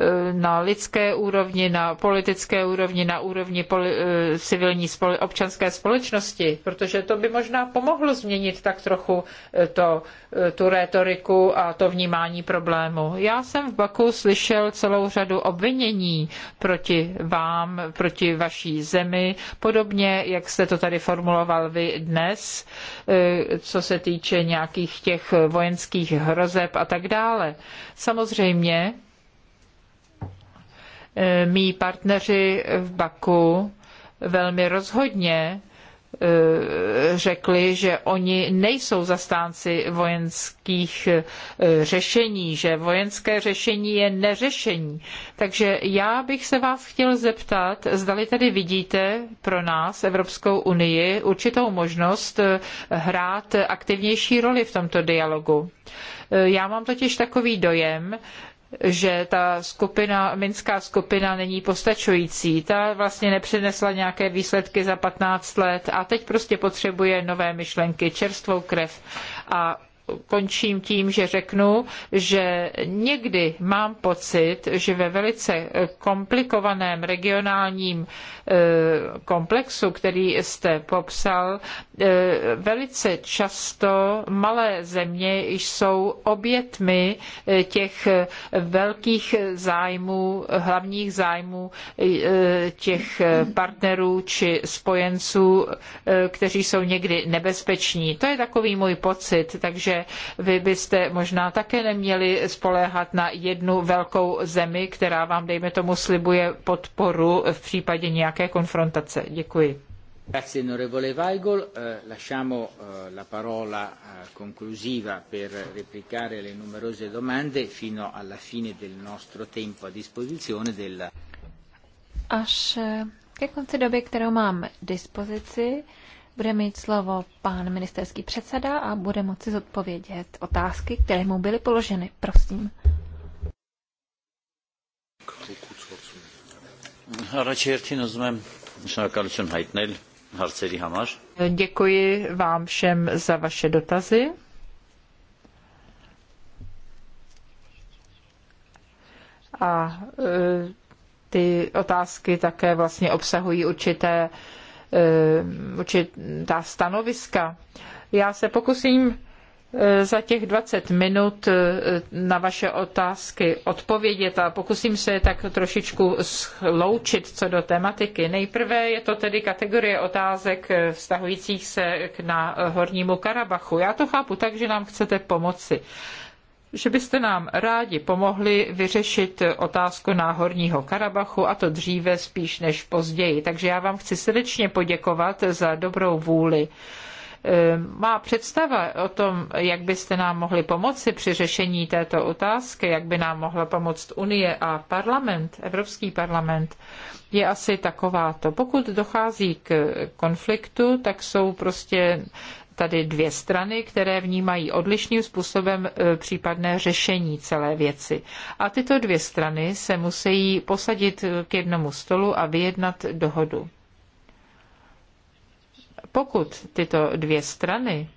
Eh, na lidské úrovni, na politické úrovni, na úrovni eh, civilní občanské společnosti, protože to by možná pomohlo změnit tak trochu eh, to, tu rétoriku a to vnímání problému. Já jsem v Baku slyšel celou řadu obvinění proti vám, proti vaší zemi, podobně, jak jste to tady formuloval vy dnes, co se týče nějakých těch vojenských hrozeb a tak dále. Samozřejmě, Eh, mý partneři v Baku velmi rozhodně eh, řekli, že oni nejsou zastánci vojenských eh, řešení, že vojenské řešení je neřešení. Takže já bych se vás chtěl zeptat, zdali tady vidíte pro nás, Evropskou unii, určitou možnost hrát aktivnější roli v tomto dialogu. Já mám totiž takový dojem, že ta skupina, minská skupina není postačující. Ta vlastně nepřinesla nějaké výsledky za 15 let a teď prostě potřebuje nové myšlenky, čerstvou krev. A končím tím, že řeknu, že někdy mám pocit, že ve velice komplikovaném regionálním eh, komplexu, který jste popsal, Eh, velice často malé země jsou obětmi eh, těch eh, velkých zájmů, hlavních zájmů těch partnerů či spojenců, kteří jsou někdy nebezpeční. To je takový můj pocit, takže vy byste možná také neměli spoléhat na jednu velkou zemi, která vám, dejme tomu, slibuje podporu v případě nějaké konfrontace. Děkuji. Grazie onorevole Weigel, eh, lasciamo eh, la parola eh, conclusiva per replicare le numerose domande fino alla fine del nostro tempo a disposizione del... Až eh, ke konci doby, kterou mám dispozici, bude mít slovo pán ministerský předseda a bude moci zodpovědět otázky, které mu byly položeny. Prosím. Առաջ երթին ուզում եմ շնորհակալություն Děkuji vám všem za vaše dotazy. A e, ty otázky také vlastně obsahují určité, e, určitá stanoviska. Já se pokusím Eh, za těch 20 minut eh, na vaše otázky odpovědět a pokusím se tak trošičku sloučit co do tematiky. Nejprve je to tedy kategorie otázek eh, vztahujících se na Hornímu Karabachu. Já to chápu tak, že nám chcete pomoci že byste nám rádi pomohli vyřešit otázku náhorního Karabachu a to dříve spíš než později. Takže já vám chci srdečně poděkovat za dobrou vůli Eh, má představa o tom, jak byste nám mohli pomoci při řešení této otázky, jak by nám mohla pomoct Unie a parlament, Evropský parlament, je asi takováto. Pokud dochází k konfliktu, tak jsou prostě tady dvě strany, které vnímají odlišným způsobem eh, případné řešení celé věci. A tyto dvě strany se musí posadit k jednomu stolu a vyjednat dohodu. Pokud tyto dvě strany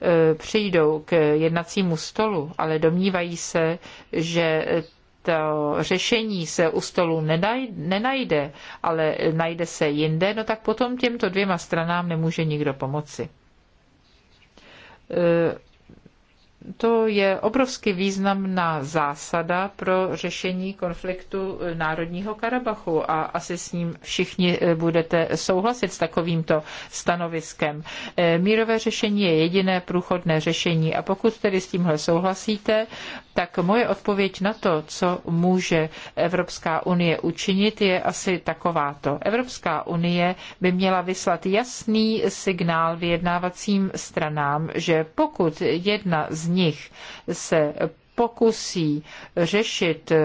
e, přijdou k jednacímu stolu, ale domnívají se, že to řešení se u stolu nenajde, ale najde se jinde, no tak potom těmto dvěma stranám nemůže nikdo pomoci. E, to je obrovsky významná zásada pro řešení konfliktu e, Národního Karabachu a asi s ním všichni e, budete souhlasit s takovýmto stanoviskem. E, Mírové řešení je jediné průchodné řešení a pokud tedy s tímhle souhlasíte, tak moje odpověď na to, co může Evropská unie učinit, je asi takováto. Evropská unie by měla vyslat jasný signál vyjednávacím stranám, že pokud jedna z nich se pokusí řešit eh,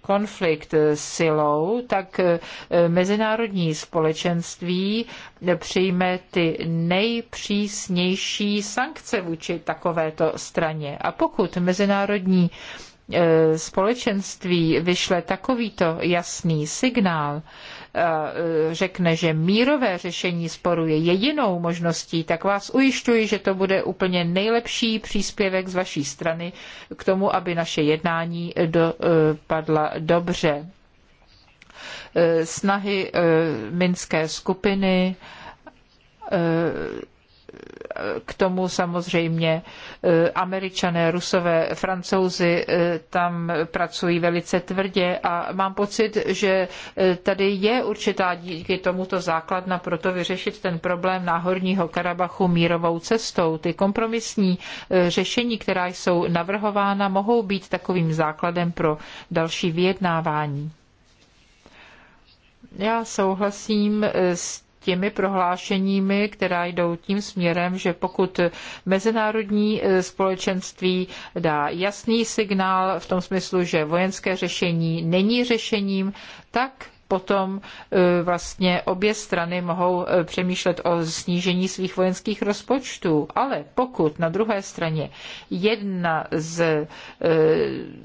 konflikt silou, tak eh, mezinárodní společenství přijme ty nejpřísnější sankce vůči takovéto straně. A pokud mezinárodní eh, společenství vyšle takovýto jasný signál, řekne, že mírové řešení sporu je jedinou možností, tak vás ujišťuji, že to bude úplně nejlepší příspěvek z vaší strany k tomu, aby naše jednání dopadla e, dobře. E, snahy e, minské skupiny k tomu samozřejmě e, američané, rusové, francouzi e, tam pracují velice tvrdě a mám pocit, že e, tady je určitá díky tomuto základna pro to vyřešit ten problém náhorního Karabachu mírovou cestou. Ty kompromisní řešení, která jsou navrhována, mohou být takovým základem pro další vyjednávání. Já souhlasím s těmi prohlášeními, která jdou tím směrem, že pokud mezinárodní e, společenství dá jasný signál v tom smyslu, že vojenské řešení není řešením, tak potom e, vlastně obě strany mohou e, přemýšlet o snížení svých vojenských rozpočtů. Ale pokud na druhé straně jedna z e,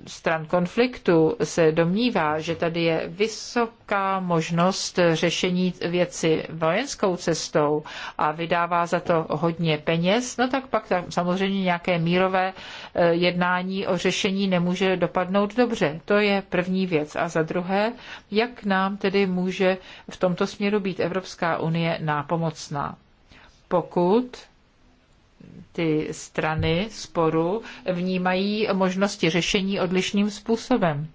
stran konfliktu se domnívá, že tady je vysoká možnost řešení věci vojenskou cestou a vydává za to hodně peněz, no tak pak tam samozřejmě nějaké mírové jednání o řešení nemůže dopadnout dobře. To je první věc. A za druhé, jak nám nám tedy může v tomto směru být Evropská unie nápomocná. Pokud ty strany sporu vnímají možnosti řešení odlišným způsobem.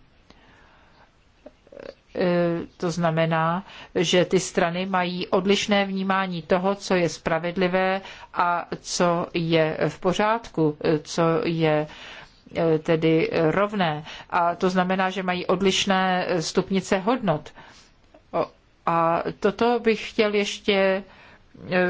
E, to znamená, že ty strany mají odlišné vnímání toho, co je spravedlivé a co je v pořádku, e, co je E, tedy e, rovné. A to znamená, že mají odlišné e, stupnice hodnot. A toto bych chtěl ještě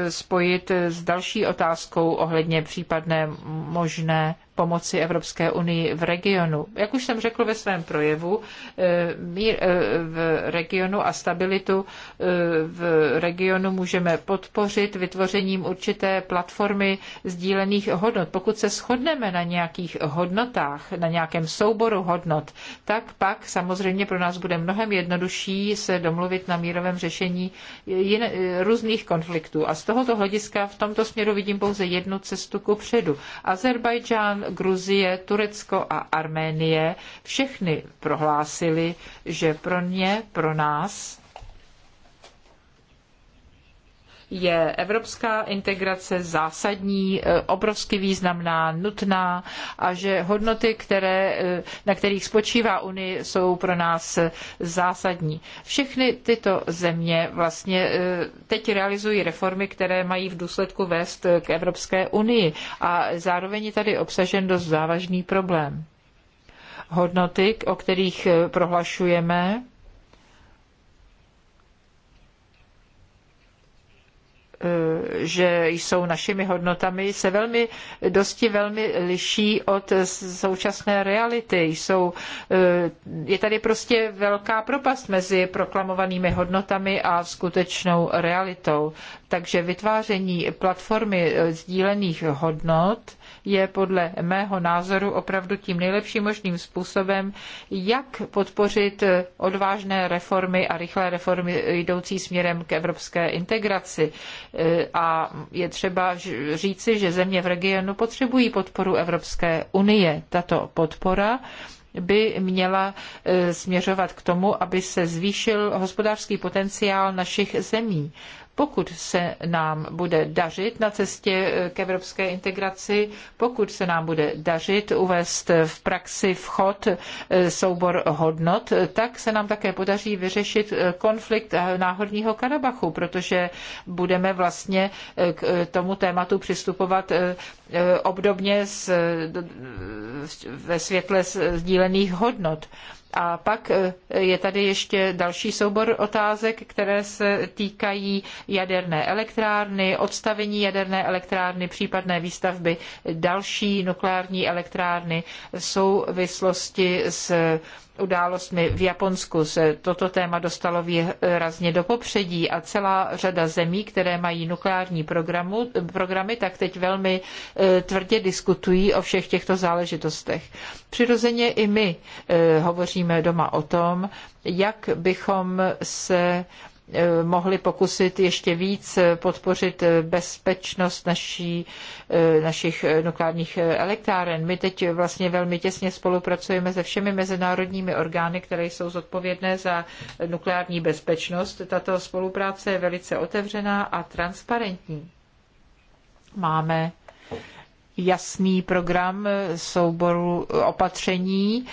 spojit s další otázkou ohledně případné možné pomoci Evropské unii v regionu. Jak už jsem řekl ve svém projevu, eh, mír eh, v regionu a stabilitu eh, v regionu můžeme podpořit vytvořením určité platformy sdílených hodnot. Pokud se shodneme na nějakých hodnotách, na nějakém souboru hodnot, tak pak samozřejmě pro nás bude mnohem jednodušší se domluvit na mírovém řešení jin, různých konfliktů. A z tohoto hlediska v tomto směru vidím pouze jednu cestu ku předu. Azerbajdžán Gruzie, Turecko a Arménie všechny prohlásili, že pro ně, pro nás, je evropská integrace zásadní, eh, obrovsky významná, nutná a že hodnoty, které, eh, na kterých spočívá Unie, jsou pro nás eh, zásadní. Všechny tyto země vlastně teď realizují reformy, které mají v důsledku vést k Evropské unii a zároveň je tady obsažen dost závažný problém. Hodnoty, o kterých prohlašujeme, Eh, že jsou našimi hodnotami, se velmi, dosti velmi liší od současné reality. Jsou, eh, je tady prostě velká propast mezi proklamovanými hodnotami a skutečnou realitou. Takže vytváření platformy eh, sdílených hodnot je podle mého názoru opravdu tím nejlepším možným způsobem, jak podpořit odvážné reformy a rychlé reformy jdoucí směrem k evropské integraci. E, a je třeba říci, že země v regionu potřebují podporu Evropské unie. Tato podpora by měla e, směřovat k tomu, aby se zvýšil hospodářský potenciál našich zemí. Pokud se nám bude dařit na cestě eh, k evropské integraci, pokud se nám bude dařit uvést v praxi vchod eh, soubor hodnot, eh, tak se nám také podaří vyřešit konflikt náhorního Karabachu, protože budeme vlastně k tomu tématu přistupovat Eh, obdobně s, ve světle sdílených hodnot. A pak eh, je tady ještě další soubor otázek, které se týkají jaderné elektrárny, odstavení jaderné elektrárny, případné výstavby další nukleární elektrárny v souvislosti s událostmi v Japonsku se toto téma dostalo výrazně do popředí a celá řada zemí, které mají nukleární programu, programy, tak teď velmi e, tvrdě diskutují o všech těchto záležitostech. Přirozeně i my e, hovoříme doma o tom, jak bychom se Eh, mohli pokusit ještě víc podpořit bezpečnost naší, eh, našich eh, nukleárních elektráren. My teď vlastně velmi těsně spolupracujeme se všemi mezinárodními orgány, které jsou zodpovědné za nukleární bezpečnost. Tato spolupráce je velice otevřená a transparentní. Máme jasný program souboru opatření,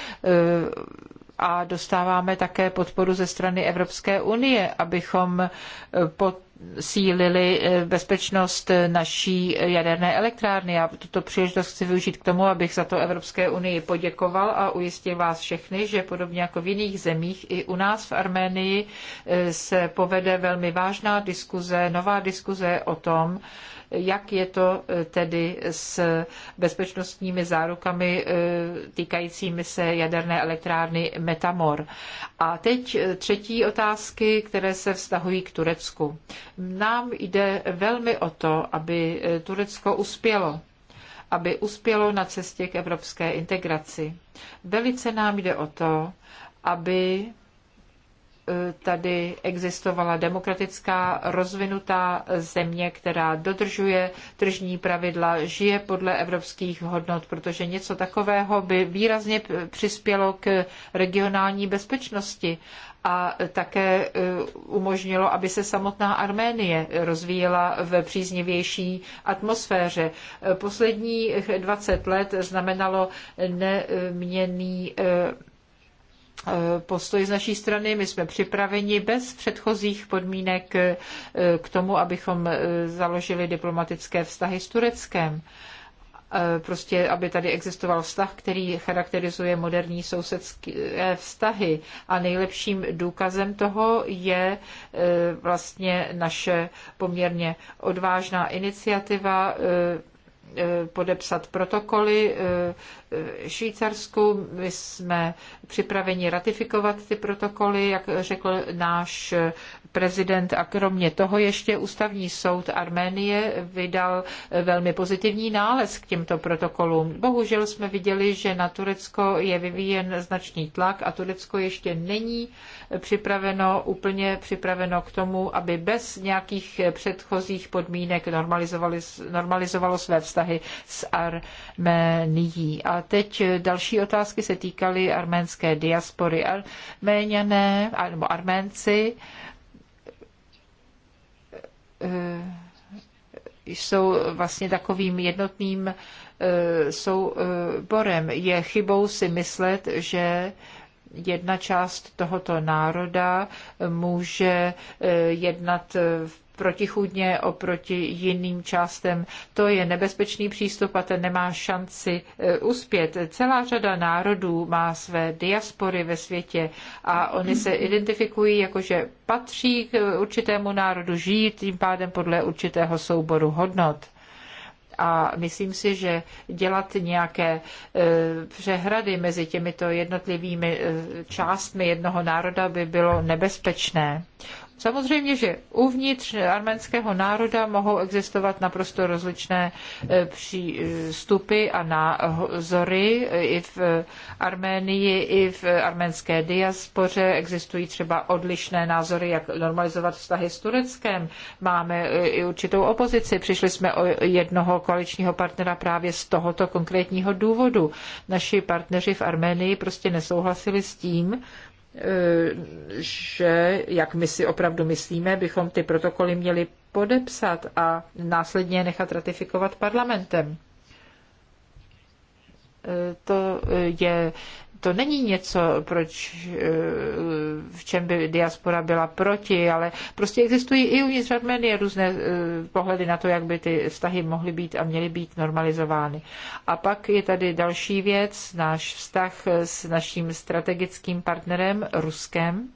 a dostáváme také podporu ze strany Evropské unie, abychom eh, posílili eh, bezpečnost eh, naší jaderné elektrárny. Já tuto příležitost chci využít k tomu, abych za to Evropské unii poděkoval a ujistil vás všechny, že podobně jako v jiných zemích, i u nás v Arménii se povede velmi vážná diskuze, nová diskuze o tom, jak je to eh, tedy s bezpečnostními zárukami eh, týkajícími se jaderné elektrárny Metamor. A teď eh, třetí otázky, které se vztahují k Turecku. Nám jde velmi o to, aby Turecko uspělo aby uspělo na cestě k evropské integraci. Velice nám jde o to, aby tady existovala demokratická rozvinutá země, která dodržuje tržní pravidla, žije podle evropských hodnot, protože něco takového by výrazně přispělo k regionální bezpečnosti a také e, umožnilo, aby se samotná Arménie rozvíjela v příznivější atmosféře. E, posledních 20 let znamenalo neměný e, postoj z naší strany. My jsme připraveni bez předchozích podmínek eh, k tomu, abychom eh, založili diplomatické vztahy s Tureckem eh, prostě, aby tady existoval vztah, který charakterizuje moderní sousedské vztahy. A nejlepším důkazem toho je vlastně naše poměrně odvážná iniciativa podepsat protokoly Švýcarsku. My jsme připraveni ratifikovat ty protokoly, jak řekl náš prezident. A kromě toho ještě ústavní soud Arménie vydal velmi pozitivní nález k těmto protokolům. Bohužel jsme viděli, že na Turecko je vyvíjen značný tlak a Turecko ještě není připraveno, úplně připraveno k tomu, aby bez nějakých předchozích podmínek normalizovalo své vztahy s Arménií. A teď další otázky se týkaly arménské diaspory. Arméňané, nebo Arménci, eh, jsou vlastně takovým jednotným eh, souborem. Je chybou si myslet, že jedna část tohoto národa může eh, jednat v protichudně oproti jiným částem. To je nebezpečný přístup a ten nemá šanci e, uspět. Celá řada národů má své diaspory ve světě a oni se identifikují jako, že patří k určitému národu, žít. tím pádem podle určitého souboru hodnot. A myslím si, že dělat nějaké e, přehrady mezi těmito jednotlivými e, částmi jednoho národa by bylo nebezpečné. Samozřejmě, že uvnitř arménského národa mohou existovat naprosto rozličné e, přístupy a názory i v Arménii, i v arménské diaspoře. Existují třeba odlišné názory, jak normalizovat vztahy s Tureckem. Máme e, i určitou opozici. Přišli jsme o jednoho koaličního partnera právě z tohoto konkrétního důvodu. Naši partneři v Arménii prostě nesouhlasili s tím, Eh, že, jak my si opravdu myslíme, bychom ty protokoly měli podepsat a následně nechat ratifikovat parlamentem. Eh, to je to není něco, proč, eh, v čem by diaspora byla proti, ale prostě existují i uvnitř Arménie různé eh, pohledy na to, jak by ty vztahy mohly být a měly být normalizovány. A pak je tady další věc, náš vztah s naším strategickým partnerem Ruskem.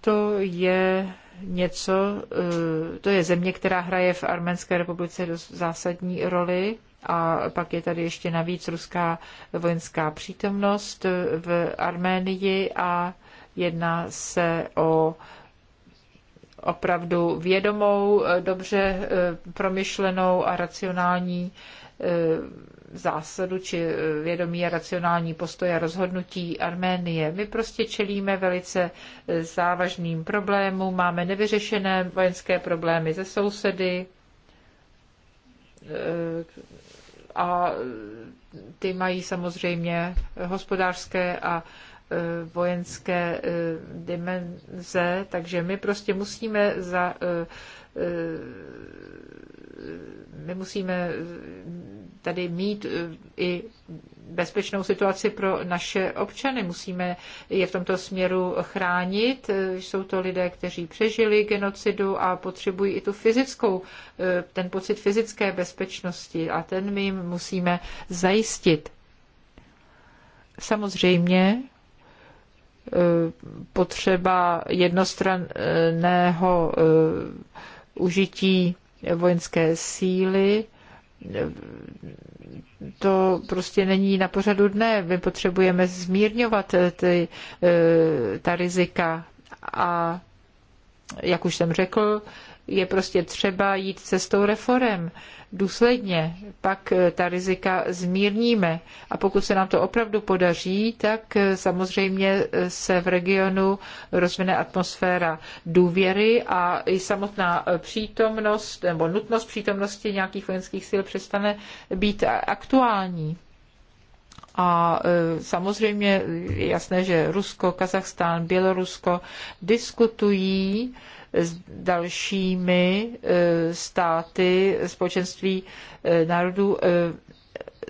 To je něco, eh, to je země, která hraje v Arménské republice dost zásadní roli. A pak je tady ještě navíc ruská vojenská přítomnost v Arménii a jedná se o opravdu vědomou, dobře eh, promyšlenou a racionální eh, zásadu či eh, vědomí a racionální postoje a rozhodnutí Arménie. My prostě čelíme velice závažným problémům, máme nevyřešené vojenské problémy ze sousedy, a ty mají samozřejmě hospodářské a e, vojenské e, dimenze, takže my prostě musíme za e, my musíme tady mít i bezpečnou situaci pro naše občany. Musíme je v tomto směru chránit. Jsou to lidé, kteří přežili genocidu a potřebují i tu fyzickou, eh, ten pocit fyzické bezpečnosti a ten my jim musíme zajistit. Samozřejmě eh, potřeba jednostranného eh, užití vojenské síly to prostě není na pořadu dne. My potřebujeme zmírňovat ty, eh, ta rizika a jak už jsem řekl, je prostě třeba jít cestou reform důsledně, pak eh, ta rizika zmírníme. A pokud se nám to opravdu podaří, tak eh, samozřejmě eh, se v regionu rozvine atmosféra důvěry a i samotná přítomnost nebo nutnost přítomnosti nějakých vojenských sil přestane být aktuální. A samozřejmě je jasné, že Rusko, Kazachstán, Bělorusko diskutují s dalšími e, státy společenství e, národů e,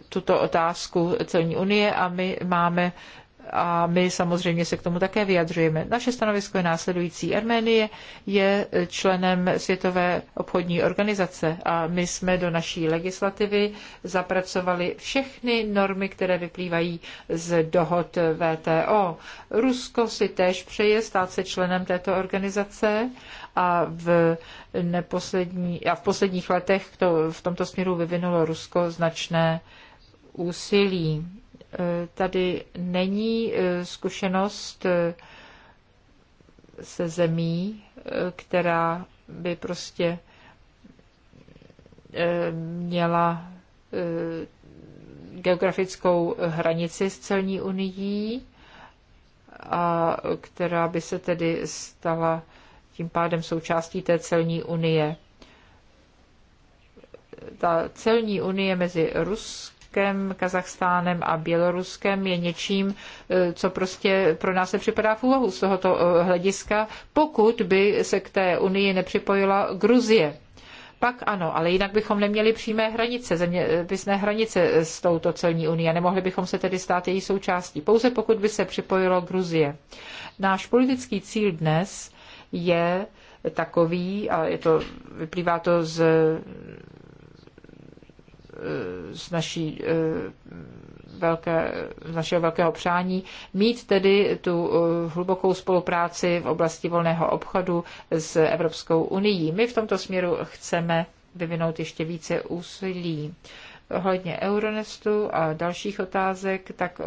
tuto otázku celní unie a my máme a my samozřejmě se k tomu také vyjadřujeme. Naše stanovisko je následující. Arménie je členem Světové obchodní organizace a my jsme do naší legislativy zapracovali všechny normy, které vyplývají z dohod VTO. Rusko si též přeje stát se členem této organizace a v, neposlední, a v posledních letech to, v tomto směru vyvinulo Rusko značné úsilí tady není eh, zkušenost eh, se zemí, eh, která by prostě měla geografickou hranici s celní unií a která by se tedy stala tím pádem součástí té celní unie. Ta celní unie mezi Ruskem Ruskem, Kazachstánem a Běloruskem je něčím, e, co prostě pro nás se připadá v úvahu z tohoto e, hlediska, pokud by se k té unii nepřipojila Gruzie pak ano, ale jinak bychom neměli přímé hranice, zeměpisné e, hranice s touto celní unii a nemohli bychom se tedy stát její součástí, pouze pokud by se připojilo Gruzie. Náš politický cíl dnes je takový, a je to, vyplývá to z Eh, z, naší, eh, velké, z našeho velkého přání mít tedy tu eh, hlubokou spolupráci v oblasti volného obchodu s Evropskou unii. My v tomto směru chceme vyvinout ještě více úsilí ohledně Euronestu a dalších otázek, tak eh,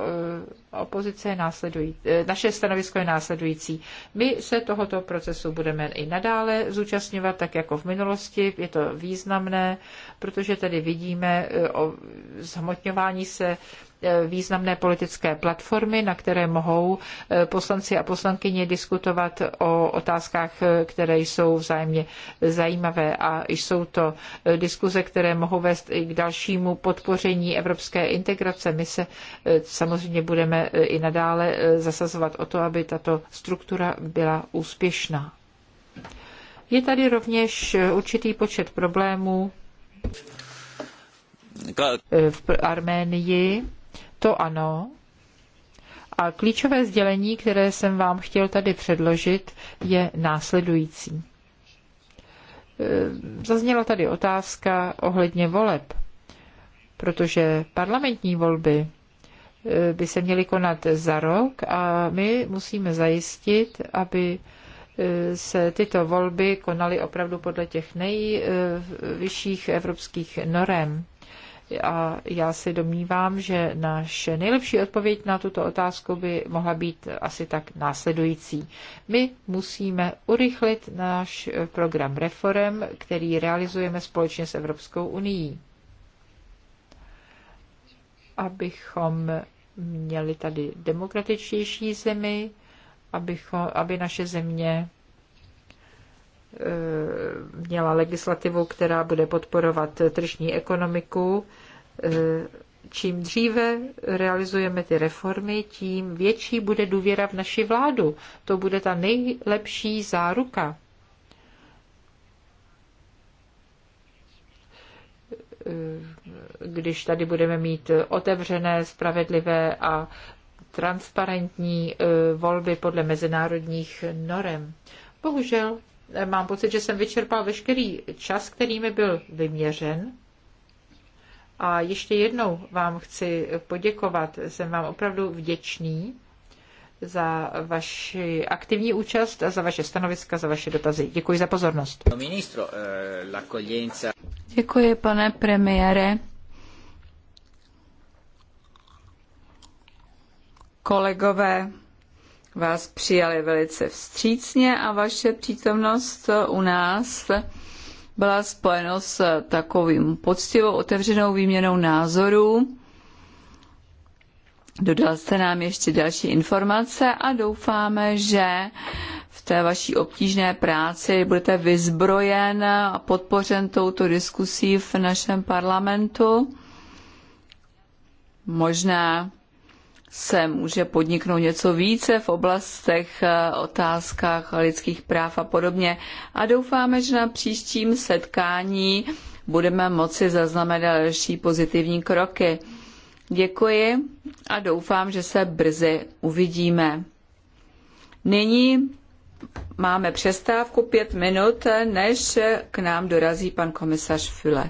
opozice je následující. Eh, naše stanovisko je následující. My se tohoto procesu budeme i nadále zúčastňovat, tak jako v minulosti. Je to významné, protože tady vidíme eh, zhmotňování se významné politické platformy, na které mohou eh, poslanci a poslankyně diskutovat o otázkách, eh, které jsou vzájemně zajímavé a jsou to eh, diskuze, které mohou vést i k dalšímu podpoření evropské integrace. My se samozřejmě budeme i nadále zasazovat o to, aby tato struktura byla úspěšná. Je tady rovněž určitý počet problémů v Arménii to ano. A klíčové sdělení, které jsem vám chtěl tady předložit, je následující. E, zazněla tady otázka ohledně voleb, protože parlamentní volby e, by se měly konat za rok a my musíme zajistit, aby e, se tyto volby konaly opravdu podle těch nejvyšších evropských norem. A já si domnívám, že naše nejlepší odpověď na tuto otázku by mohla být asi tak následující. My musíme urychlit náš program reform, který realizujeme společně s Evropskou unii, abychom měli tady demokratičtější zemi, abychom, aby naše země e, měla legislativu, která bude podporovat tržní ekonomiku čím dříve realizujeme ty reformy, tím větší bude důvěra v naši vládu. To bude ta nejlepší záruka. Když tady budeme mít otevřené, spravedlivé a transparentní eh, volby podle mezinárodních norem. Bohužel eh, mám pocit, že jsem vyčerpal veškerý čas, který mi byl vyměřen. A ještě jednou vám chci poděkovat. Jsem vám opravdu vděčný za vaši aktivní účast a za vaše stanoviska, za vaše dotazy. Děkuji za pozornost. Eh, Děkuji, pane premiére. Kolegové vás přijali velice vstřícně a vaše přítomnost u nás byla spojeno s takovým poctivou otevřenou výměnou názorů. Dodal jste nám ještě další informace a doufáme, že v té vaší obtížné práci budete vyzbrojen a podpořen touto diskusí v našem parlamentu. Možná se může podniknout něco více v oblastech, eh, otázkách lidských práv a podobně. A doufáme, že na příštím setkání budeme moci zaznamenat další pozitivní kroky. Děkuji a doufám, že se brzy uvidíme. Nyní máme přestávku pět minut, než k nám dorazí pan komisař Füle.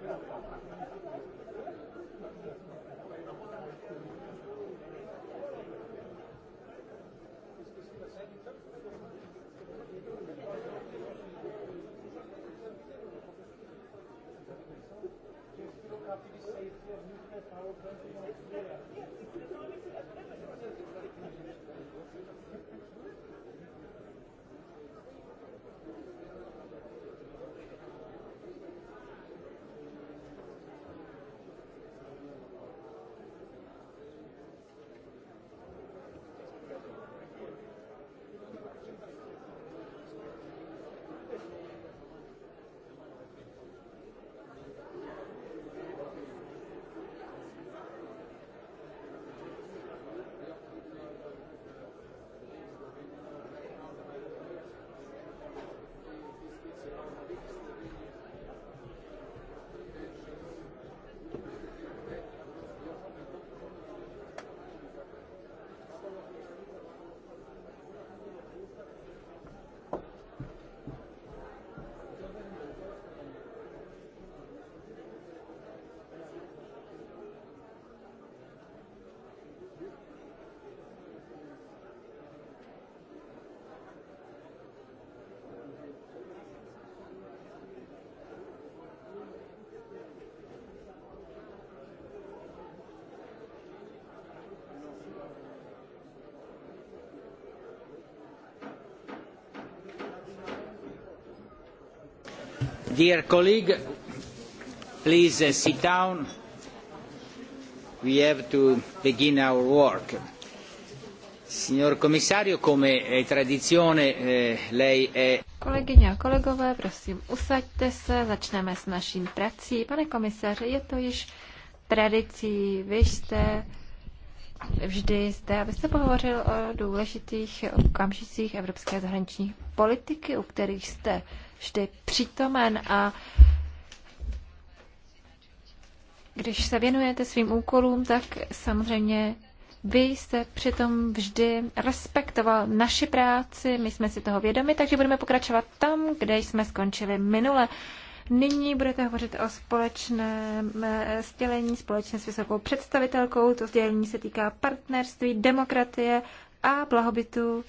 Dear colleague, please uh, sit down. We have to begin our work. Signor commissario, come è tradizione, eh, lei è... Kolegyně a kolegové, prosím, usaďte se, začneme s naší prací. Pane komisaři, je to již tradicí, vy jste vždy zde, abyste pohovořil o důležitých okamžicích evropské zahraniční politiky, u kterých jste vždy přítomen a když se věnujete svým úkolům, tak samozřejmě vy jste přitom vždy respektoval naši práci, my jsme si toho vědomi, takže budeme pokračovat tam, kde jsme skončili minule. Nyní budete hovořit o společném eh, sdělení společně s vysokou představitelkou. To sdělení se týká partnerství, demokratie a blahobytu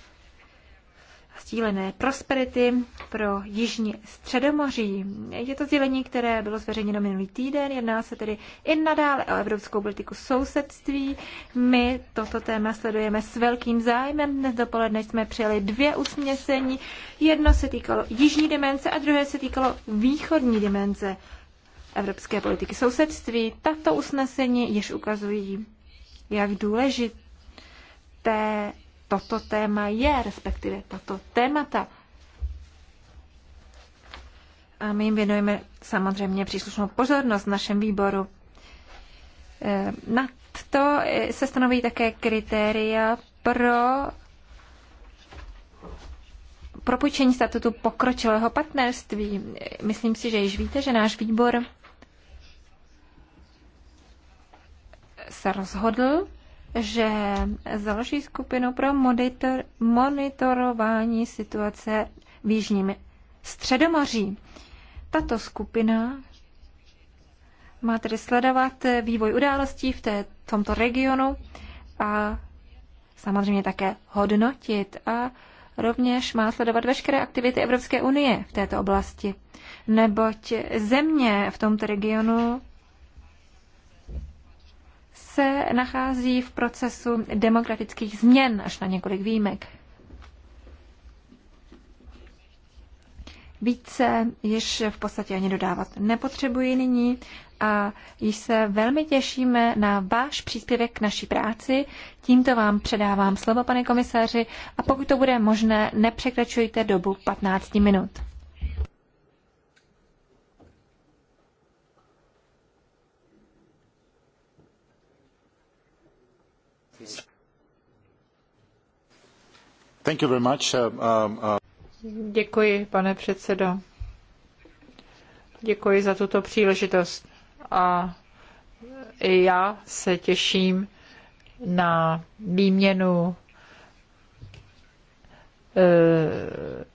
sdílené prosperity pro Jižní středomoří. Je to sdělení, které bylo zveřejněno minulý týden, jedná se tedy i nadále o evropskou politiku sousedství. My toto téma sledujeme s velkým zájmem. Dnes dopoledne jsme přijali dvě usměsení. Jedno se týkalo jižní dimenze a druhé se týkalo východní dimenze evropské politiky sousedství. Tato usnesení již ukazují, jak důležité toto téma je, respektive tato témata. A my jim věnujeme samozřejmě příslušnou pozornost v našem výboru. Eh, Na to eh, se stanoví také kritéria pro propůjčení statutu pokročilého partnerství. Eh, myslím si, že již víte, že náš výbor se rozhodl že založí skupinu pro monitor, monitorování situace v Jižním Středomoří. Tato skupina má tedy sledovat vývoj událostí v té, tomto regionu a samozřejmě také hodnotit a rovněž má sledovat veškeré aktivity Evropské unie v této oblasti, neboť země v tomto regionu se nachází v procesu demokratických změn, až na několik výjimek. Více již v podstatě ani dodávat nepotřebuji nyní a již se velmi těšíme na váš příspěvek k naší práci. Tímto vám předávám slovo, pane komisaři, a pokud to bude možné, nepřekračujte dobu 15 minut. Uh, um, uh, Děkuji, pane předsedo. Děkuji za tuto příležitost. A i já se těším na výměnu eh,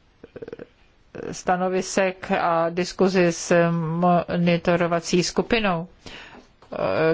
stanovisek a diskuzi s monitorovací skupinou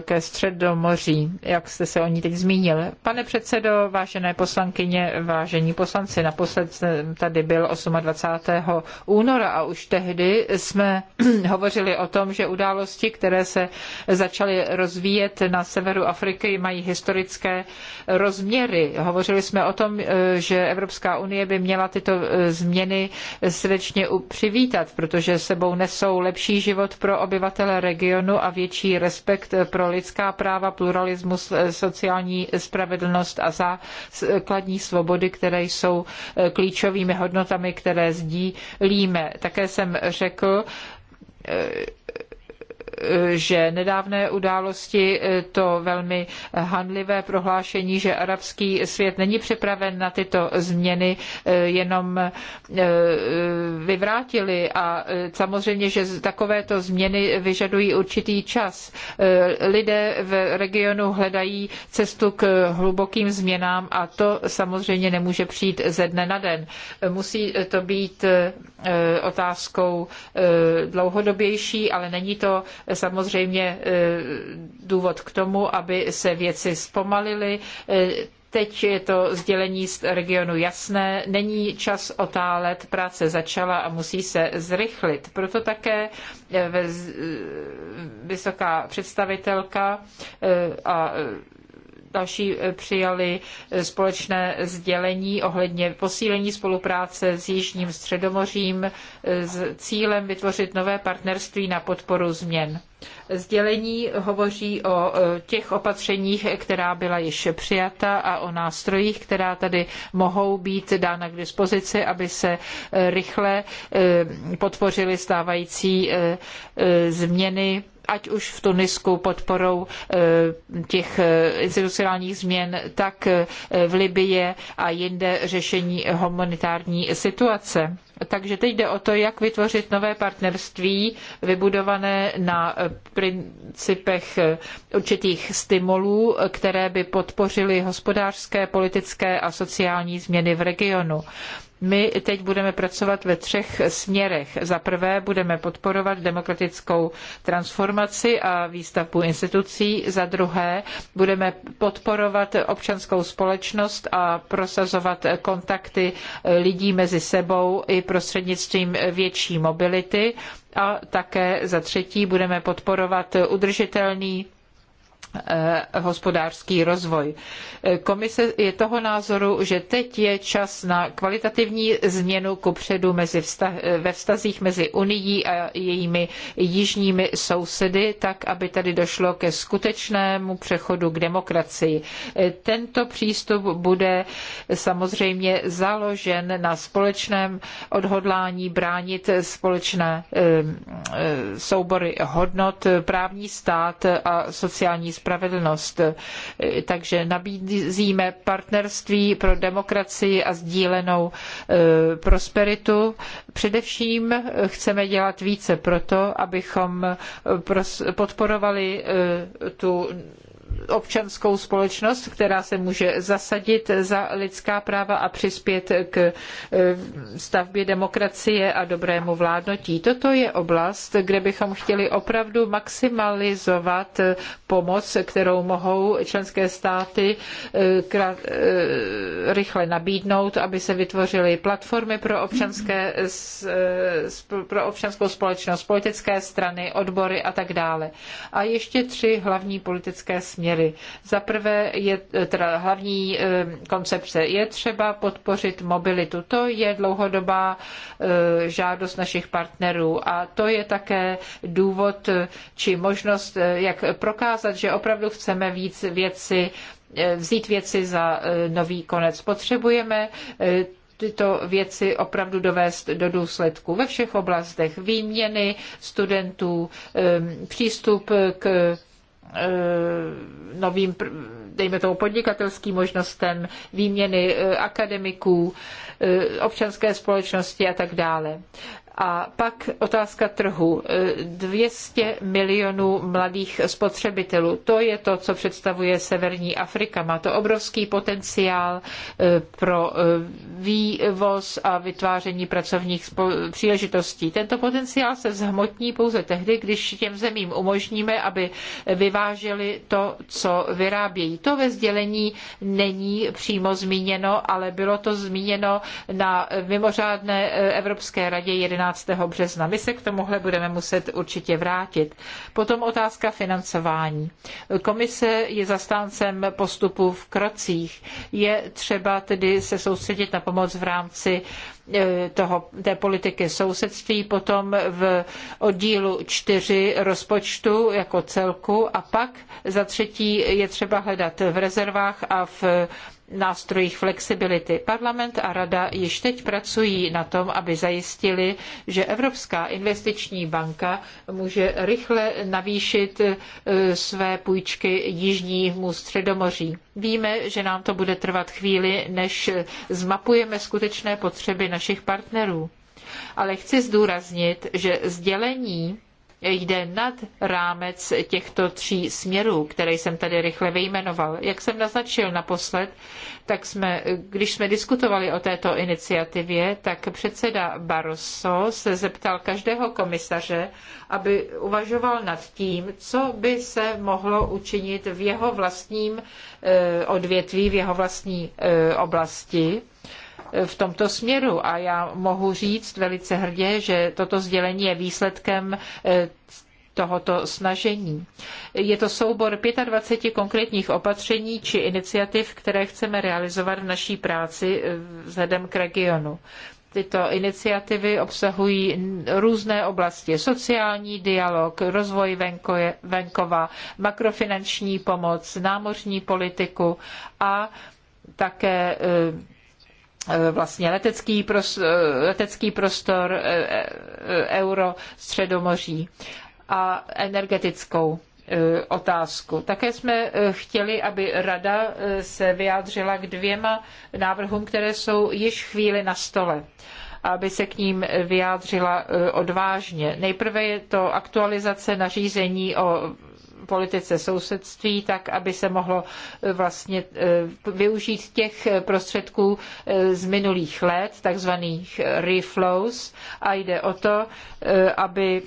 ke Středomoří, jak jste se o ní teď zmínil. Pane předsedo, vážené poslankyně, vážení poslanci, naposled jsem tady byl 28. února a už tehdy jsme hovořili o tom, že události, které se začaly rozvíjet na severu Afriky, mají historické rozměry. Hovořili jsme o tom, eh, že Evropská unie by měla tyto eh, změny srdečně přivítat, protože sebou nesou lepší život pro obyvatele regionu a větší respekt respekt pro lidská práva, pluralismus, eh, sociální spravedlnost a základní svobody, které jsou eh, klíčovými hodnotami, které sdílíme. Také jsem řekl, eh, že nedávné události, e, to velmi hanlivé prohlášení, že arabský svět není připraven na tyto změny, e, jenom e, vyvrátili a samozřejmě, že takovéto změny vyžadují určitý čas. Lidé v regionu hledají cestu k hlubokým změnám a to samozřejmě nemůže přijít ze dne na den. Musí to být otázkou dlouhodobější, ale není to samozřejmě e, důvod k tomu, aby se věci zpomalily. E, teď je to sdělení z regionu jasné, není čas otálet, práce začala a musí se zrychlit. Proto také e, vysoká představitelka a další eh, přijali eh, společné sdělení ohledně posílení spolupráce s Jižním středomořím eh, s cílem vytvořit nové partnerství na podporu změn. Sdělení hovoří o těch opatřeních, která byla již přijata a o nástrojích, která tady mohou být dána k dispozici, aby se rychle podpořily stávající změny ať už v Tunisku podporou eh, těch eh, institucionálních změn, tak eh, v Libyi a jinde řešení humanitární situace. Takže teď jde o to, jak vytvořit nové partnerství vybudované na principech určitých stimulů, které by podpořily hospodářské, politické a sociální změny v regionu. My teď budeme pracovat ve třech směrech. Za prvé budeme podporovat demokratickou transformaci a výstavbu institucí. Za druhé budeme podporovat občanskou společnost a prosazovat kontakty lidí mezi sebou i prostřednictvím větší mobility. A také za třetí budeme podporovat udržitelný Eh, hospodářský rozvoj. Eh, komise je toho názoru, že teď je čas na kvalitativní změnu kupředu mezi vztah, eh, ve vztazích mezi Unií a jejími jižními sousedy, tak aby tady došlo ke skutečnému přechodu k demokracii. Tento přístup bude samozřejmě založen na společném odhodlání bránit společné soubory hodnot, právní stát a sociální společnost spravedlnost. Takže nabízíme partnerství pro demokracii a sdílenou eh, prosperitu. Především chceme dělat více proto, abychom podporovali eh, tu občanskou společnost, která se může zasadit za lidská práva a přispět k eh, stavbě demokracie a dobrému vládnutí. Toto je oblast, kde bychom chtěli opravdu maximalizovat eh, pomoc, kterou mohou členské státy eh, rychle nabídnout, aby se vytvořily platformy pro, občanské, pro občanskou společnost, politické strany, odbory a tak dále. A ještě tři hlavní politické směry směry. Za prvé je teda hlavní eh, koncepce je třeba podpořit mobilitu. To je dlouhodobá eh, žádost našich partnerů a to je také důvod eh, či možnost, jak prokázat, že opravdu chceme víc věci vzít věci za nový konec. Potřebujeme tyto věci opravdu dovést do důsledku ve všech oblastech výměny studentů, přístup k Eh, novým, dejme tomu, podnikatelským možnostem výměny eh, akademiků, eh, občanské společnosti a tak dále. A pak otázka trhu. 200 milionů mladých spotřebitelů. To je to, co představuje Severní Afrika. Má to obrovský potenciál eh, pro eh, vývoz a vytváření pracovních příležitostí. Tento potenciál se zhmotní pouze tehdy, když těm zemím umožníme, aby vyváželi to, co vyrábějí. To ve sdělení není přímo zmíněno, ale bylo to zmíněno na mimořádné eh, Evropské radě 11 11. března. My se k tomuhle budeme muset určitě vrátit. Potom otázka financování. Komise je zastáncem postupu v krocích. Je třeba tedy se soustředit na pomoc v rámci E, toho, té politiky sousedství, potom v oddílu čtyři rozpočtu jako celku a pak za třetí je třeba hledat v rezervách a v nástrojích flexibility. Parlament a rada již teď pracují na tom, aby zajistili, že Evropská investiční banka může rychle navýšit e, své půjčky jižnímu středomoří. Víme, že nám to bude trvat chvíli, než zmapujeme skutečné potřeby našich partnerů. Ale chci zdůraznit, že sdělení jde nad rámec těchto tří směrů, které jsem tady rychle vyjmenoval. Jak jsem naznačil naposled, tak jsme, když jsme diskutovali o této iniciativě, tak předseda Barroso se zeptal každého komisaře, aby uvažoval nad tím, co by se mohlo učinit v jeho vlastním eh, odvětví, v jeho vlastní eh, oblasti v tomto směru. A já mohu říct velice hrdě, že toto sdělení je výsledkem eh, tohoto snažení. Je to soubor 25 konkrétních opatření či iniciativ, které chceme realizovat v naší práci eh, vzhledem k regionu. Tyto iniciativy obsahují různé oblasti. Sociální dialog, rozvoj venkoje, venkova, makrofinanční pomoc, námořní politiku a také eh, Eh, vlastně letecký prostor, eh, letecký prostor eh, euro, středomoří a energetickou otázku. Také jsme chtěli, aby rada se vyjádřila k dvěma návrhům, které jsou již chvíli na stole aby se k ním vyjádřila odvážně. Nejprve je to aktualizace nařízení o politice sousedství, tak aby se mohlo eh, vlastně eh, využít těch eh, prostředků z minulých let, takzvaných reflows, a jde o to, aby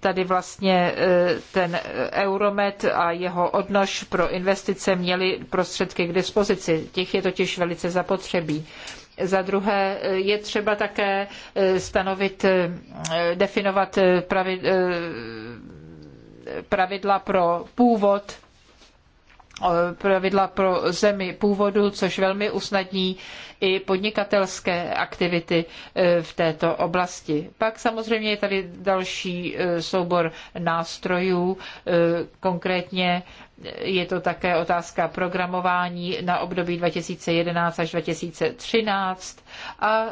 tady vlastně ten Euromed a jeho odnož pro investice měli prostředky k dispozici. Těch je totiž velice zapotřebí. Za druhé je třeba také stanovit, definovat pravidla pravidla pro původ pravidla pro zemi původu, což velmi usnadní i podnikatelské aktivity e, v této oblasti. Pak samozřejmě je tady další e, soubor nástrojů, e, konkrétně je to také otázka programování na období 2011 až 2013 a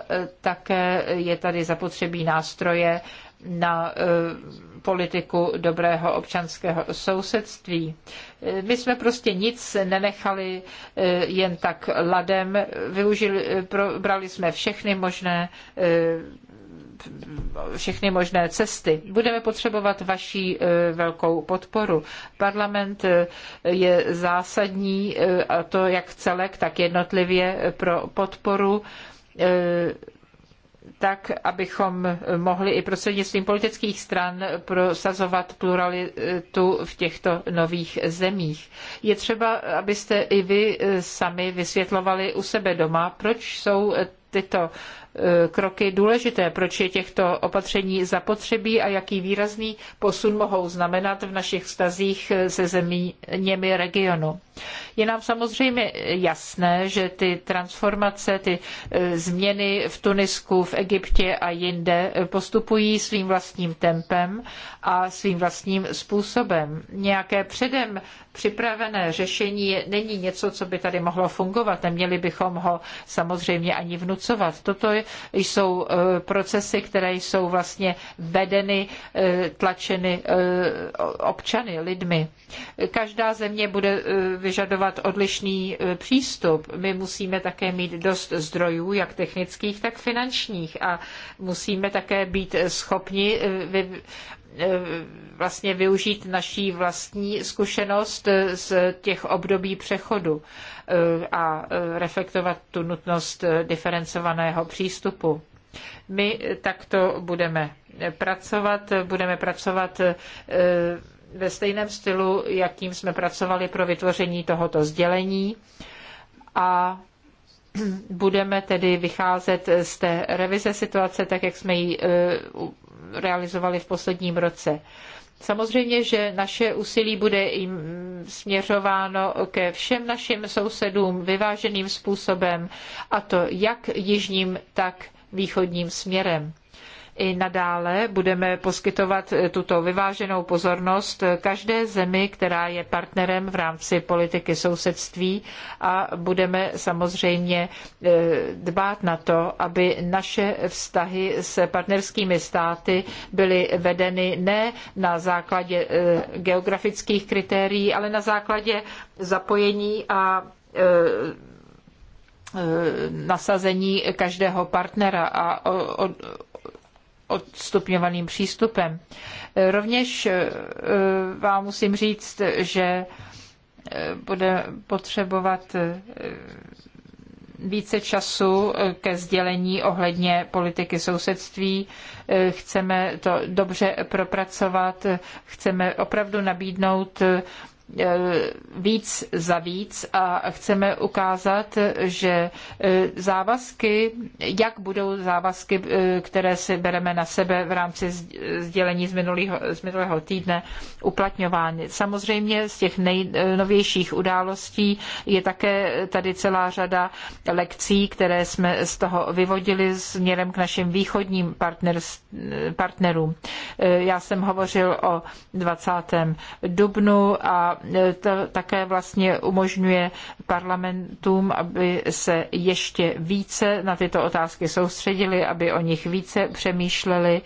také je tady zapotřebí nástroje na politiku dobrého občanského sousedství. My jsme prostě nic nenechali eh, jen tak ladem, využili, eh, brali jsme všechny možné eh, všechny možné cesty. Budeme potřebovat vaší velkou podporu. Parlament je zásadní, a to jak celek, tak jednotlivě pro podporu tak, abychom mohli i prostřednictvím politických stran prosazovat pluralitu v těchto nových zemích. Je třeba, abyste i vy sami vysvětlovali u sebe doma, proč jsou tyto Eh, kroky důležité, proč je těchto opatření zapotřebí a jaký výrazný posun mohou znamenat v našich vztazích eh, se zeměmi regionu. Je nám samozřejmě jasné, že ty transformace, ty eh, změny v Tunisku, v Egyptě a jinde postupují svým vlastním tempem a svým vlastním způsobem. Nějaké předem připravené řešení není něco, co by tady mohlo fungovat. Neměli bychom ho samozřejmě ani vnucovat. Toto jsou e, procesy, které jsou vlastně vedeny, e, tlačeny e, občany, lidmi. Každá země bude vyžadovat odlišný přístup. My musíme také mít dost zdrojů, jak technických, tak finančních a musíme také být schopni Eh, vlastně využít naší vlastní zkušenost eh, z těch období přechodu eh, a reflektovat tu nutnost diferencovaného přístupu. My takto budeme pracovat, budeme pracovat ve stejném stylu, jakým jsme pracovali pro vytvoření tohoto sdělení a budeme tedy vycházet z té revize situace, tak jak jsme ji e, realizovali v posledním roce. Samozřejmě, že naše úsilí bude jim směřováno ke všem našim sousedům vyváženým způsobem, a to jak jižním, tak východním směrem. I nadále budeme poskytovat tuto vyváženou pozornost každé zemi, která je partnerem v rámci politiky sousedství a budeme samozřejmě eh, dbát na to, aby naše vztahy s partnerskými státy byly vedeny ne na základě eh, geografických kritérií, ale na základě zapojení a eh, nasazení každého partnera a odstupňovaným přístupem. Eh, rovněž eh, vám musím říct, že eh, bude potřebovat více času ke sdělení ohledně politiky sousedství. Chceme to dobře propracovat, chceme opravdu nabídnout E, víc za víc a chceme ukázat, že e, závazky, jak budou závazky, e, které si bereme na sebe v rámci sdělení z minulého, z minulého týdne, uplatňovány. Samozřejmě z těch nejnovějších událostí je také tady celá řada lekcí, které jsme z toho vyvodili směrem k našim východním partnerům. Já jsem hovořil o 20. dubnu a to také vlastně umožňuje parlamentům, aby se ještě více na tyto otázky soustředili, aby o nich více přemýšleli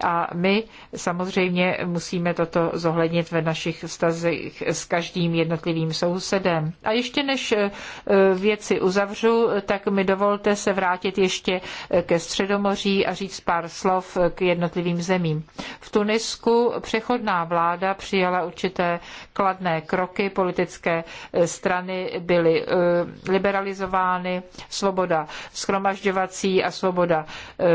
a my samozřejmě musíme toto zohlednit ve našich vztazích s každým jednotlivým sousedem. A ještě než eh, věci uzavřu, tak mi dovolte se vrátit ještě eh, ke Středomoří a říct pár slov eh, k jednotlivým zemím. V Tunisku přechodná vláda přijala určité kladné kroky, politické strany byly liberalizovány, svoboda schromažďovací a svoboda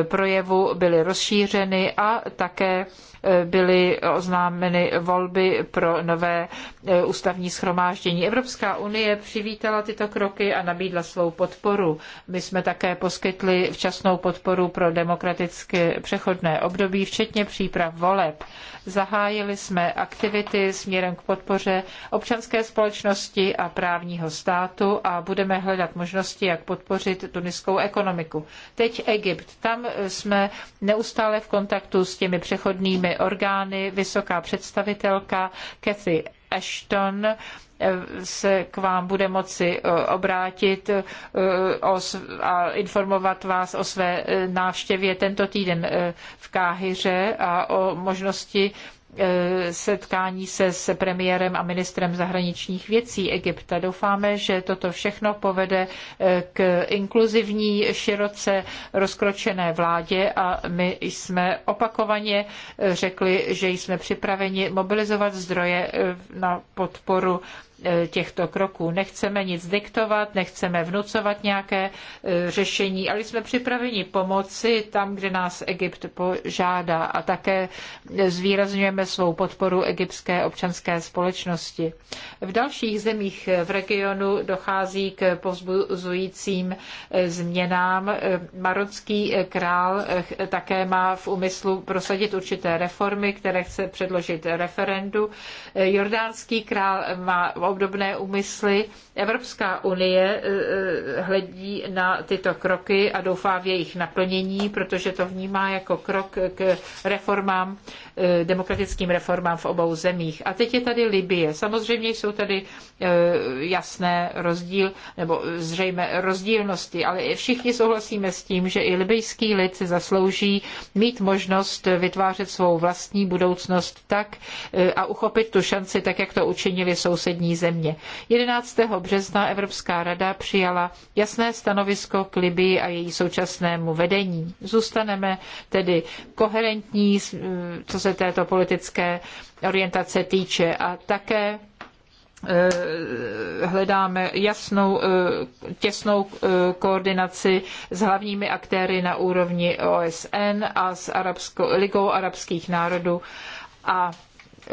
projevu byly rozšířeny a také eh, byly oznámeny volby pro nové eh, ústavní schromáždění. Evropská unie přivítala tyto kroky a nabídla svou podporu. My jsme také poskytli včasnou podporu pro demokratické přechodné období, včetně příprav voleb. Zahájili jsme aktivity směrem k podpoře občanské společnosti a právního státu a budeme hledat možnosti, jak podpořit tuniskou ekonomiku. Teď Egypt. Tam eh, jsme neustále v kontaktu kontaktu s těmi přechodnými orgány. Vysoká představitelka Cathy Ashton eh, se k vám bude moci eh, obrátit eh, a informovat vás o své návštěvě tento týden v Káhyře a o možnosti Eh, setkání se s premiérem a ministrem zahraničních věcí Egypta. Doufáme, že toto všechno povede eh, k inkluzivní, široce rozkročené vládě a my jsme opakovaně eh, řekli, že jsme připraveni mobilizovat zdroje na podporu E, těchto kroků. Nechceme nic diktovat, nechceme vnucovat nějaké e, řešení, ale jsme připraveni pomoci tam, kde nás Egypt požádá a také zvýrazňujeme svou podporu egyptské občanské společnosti. V dalších zemích e, v regionu dochází k povzbuzujícím změnám. Marocký král také má v úmyslu prosadit určité reformy, které chce předložit referendu. Jordánský král má obdobné úmysly. Evropská unie eh, eh, hledí na tyto kroky a doufá v jejich naplnění, protože to vnímá jako krok k reformám, eh, demokratickým reformám v obou zemích. A teď je tady Libye. Samozřejmě jsou tady jasné rozdíl, nebo zřejmé rozdílnosti, ale všichni souhlasíme s tím, že i libijský lid si zaslouží mít možnost vytvářet svou vlastní budoucnost tak a uchopit tu šanci, tak jak to učinili sousední země. 11. března Evropská rada přijala jasné stanovisko k Libii a její současnému vedení. Zůstaneme tedy koherentní, eh, co se této politické orientace týče a také eh, hledáme jasnou, eh, těsnou koordinaci s hlavními aktéry na úrovni OSN a s Arabskou, Ligou arabských národů a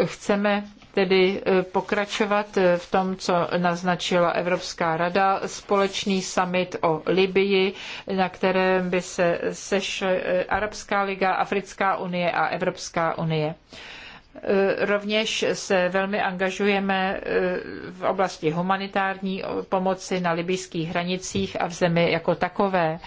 chceme tedy eh, pokračovat eh, v tom, co naznačila Evropská rada, společný summit o Libyi, na kterém by se sešly eh, Arabská liga, Africká unie a Evropská unie. Eh, rovněž se velmi angažujeme eh, v oblasti humanitární pomoci na libyských hranicích a v zemi jako takové.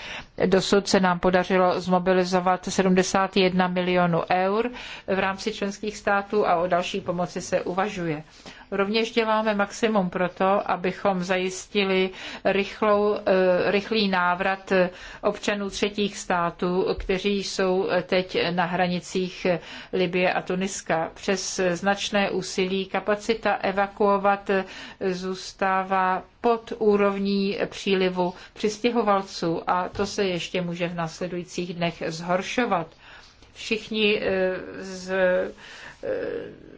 Dosud se nám podařilo zmobilizovat 71 milionů eur v rámci členských států a o další pomoci se uvažuje. Rovněž děláme maximum pro to, abychom zajistili rychlou, eh, rychlý návrat občanů třetích států, kteří jsou teď na hranicích Libie a Tuniska. Přes značné úsilí kapacita evakuovat zůstává pod úrovní přílivu přistěhovalců a to se ještě může v následujících dnech zhoršovat. Všichni eh, z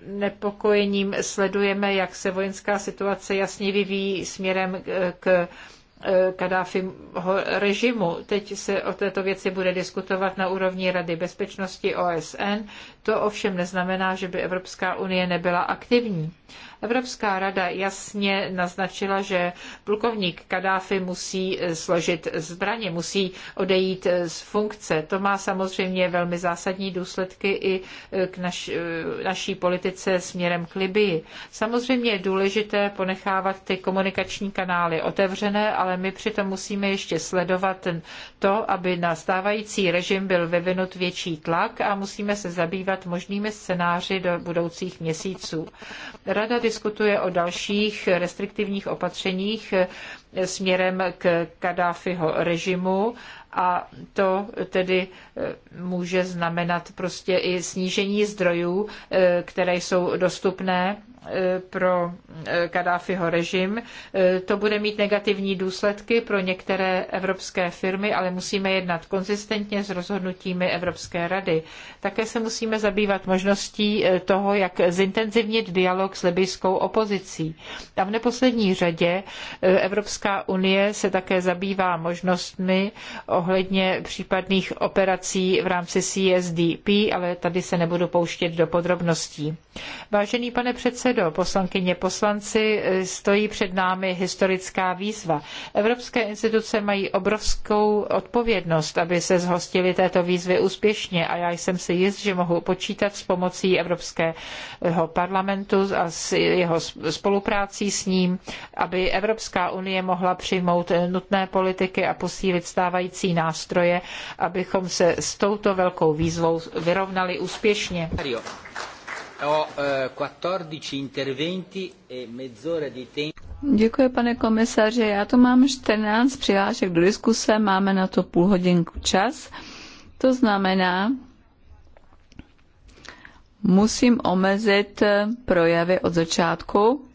nepokojením sledujeme, jak se vojenská situace jasně vyvíjí směrem k Kadáfiho režimu. Teď se o této věci bude diskutovat na úrovni Rady bezpečnosti OSN. To ovšem neznamená, že by Evropská unie nebyla aktivní. Evropská rada jasně naznačila, že plukovník Kadáfi musí eh, složit zbraně, musí odejít eh, z funkce. To má samozřejmě velmi zásadní důsledky i eh, k naš, naší politice směrem k Libii. Samozřejmě je důležité ponechávat ty komunikační kanály otevřené, ale my přitom musíme ještě sledovat to, aby na stávající režim byl vyvinut větší tlak a musíme se zabývat zabývat možnými scénáři do budoucích měsíců. Rada diskutuje o dalších restriktivních opatřeních eh, směrem k Kadáfiho režimu a to tedy eh, může znamenat prostě i snížení zdrojů, eh, které jsou dostupné pro Kadáfiho e, režim. E, to bude mít negativní důsledky pro některé evropské firmy, ale musíme jednat konzistentně s rozhodnutími Evropské rady. Také se musíme zabývat možností e, toho, jak zintenzivnit dialog s libijskou opozicí. A v neposlední řadě Evropská unie se také zabývá možnostmi ohledně případných operací v rámci CSDP, ale tady se nebudu pouštět do podrobností. Vážený pane předsedo, předsedo, poslankyně poslanci, eh, stojí před námi historická výzva. Evropské instituce mají obrovskou odpovědnost, aby se zhostili této výzvy úspěšně a já jsem si jist, že mohu počítat s pomocí Evropského parlamentu a s jeho spoluprácí s ním, aby Evropská unie mohla přijmout nutné politiky a posílit stávající nástroje, abychom se s touto velkou výzvou vyrovnali úspěšně. Eh, e Děkuji, pane komisaři. Já tu mám 14 přihlášek do diskuse, máme na to půl hodinku čas. To znamená, musím omezit eh, projevy od začátku.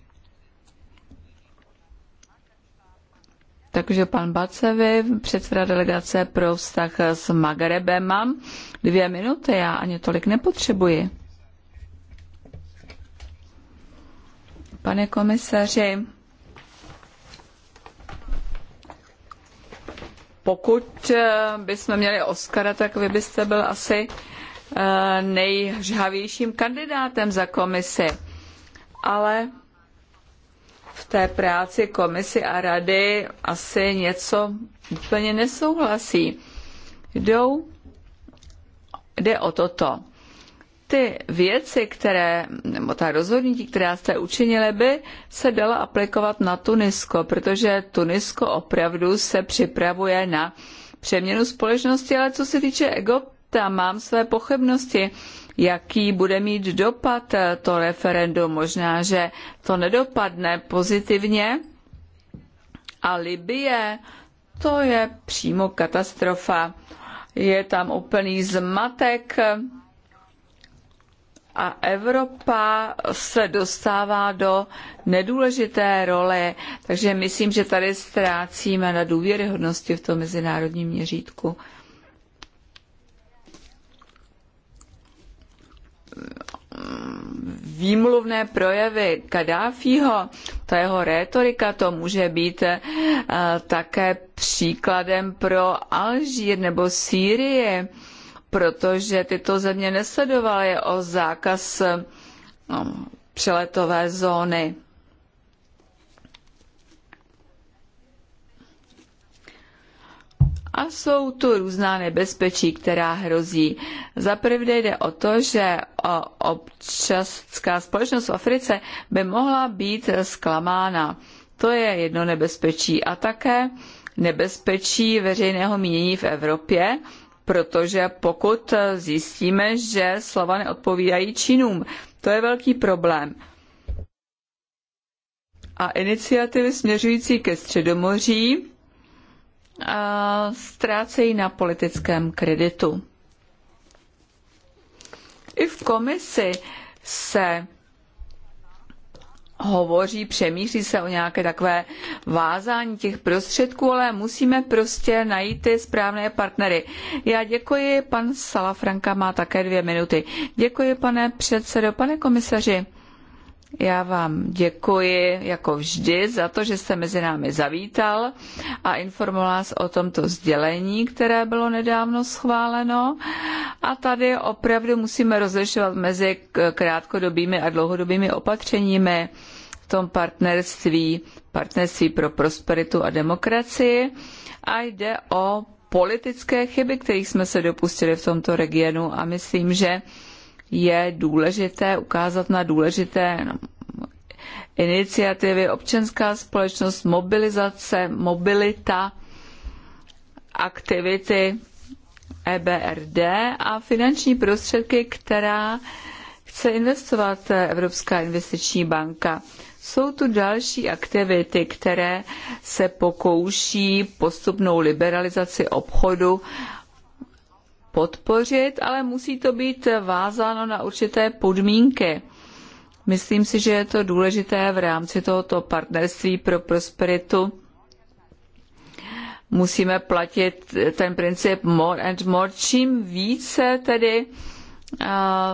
Takže pan Bacevi, předseda delegace pro vztah s Magrebem, mám dvě minuty, já ani tolik nepotřebuji. Pane komisaři, pokud eh, bychom měli Oscara, tak vy byste byl asi eh, nejžhavějším kandidátem za komisi. Ale v té práci komisi a rady asi něco úplně nesouhlasí. Jdou, jde o toto ty věci, které, nebo ta rozhodnutí, která jste učinili, by se dala aplikovat na Tunisko, protože Tunisko opravdu se připravuje na přeměnu společnosti, ale co se týče Egypta, mám své pochybnosti, jaký bude mít dopad to referendum. Možná, že to nedopadne pozitivně. A Libie, to je přímo katastrofa. Je tam úplný zmatek a Evropa se dostává do nedůležité role, takže myslím, že tady ztrácíme na důvěryhodnosti v tom mezinárodním měřítku. výmluvné projevy Kadáfího, ta jeho rétorika, to může být eh, také příkladem pro Alžír nebo Sýrii protože tyto země nesledovaly o zákaz no, přeletové zóny. A jsou tu různá nebezpečí, která hrozí. Za prvé jde o to, že občanská společnost v Africe by mohla být zklamána. To je jedno nebezpečí. A také nebezpečí veřejného mínění v Evropě, protože pokud zjistíme, že slova neodpovídají činům, to je velký problém. A iniciativy směřující ke Středomoří a ztrácejí na politickém kreditu. I v komisi se hovoří, přemýšlí se o nějaké takové vázání těch prostředků, ale musíme prostě najít ty správné partnery. Já děkuji, pan Salafranka má také dvě minuty. Děkuji, pane předsedo, pane komisaři. Já vám děkuji jako vždy za to, že jste mezi námi zavítal a informoval nás o tomto sdělení, které bylo nedávno schváleno. A tady opravdu musíme rozlišovat mezi krátkodobými a dlouhodobými opatřeními v tom partnerství, partnerství pro prosperitu a demokracii. A jde o politické chyby, kterých jsme se dopustili v tomto regionu a myslím, že je důležité ukázat na důležité iniciativy, občanská společnost, mobilizace, mobilita, aktivity EBRD a finanční prostředky, která chce investovat Evropská investiční banka. Jsou tu další aktivity, které se pokouší postupnou liberalizaci obchodu podpořit, ale musí to být vázáno na určité podmínky. Myslím si, že je to důležité v rámci tohoto partnerství pro prosperitu. Musíme platit ten princip more and more. Čím více tedy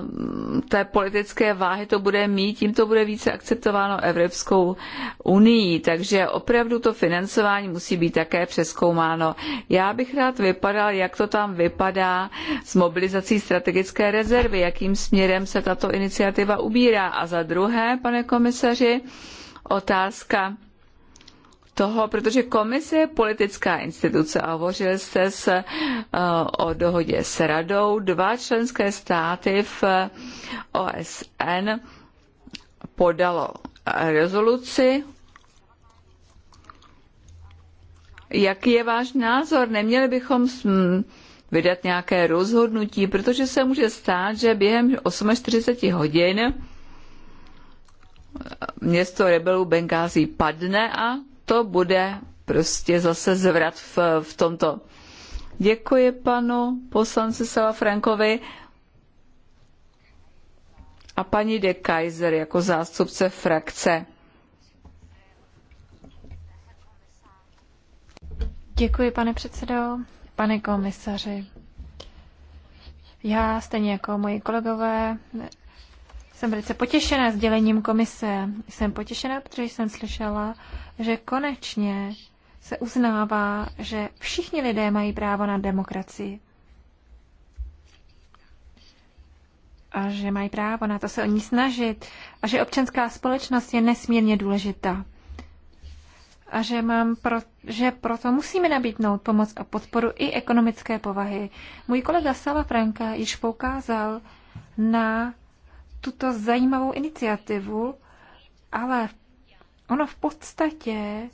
Mm, té politické váhy to bude mít, tím to bude více akceptováno Evropskou unii. Takže opravdu to financování musí být také přeskoumáno. Já bych rád vypadal, jak to tam vypadá s mobilizací strategické rezervy, jakým směrem se tato iniciativa ubírá. A za druhé, pane komisaři, otázka toho, protože komise je politická instituce a hovořil jste se eh, o dohodě s radou. Dva členské státy v eh, OSN podalo rezoluci. Jaký je váš názor? Neměli bychom vydat nějaké rozhodnutí, protože se může stát, že během 48 hodin eh, město rebelů Bengází padne a to bude prostě zase zvrat v, v tomto. Děkuji panu poslanci Sala Frankovi a paní de Kaiser jako zástupce frakce. Děkuji, pane předsedo, pane komisaři. Já, stejně jako moji kolegové, jsem velice potěšená sdělením komise. Jsem potěšená, protože jsem slyšela, že konečně se uznává, že všichni lidé mají právo na demokracii. A že mají právo na to se o ní snažit. A že občanská společnost je nesmírně důležitá. A že, mám pro, že proto musíme nabídnout pomoc a podporu i ekonomické povahy. Můj kolega Sala Franka již poukázal na tuto zajímavou iniciativu, ale v Ono v podstatě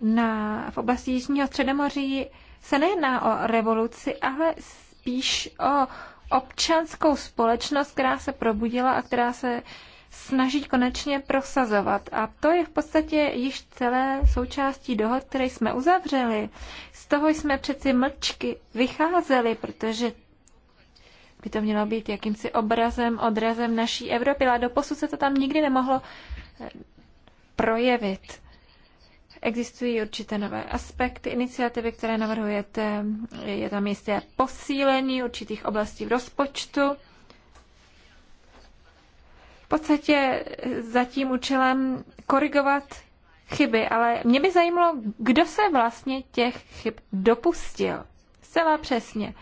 na, v oblasti Jižního středomoří se nejedná o revoluci, ale spíš o občanskou společnost, která se probudila a která se snaží konečně prosazovat. A to je v podstatě již celé součástí dohod, které jsme uzavřeli. Z toho jsme přeci mlčky vycházeli, protože by to mělo být jakýmsi obrazem, odrazem naší Evropy, ale posud se to tam nikdy nemohlo projevit. Existují určité nové aspekty iniciativy, které navrhujete. Je tam jisté posílení určitých oblastí v rozpočtu. V podstatě za tím účelem korigovat chyby, ale mě by zajímalo, kdo se vlastně těch chyb dopustil. Zcela přesně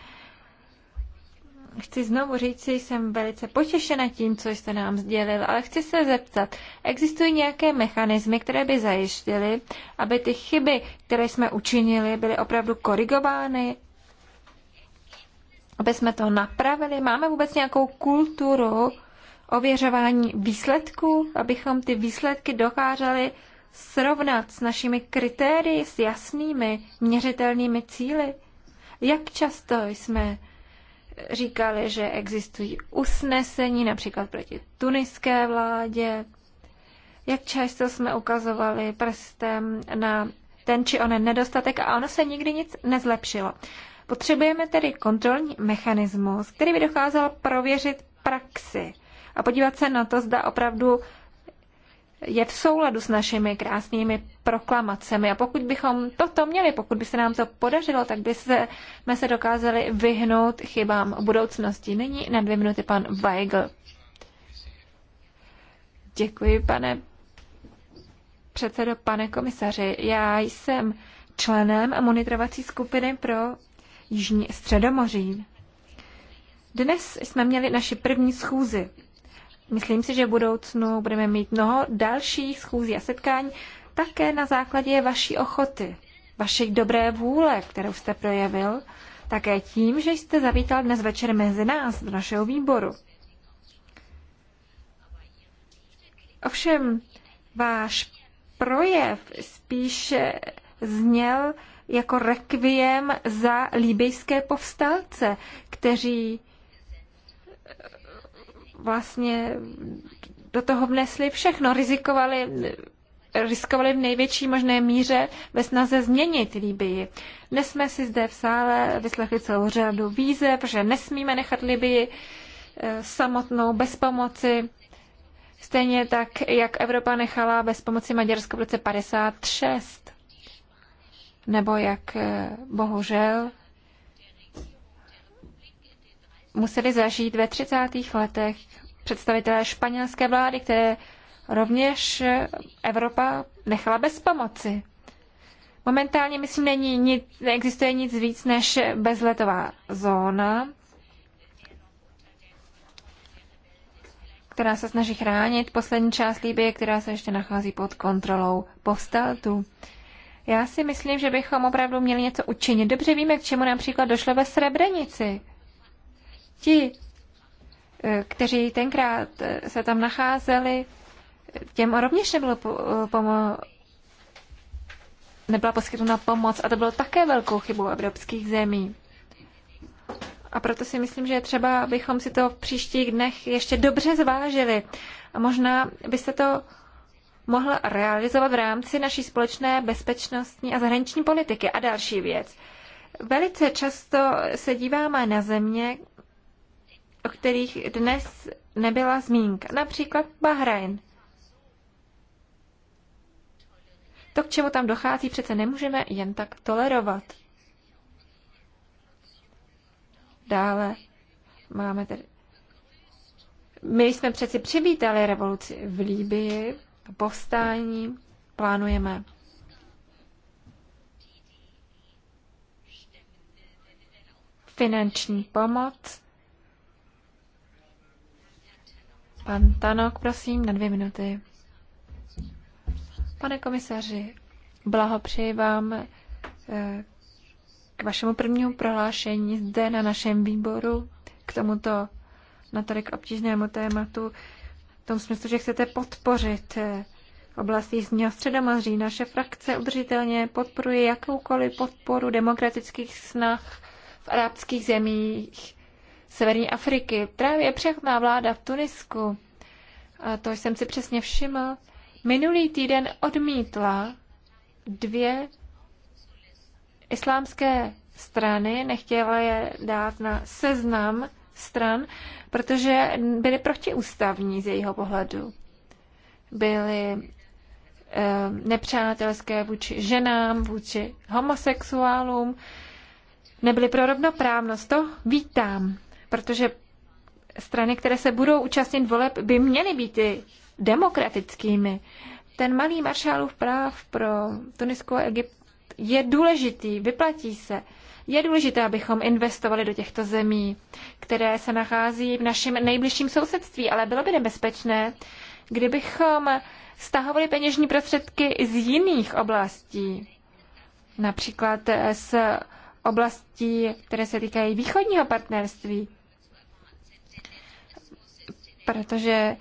chci znovu říct, že jsem velice potěšena tím, co jste nám sdělil, ale chci se zeptat, existují nějaké mechanismy, které by zajištěly, aby ty chyby, které jsme učinili, byly opravdu korigovány? Aby jsme to napravili? Máme vůbec nějakou kulturu ověřování výsledků, abychom ty výsledky dokázali srovnat s našimi kritérii, s jasnými, měřitelnými cíly? Jak často jsme říkali, že existují usnesení například proti tuniské vládě, jak často jsme ukazovali prstem na ten či onen nedostatek a ono se nikdy nic nezlepšilo. Potřebujeme tedy kontrolní mechanismus, který by dokázal prověřit praxi a podívat se na to, zda opravdu je v souladu s našimi krásnými proklamacemi. A pokud bychom toto měli, pokud by se nám to podařilo, tak by se, jsme se dokázali vyhnout chybám o budoucnosti. Nyní na dvě minuty pan Weigl. Děkuji, pane předsedo, pane komisaři. Já jsem členem monitorovací skupiny pro Jižní středomoří. Dnes jsme měli naši první schůzi Myslím si, že v budoucnu budeme mít mnoho dalších schůzí a setkání také na základě vaší ochoty, vašich dobré vůle, kterou jste projevil, také tím, že jste zavítal dnes večer mezi nás, do našeho výboru. Ovšem, váš projev spíše zněl jako rekviem za líbejské povstalce, kteří vlastně do toho vnesli všechno, rizikovali riskovali v největší možné míře ve snaze změnit Libii. Dnes jsme si zde v sále vyslechli celou řadu víze, že nesmíme nechat Libii eh, samotnou, bez pomoci. Stejně tak, jak Evropa nechala bez pomoci Maďarsko v roce 56. Nebo jak eh, bohužel museli zažít ve 30. letech představitelé španělské vlády, které rovněž Evropa nechala bez pomoci. Momentálně, myslím, není neexistuje nic víc než bezletová zóna, která se snaží chránit poslední část Libie, která se ještě nachází pod kontrolou povstaltu. Já si myslím, že bychom opravdu měli něco učinit. Dobře víme, k čemu například došlo ve Srebrenici. Ti, eh, kteří tenkrát eh, se tam nacházeli, těm rovněž nebylo eh, pomo- nebyla poskytnuta pomoc a to bylo také velkou chybou evropských zemí. A proto si myslím, že třeba bychom si to v příštích dnech ještě dobře zvážili. A možná by se to mohla realizovat v rámci naší společné bezpečnostní a zahraniční politiky. A další věc. Velice často se díváme na země, o kterých dnes nebyla zmínka. Například Bahrajn. To, k čemu tam dochází, přece nemůžeme jen tak tolerovat. Dále máme tedy. My jsme přeci přivítali revoluci v Líbii, povstání, plánujeme finanční pomoc Pan Tanok, prosím, na dvě minuty. Pane komisaři, blahopřeji vám eh, k vašemu prvnímu prohlášení zde na našem výboru k tomuto natolik obtížnému tématu, v tom smyslu, že chcete podpořit eh, oblast jízdního středomoří. Naše frakce udržitelně podporuje jakoukoliv podporu demokratických snah v arabských zemích severní Afriky. Právě přechná vláda v Tunisku, a to jsem si přesně všiml, minulý týden odmítla dvě islámské strany, nechtěla je dát na seznam stran, protože byly protiústavní z jejího pohledu. Byly e, nepřátelské vůči ženám, vůči homosexuálům, nebyly pro rovnoprávnost. To vítám protože strany, které se budou účastnit voleb, by měly být i demokratickými. Ten malý maršálův práv pro Tunisko a Egypt je důležitý, vyplatí se. Je důležité, abychom investovali do těchto zemí, které se nachází v našem nejbližším sousedství, ale bylo by nebezpečné, kdybychom stahovali peněžní prostředky z jiných oblastí, například z oblastí, které se týkají východního partnerství protože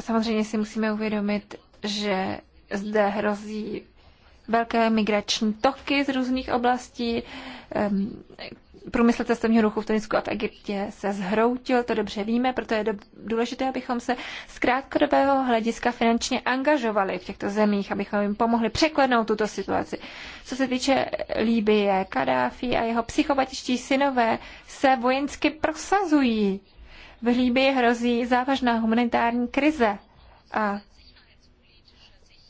samozřejmě si musíme uvědomit, že zde hrozí velké migrační toky z různých oblastí. Průmysl cestovního ruchu v Tunisku a v Egyptě se zhroutil, to dobře víme, proto je důležité, abychom se z krátkodobého hlediska finančně angažovali v těchto zemích, abychom jim pomohli překlenout tuto situaci. Co se týče Líbie, Kadáfi a jeho psychopatičtí synové se vojensky prosazují v Líbě hrozí závažná humanitární krize a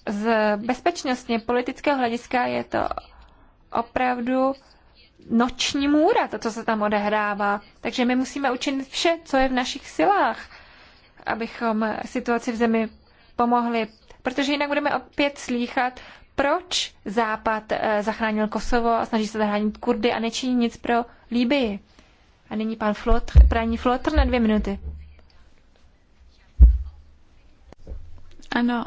z bezpečnostně politického hlediska je to opravdu noční můra, to, co se tam odehrává. Takže my musíme učinit vše, co je v našich silách, abychom situaci v zemi pomohli. Protože jinak budeme opět slýchat, proč Západ eh, zachránil Kosovo a snaží se zachránit Kurdy a nečiní nic pro Líbii. A nyní pan Flotr, právní Flotr na dvě minuty. Ano,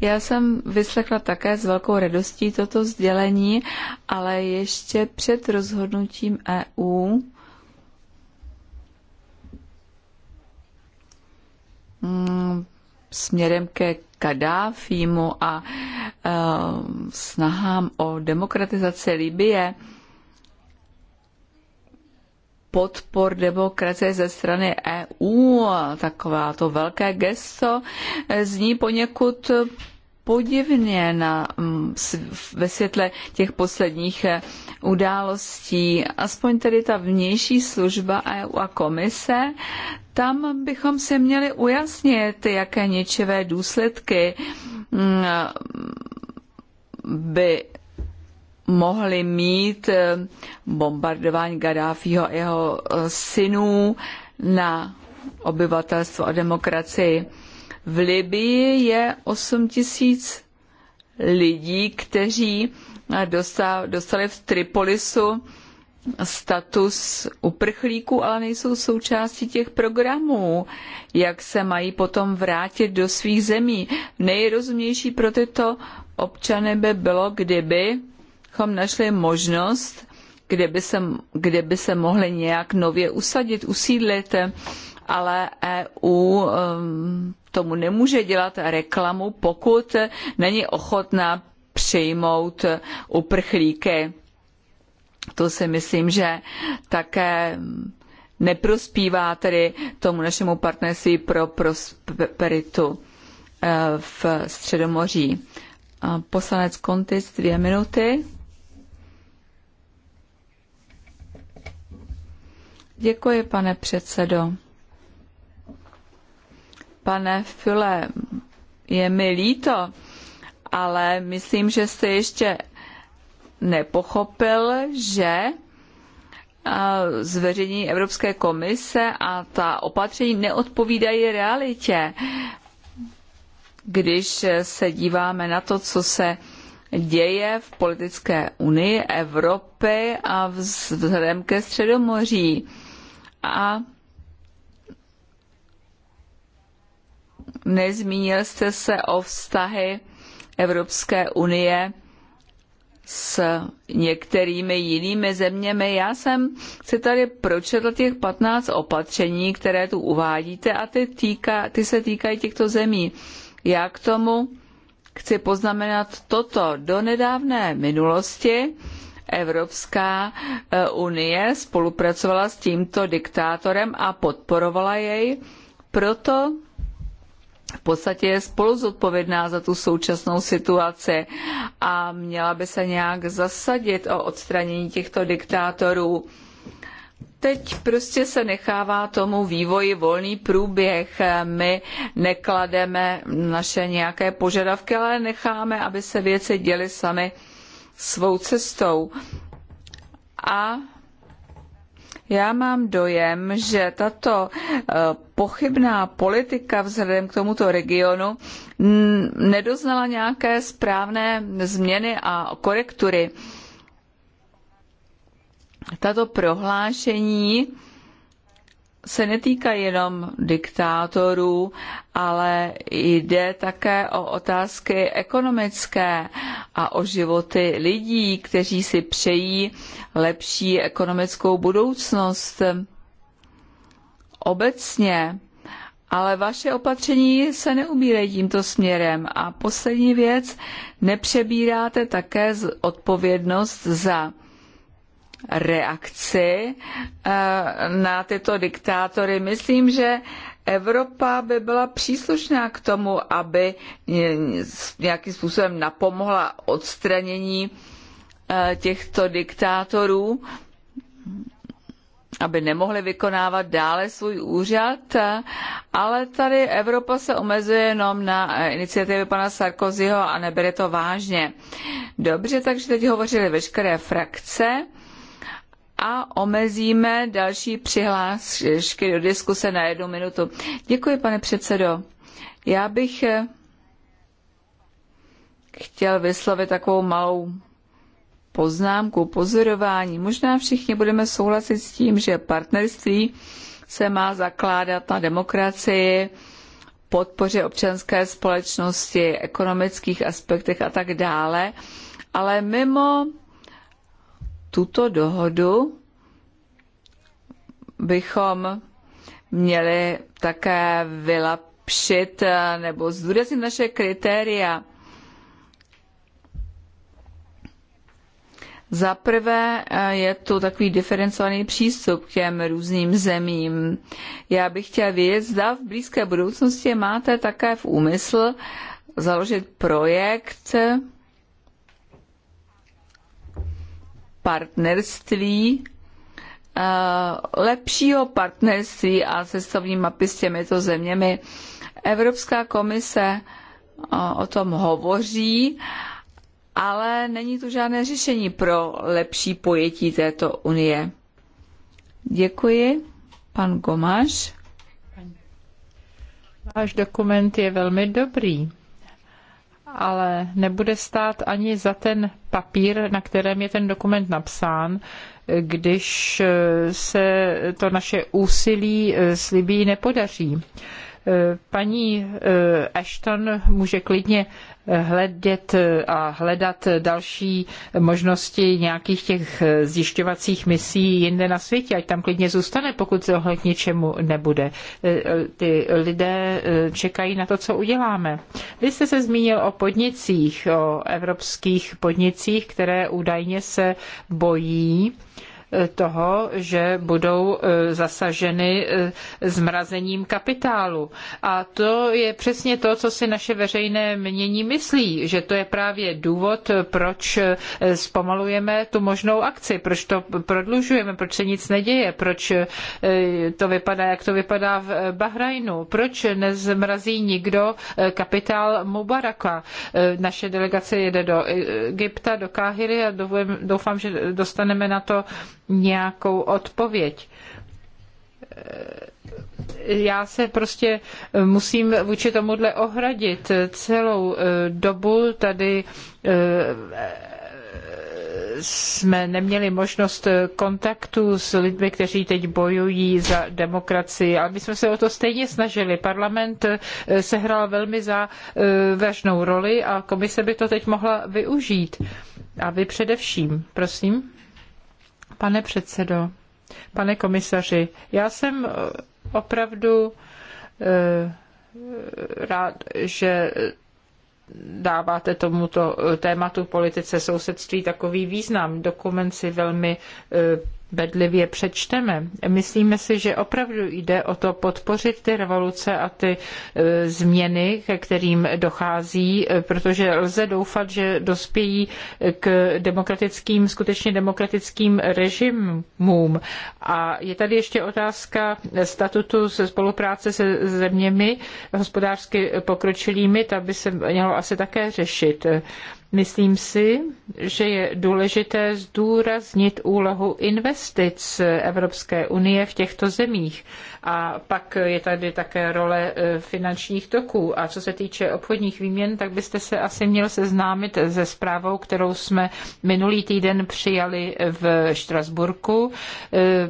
já jsem vyslechla také s velkou radostí toto sdělení, ale ještě před rozhodnutím EU mm, směrem ke Kadáfímu a eh, snahám o demokratizaci Libie podpor demokracie ze strany EU, taková to velké gesto, zní poněkud podivně na, mm, ve světle těch posledních eh, událostí. Aspoň tedy ta vnější služba EU a komise, tam bychom si měli ujasnit, jaké ničivé důsledky mm, by mohli mít eh, bombardování Gaddafiho a jeho eh, synů na obyvatelstvo a demokracii. V Libii je 8 tisíc lidí, kteří eh, dostali v Tripolisu status uprchlíků, ale nejsou součástí těch programů, jak se mají potom vrátit do svých zemí. Nejrozumnější pro tyto občany by bylo, kdyby chom našli možnost, kde by se, kde by se mohli nějak nově usadit, usídlit, ale EU um, tomu nemůže dělat reklamu, pokud není ochotná přijmout uprchlíky. To si myslím, že také neprospívá tedy tomu našemu partnerství pro prosperitu uh, v Středomoří. Poslanec Kontis, dvě minuty. Děkuji, pane předsedo. Pane File, je mi líto, ale myslím, že jste ještě nepochopil, že zveřejnění Evropské komise a ta opatření neodpovídají realitě. Když se díváme na to, co se děje v politické unii Evropy a vzhledem ke Středomoří a nezmínil jste se o vztahy Evropské unie s některými jinými zeměmi. Já jsem si tady pročetl těch 15 opatření, které tu uvádíte a ty, týka, ty se týkají těchto zemí. Já k tomu chci poznamenat toto. Do nedávné minulosti Evropská eh, unie spolupracovala s tímto diktátorem a podporovala jej, proto v podstatě je spoluzodpovědná za tu současnou situaci a měla by se nějak zasadit o odstranění těchto diktátorů. Teď prostě se nechává tomu vývoji volný průběh. My neklademe naše nějaké požadavky, ale necháme, aby se věci děly sami svou cestou. A já mám dojem, že tato eh, pochybná politika vzhledem k tomuto regionu nedoznala nějaké správné změny a korektury. Tato prohlášení se netýká jenom diktátorů, ale jde také o otázky ekonomické a o životy lidí, kteří si přejí lepší ekonomickou budoucnost obecně. Ale vaše opatření se neubírají tímto směrem. A poslední věc, nepřebíráte také odpovědnost za reakci eh, na tyto diktátory. Myslím, že Evropa by byla příslušná k tomu, aby eh, nějakým způsobem napomohla odstranění eh, těchto diktátorů, aby nemohli vykonávat dále svůj úřad, ale tady Evropa se omezuje jenom na iniciativy pana Sarkozyho a nebere to vážně. Dobře, takže teď hovořili veškeré frakce a omezíme další přihlášky do diskuse na jednu minutu. Děkuji, pane předsedo. Já bych eh, chtěl vyslovit takovou malou poznámku, pozorování. Možná všichni budeme souhlasit s tím, že partnerství se má zakládat na demokracii, podpoře občanské společnosti, ekonomických aspektech a tak dále, ale mimo tuto dohodu bychom měli také vylepšit eh, nebo zdůraznit naše kritéria. Za prvé eh, je to takový diferencovaný přístup k těm různým zemím. Já bych chtěla vědět, zda v blízké budoucnosti máte také v úmysl založit projekt, partnerství, eh, lepšího partnerství a cestovní mapy s těmito zeměmi. Evropská komise eh, o tom hovoří, ale není tu žádné řešení pro lepší pojetí této unie. Děkuji. Pan Gomáš. Váš dokument je velmi dobrý ale nebude stát ani za ten papír, na kterém je ten dokument napsán, když eh, se to naše úsilí eh, slibí nepodaří. Paní eh, Ashton může klidně eh, hledět eh, a hledat další možnosti nějakých těch zjišťovacích misí jinde na světě, ať tam klidně zůstane, pokud se k ničemu nebude. Ty lidé čekají na to, co uděláme. Vy jste se zmínil o podnicích, o evropských podnicích, které údajně se bojí toho, že budou e, zasaženy e, zmrazením kapitálu. A to je přesně to, co si naše veřejné mění myslí, že to je právě důvod, proč e, zpomalujeme tu možnou akci, proč to prodlužujeme, proč se nic neděje, proč to vypadá, jak to vypadá v Bahrajnu, proč nezmrazí nikdo kapitál Mubaraka. Naše delegace jede do Egypta, do Káhyry a doufám, že dostaneme na to nějakou odpověď já se prostě musím vůči tomuhle ohradit. Celou eh, dobu tady eh, jsme neměli možnost kontaktu s lidmi, kteří teď bojují za demokracii, ale my jsme se o to stejně snažili. Parlament eh, sehrál velmi závažnou roli a komise by to teď mohla využít. A vy především, prosím. Pane předsedo, pane komisaři, já jsem eh, opravdu eh, rád, že dáváte tomuto eh, tématu politice sousedství takový význam. Dokument si velmi bedlivě přečteme. Myslíme si, že opravdu jde o to podpořit ty revoluce a ty e, změny, ke kterým dochází, e, protože lze doufat, že dospějí k demokratickým, skutečně demokratickým režimům. A je tady ještě otázka statutu se spolupráce se zeměmi hospodářsky pokročilými, ta by se mělo asi také řešit. Myslím si, že je důležité zdůraznit úlohu investic Evropské unie v těchto zemích. A pak je tady také role e, finančních toků. A co se týče obchodních výměn, tak byste se asi měl seznámit se zprávou, kterou jsme minulý týden přijali v Štrasburku. E,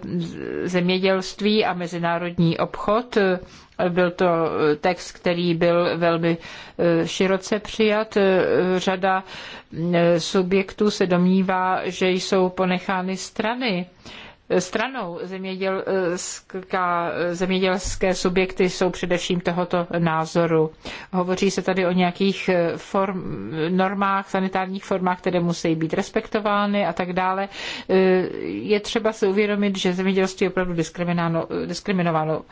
zemědělství a mezinárodní obchod byl to eh, text, který byl velmi eh, široce přijat. Eh, řada subjektů se domnívá, že jsou ponechány strany stranou zemědělská, zemědělské subjekty jsou především tohoto názoru. Hovoří se tady o nějakých form, normách, sanitárních formách, které musí být respektovány a tak dále. Je třeba si uvědomit, že zemědělství je opravdu diskriminováno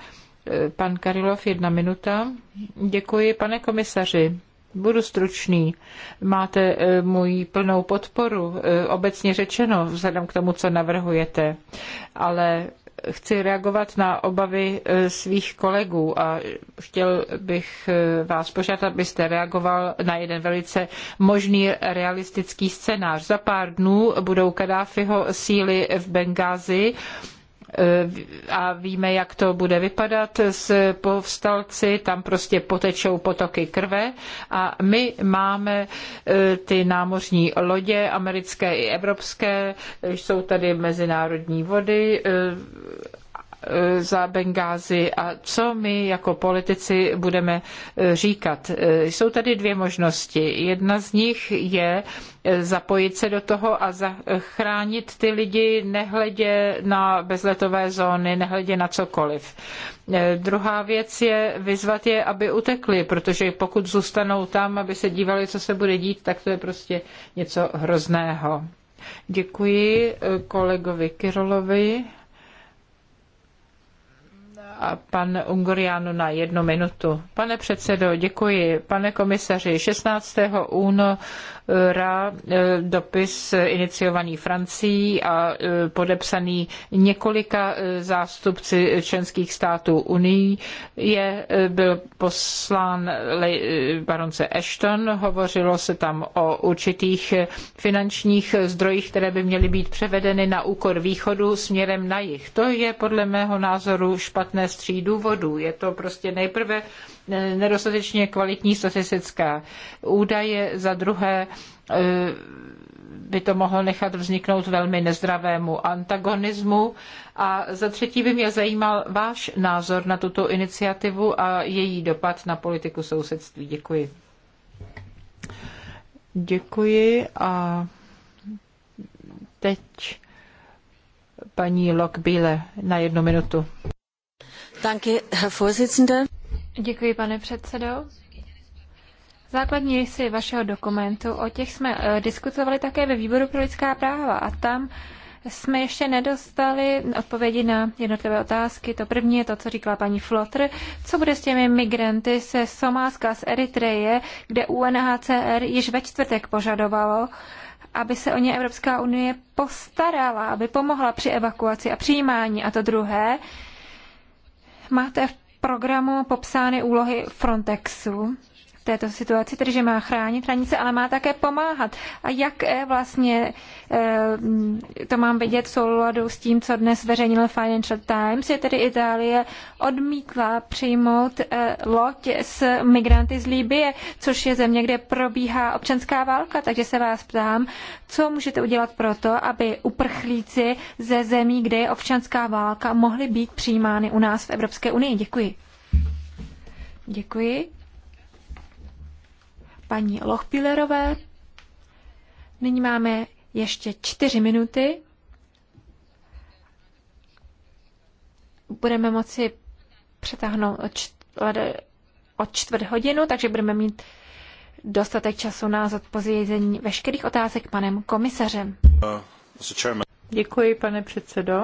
Pan Karilov, jedna minuta. Děkuji, pane komisaři. Budu stručný. Máte e, můj plnou podporu, e, obecně řečeno, vzhledem k tomu, co navrhujete. Ale chci reagovat na obavy e, svých kolegů a chtěl bych vás požádat, abyste reagoval na jeden velice možný realistický scénář. Za pár dnů budou Kadáfiho síly v Bengázi Eh, a víme, jak to bude vypadat s povstalci, tam prostě potečou potoky krve a my máme eh, ty námořní lodě, americké i evropské, eh, jsou tady mezinárodní vody Eh, za Bengázi a co my jako politici budeme eh, říkat. Eh, jsou tady dvě možnosti. Jedna z nich je zapojit se do toho a zachránit ty lidi nehledě na bezletové zóny, nehledě na cokoliv. Druhá věc je vyzvat je, aby utekli, protože pokud zůstanou tam, aby se dívali, co se bude dít, tak to je prostě něco hrozného. Děkuji kolegovi Kirolovi a pan Ungoriano na jednu minutu. Pane předsedo, děkuji. Pane komisaři, 16. února E, dopis iniciovaný Francií a e, podepsaný několika e, zástupci členských států Unii. Je, byl poslán baronce Ashton, hovořilo se tam o určitých finančních zdrojích, které by měly být převedeny na úkor východu směrem na jih. To je podle mého názoru špatné z tří důvodů. Je to prostě nejprve nedostatečně kvalitní statistická údaje, za druhé eh, by to mohlo nechat vzniknout velmi nezdravému antagonismu. A za třetí by mě zajímal váš názor na tuto iniciativu a její dopad na politiku sousedství. Děkuji. Děkuji a teď paní Lokbíle na jednu minutu. Danke, Herr Vorsitzender. Děkuji, pane předsedo. Základní rysy vašeho dokumentu, o těch jsme eh, diskutovali také ve výboru pro lidská práva a tam jsme ještě nedostali odpovědi na jednotlivé otázky. To první je to, co říkala paní Flotr. Co bude s těmi migranty se Somálska, z Eritreje, kde UNHCR již ve čtvrtek požadovalo, aby se o ně Evropská unie postarala, aby pomohla při evakuaci a přijímání. A to druhé, máte v programu popsány úlohy Frontexu této situaci, tedy že má chránit hranice, ale má také pomáhat. A jak eh, vlastně eh, to mám vidět v souladu s tím, co dnes zveřejnil Financial Times, je tedy Itálie odmítla přijmout eh, loď s migranty z Líbie, což je země, kde probíhá občanská válka. Takže se vás ptám, co můžete udělat pro to, aby uprchlíci ze zemí, kde je občanská válka, mohli být přijímány u nás v Evropské unii. Děkuji. Děkuji paní Lochpilerové. Nyní máme ještě čtyři minuty. Budeme moci přetáhnout o, čtvr, o čtvrt hodinu, takže budeme mít dostatek času na zodpovězení veškerých otázek panem komisařem. Děkuji, pane předsedo.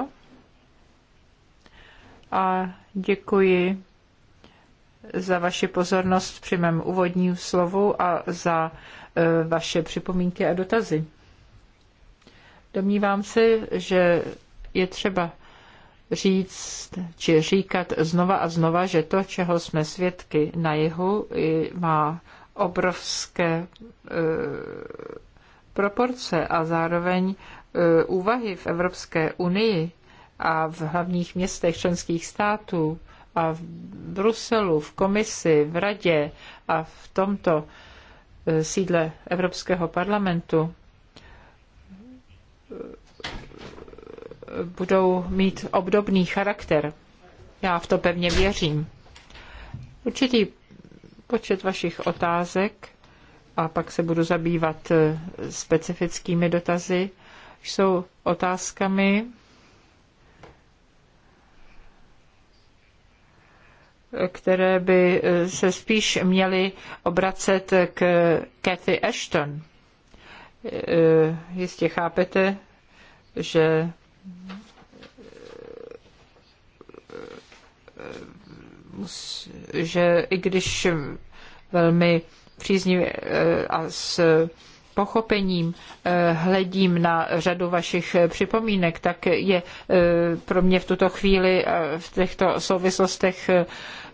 A děkuji za vaši pozornost při mém úvodním slovu a za e, vaše připomínky a dotazy. Domnívám se, že je třeba říct či říkat znova a znova, že to, čeho jsme svědky na jihu, má obrovské e, proporce a zároveň e, úvahy v Evropské unii a v hlavních městech členských států a v Bruselu, v komisi, v radě a v tomto e, sídle Evropského parlamentu e, budou mít obdobný charakter. Já v to pevně věřím. Určitý počet vašich otázek a pak se budu zabývat e, specifickými dotazy jsou otázkami, které by eh, se spíš měly obracet k Cathy Ashton. Eh, jistě chápete, že eh, že i když velmi příznivě a s pochopením eh, hledím na řadu vašich eh, připomínek, tak je eh, pro mě v tuto chvíli v těchto souvislostech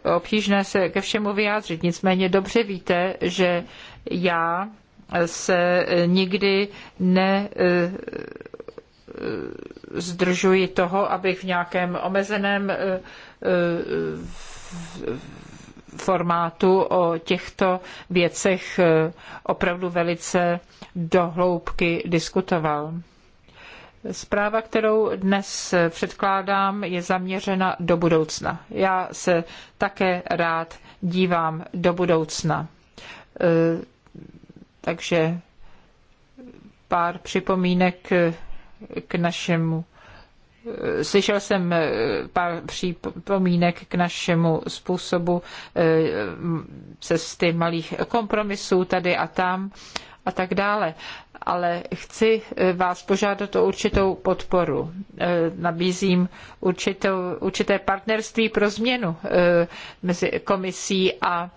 obtížné se ke všemu vyjádřit. Nicméně dobře víte, že já se nikdy ne zdržuji toho, abych v nějakém omezeném formátu o těchto věcech eh, opravdu velice dohloubky diskutoval. Zpráva, kterou dnes předkládám, je zaměřena do budoucna. Já se také rád dívám do budoucna. Eh, takže pár připomínek k našemu Slyšel jsem eh, pár připomínek k našemu způsobu eh, cesty malých kompromisů tady a tam a tak dále. Ale chci eh, vás požádat o určitou podporu. Nabízím určitou, určité partnerství pro změnu mezi komisí a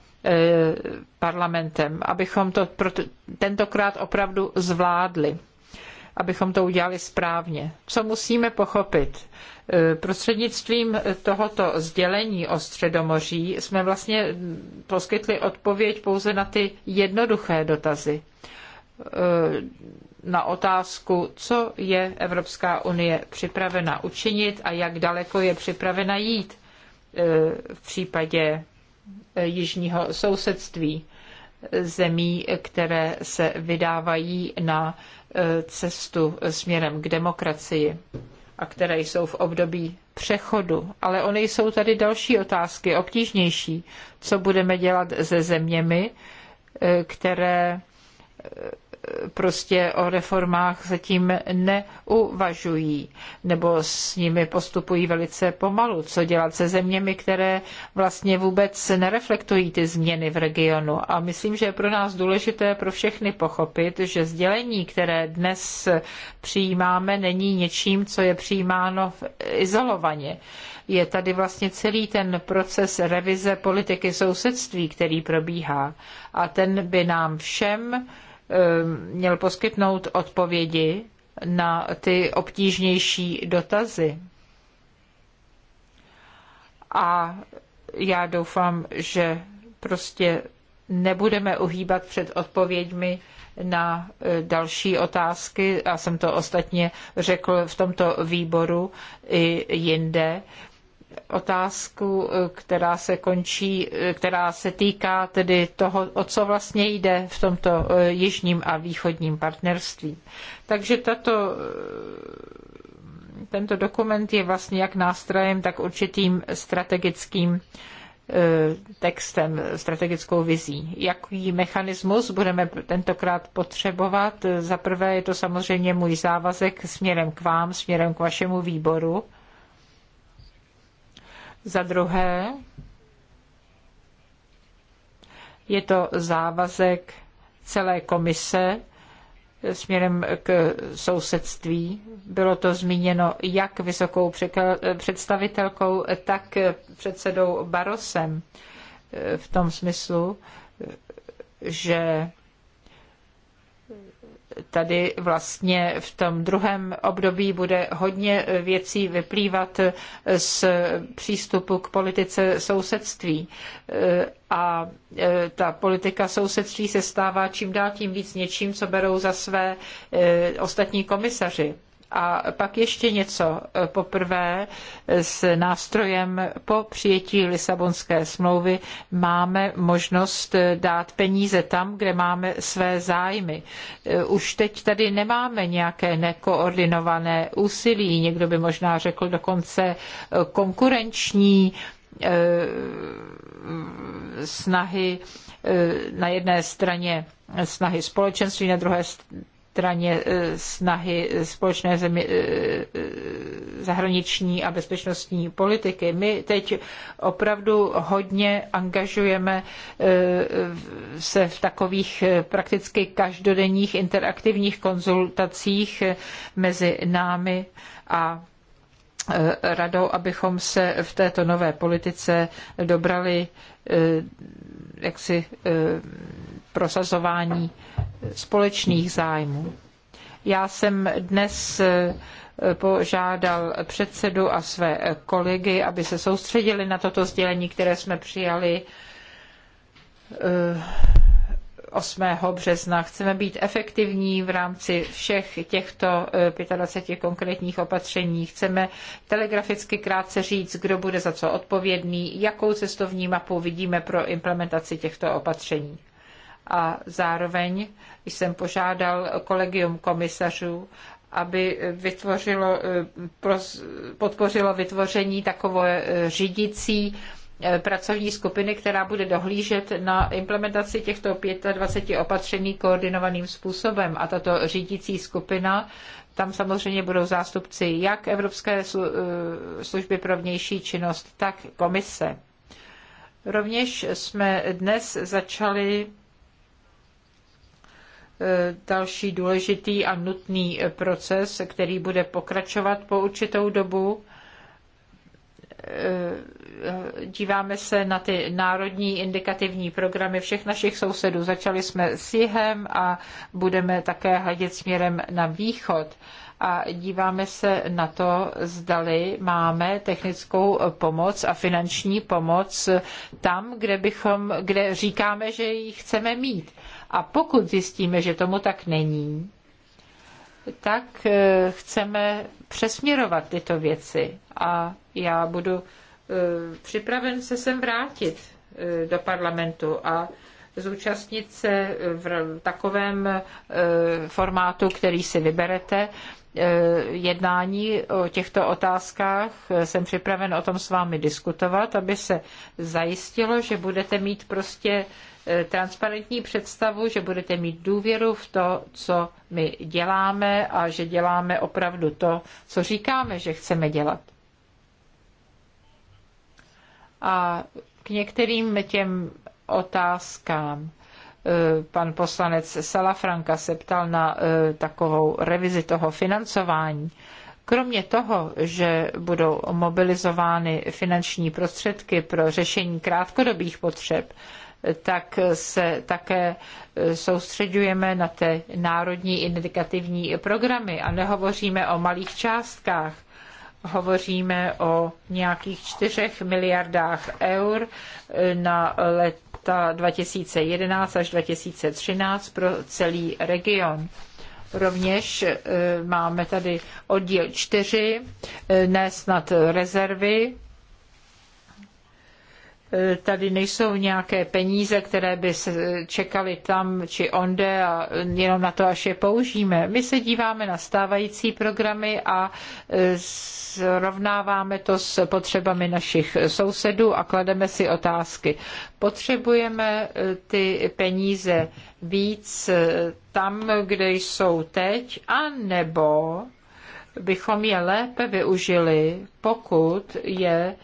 parlamentem, abychom to tentokrát opravdu zvládli abychom to udělali správně. Co musíme pochopit? E, prostřednictvím tohoto sdělení o Středomoří jsme vlastně poskytli odpověď pouze na ty jednoduché dotazy. E, na otázku, co je Evropská unie připravena učinit a jak daleko je připravena jít e, v případě jižního sousedství zemí, které se vydávají na E, cestu směrem k demokracii a které jsou v období přechodu. Ale ony jsou tady další otázky, obtížnější. Co budeme dělat se zeměmi, e, které e, prostě o reformách zatím neuvažují nebo s nimi postupují velice pomalu. Co dělat se zeměmi, které vlastně vůbec nereflektují ty změny v regionu? A myslím, že je pro nás důležité pro všechny pochopit, že sdělení, které dnes přijímáme, není něčím, co je přijímáno izolovaně. Je tady vlastně celý ten proces revize politiky sousedství, který probíhá. A ten by nám všem Eh, měl poskytnout odpovědi na ty obtížnější dotazy. A já doufám, že prostě nebudeme uhýbat před odpověďmi na eh, další otázky, a jsem to ostatně řekl v tomto výboru i jinde, otázku, eh, která se končí, eh, která se týká tedy toho, o co vlastně jde v tomto eh, jižním a východním partnerství. Takže tato tento dokument je vlastně jak nástrojem, tak určitým strategickým textem, strategickou vizí. Jaký mechanismus budeme tentokrát potřebovat? Za prvé je to samozřejmě můj závazek směrem k vám, směrem k vašemu výboru, za druhé, je to závazek celé komise směrem k sousedství. Bylo to zmíněno jak vysokou představitelkou, tak předsedou Barosem eh, v tom smyslu, eh, že tady vlastně v tom druhém období bude hodně věcí vyplývat z přístupu k politice sousedství. A e, ta politika sousedství se stává čím dál tím víc něčím, co berou za své e, ostatní komisaři. A pak ještě něco. Poprvé s nástrojem po přijetí Lisabonské smlouvy máme možnost dát peníze tam, kde máme své zájmy. Už teď tady nemáme nějaké nekoordinované úsilí, někdo by možná řekl dokonce konkurenční eh, snahy eh, na jedné straně snahy společenství, na druhé straně straně e, snahy e, společné zemi, e, zahraniční a bezpečnostní politiky. My teď opravdu hodně angažujeme se v takových prakticky každodenních interaktivních konzultacích mezi námi a radou, abychom se v této nové politice dobrali jaksi prosazování společných zájmů. Já jsem dnes eh, požádal předsedu a své kolegy, aby se soustředili na toto sdělení, které jsme přijali 8. Eh, března. Chceme být efektivní v rámci všech těchto 25 eh, konkrétních opatření. Chceme telegraficky krátce říct, kdo bude za co odpovědný, jakou cestovní mapu vidíme pro implementaci těchto opatření a zároveň jsem požádal kolegium komisařů, aby vytvořilo, eh, podpořilo vytvoření takové eh, řídící eh, pracovní skupiny, která bude dohlížet na implementaci těchto 25 opatření koordinovaným způsobem. A tato řídící skupina, tam samozřejmě budou zástupci jak Evropské služby pro vnější činnost, tak komise. Rovněž jsme dnes začali E, další důležitý a nutný proces, který bude pokračovat po určitou dobu. E, díváme se na ty národní indikativní programy všech našich sousedů. Začali jsme s jihem a budeme také hledět směrem na východ a díváme se na to, zdali máme technickou pomoc a finanční pomoc tam, kde, bychom, kde říkáme, že ji chceme mít. A pokud zjistíme, že tomu tak není, tak eh, chceme přesměrovat tyto věci. A já budu eh, připraven se sem vrátit eh, do parlamentu a zúčastnit se v takovém formátu, který si vyberete, Eh, jednání o těchto otázkách. Jsem připraven o tom s vámi diskutovat, aby se zajistilo, že budete mít prostě eh, transparentní představu, že budete mít důvěru v to, co my děláme a že děláme opravdu to, co říkáme, že chceme dělat. A k některým těm otázkám. Eh, pan poslanec Salafranka se ptal na eh, takovou revizi toho financování. Kromě toho, že budou mobilizovány finanční prostředky pro řešení krátkodobých potřeb, eh, tak se také soustředujeme na ty národní indikativní programy a nehovoříme o malých částkách. Hovoříme o nějakých čtyřech miliardách eur na let ta 2011 až 2013 pro celý region. Rovněž e, máme tady oddíl 4, e, ne snad rezervy, E, tady nejsou nějaké peníze, které by se čekaly tam či onde a jenom na to, až je použijeme. My se díváme na stávající programy a e, srovnáváme to s potřebami našich sousedů a klademe si otázky. Potřebujeme e, ty peníze víc tam, kde jsou teď, a nebo bychom je lépe využili, pokud je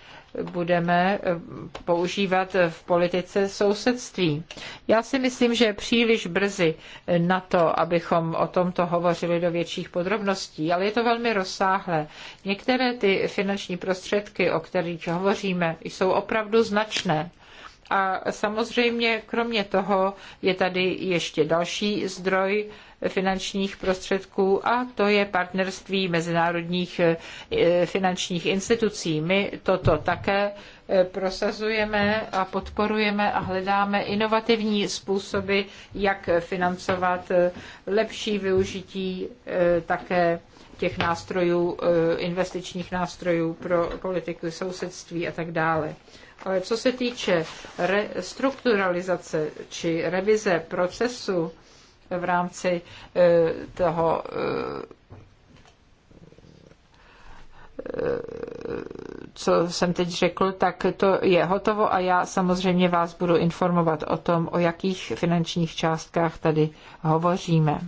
budeme eh, používat v politice sousedství. Já si myslím, že je příliš brzy eh, na to, abychom o tomto hovořili do větších podrobností, ale je to velmi rozsáhlé. Některé ty finanční prostředky, o kterých hovoříme, jsou opravdu značné. A samozřejmě kromě toho je tady ještě další zdroj finančních prostředků a to je partnerství mezinárodních e, finančních institucí. My toto také e, prosazujeme a podporujeme a hledáme inovativní způsoby, jak financovat e, lepší využití také těch nástrojů, investičních nástrojů pro politiku sousedství a tak dále. Ale co se týče restrukturalizace či revize procesu v rámci e, toho e, e, co jsem teď řekl, tak to je hotovo a já samozřejmě vás budu informovat o tom, o jakých finančních částkách tady hovoříme.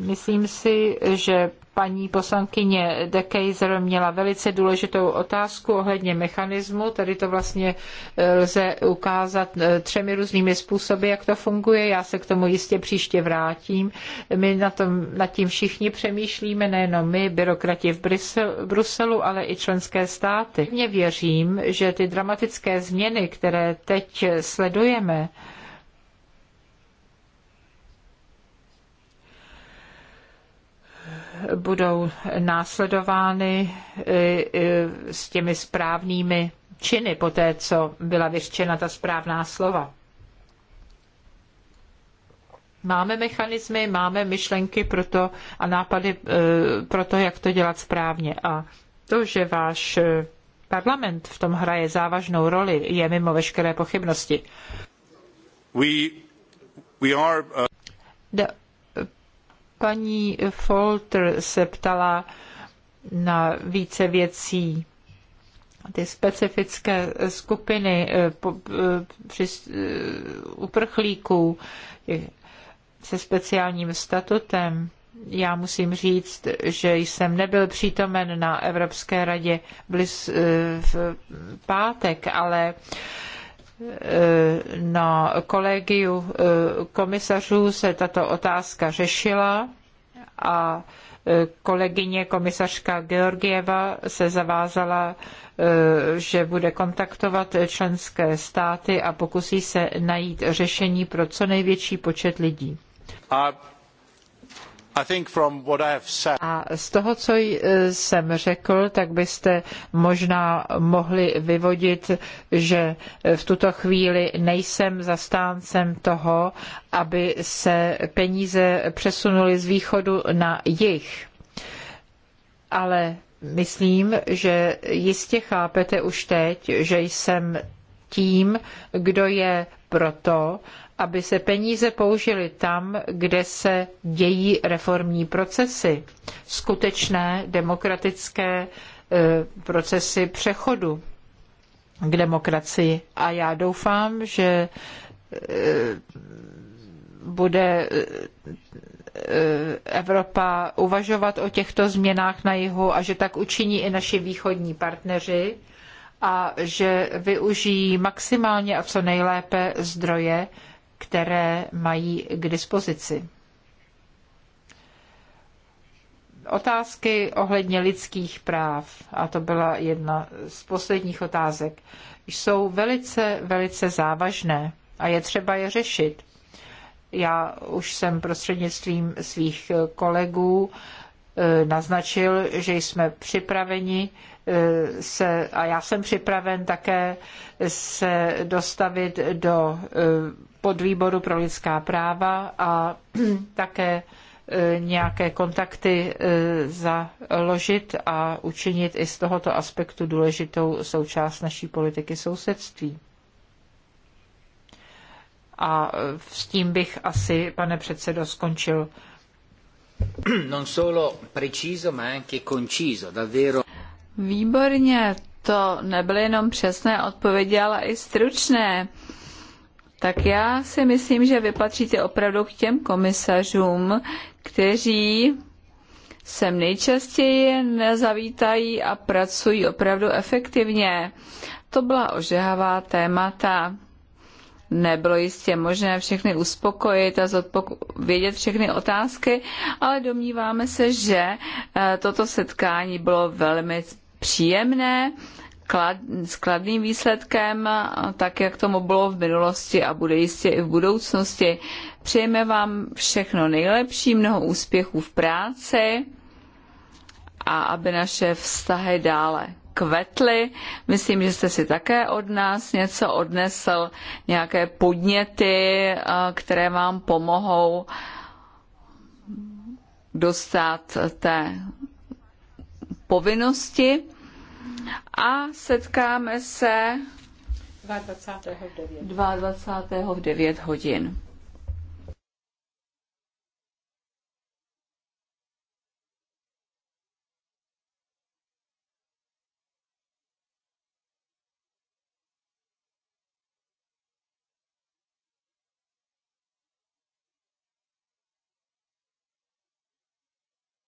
Myslím si, že paní poslankyně De Keyser měla velice důležitou otázku ohledně mechanismu. Tady to vlastně e, lze ukázat e, třemi různými způsoby, jak to funguje. Já se k tomu jistě příště vrátím. My na tom, nad tím všichni přemýšlíme, nejenom my, byrokrati v Bruselu, ale i členské státy. Mně věřím, že ty dramatické změny, které teď sledujeme, budou následovány e, e, s těmi správnými činy, poté co byla vyřčena ta správná slova. Máme mechanismy, máme myšlenky pro to a nápady e, pro to, jak to dělat správně. A to, že váš parlament v tom hraje závažnou roli, je mimo veškeré pochybnosti. We, we are, uh... Paní Folter se ptala na více věcí. Ty specifické skupiny eh, eh, eh, uprchlíků se speciálním statutem. Já musím říct, že jsem nebyl přítomen na Evropské radě v pátek, ale Eh, na kolegiu eh, komisařů se tato otázka řešila a eh, kolegyně komisařka Georgieva se zavázala, že bude kontaktovat členské státy a pokusí se najít řešení pro co největší počet lidí. A a z toho, co e, jsem řekl, tak byste možná mohli vyvodit, že e, v tuto chvíli nejsem zastáncem toho, aby se peníze přesunuly z východu na jih. Ale myslím, že jistě chápete už teď, že jsem tím, kdo je proto, aby se peníze použily tam, kde se dějí reformní procesy, skutečné demokratické e, procesy přechodu k demokracii. A já doufám, že e, bude e, Evropa uvažovat o těchto změnách na jihu a že tak učiní i naši východní partneři a že využijí maximálně a co nejlépe zdroje, které mají k dispozici. Otázky ohledně lidských práv, a to byla jedna z posledních otázek, jsou velice, velice závažné a je třeba je řešit. Já už jsem prostřednictvím svých kolegů eh, naznačil, že jsme připraveni se, a já jsem připraven také se dostavit do eh, podvýboru pro lidská práva a také eh, nějaké kontakty eh, založit a učinit i z tohoto aspektu důležitou součást naší politiky sousedství. A s tím bych asi, pane předsedo, skončil. Non solo preciso, ma anche conciso, davvero. Výborně, to nebyly jenom přesné odpovědi, ale i stručné. Tak já si myslím, že vypatříte opravdu k těm komisařům, kteří sem nejčastěji nezavítají a pracují opravdu efektivně. To byla ožehavá témata. Nebylo jistě možné všechny uspokojit a vědět všechny otázky, ale domníváme se, že eh, toto setkání bylo velmi příjemné, klad, s kladným výsledkem, tak jak tomu bylo v minulosti a bude jistě i v budoucnosti. Přejeme vám všechno nejlepší, mnoho úspěchů v práci a aby naše vztahy dále kvetly. Myslím, že jste si také od nás něco odnesl, nějaké podněty, eh, které vám pomohou dostat té povinnosti a setkáme se 22. v 9 hodin.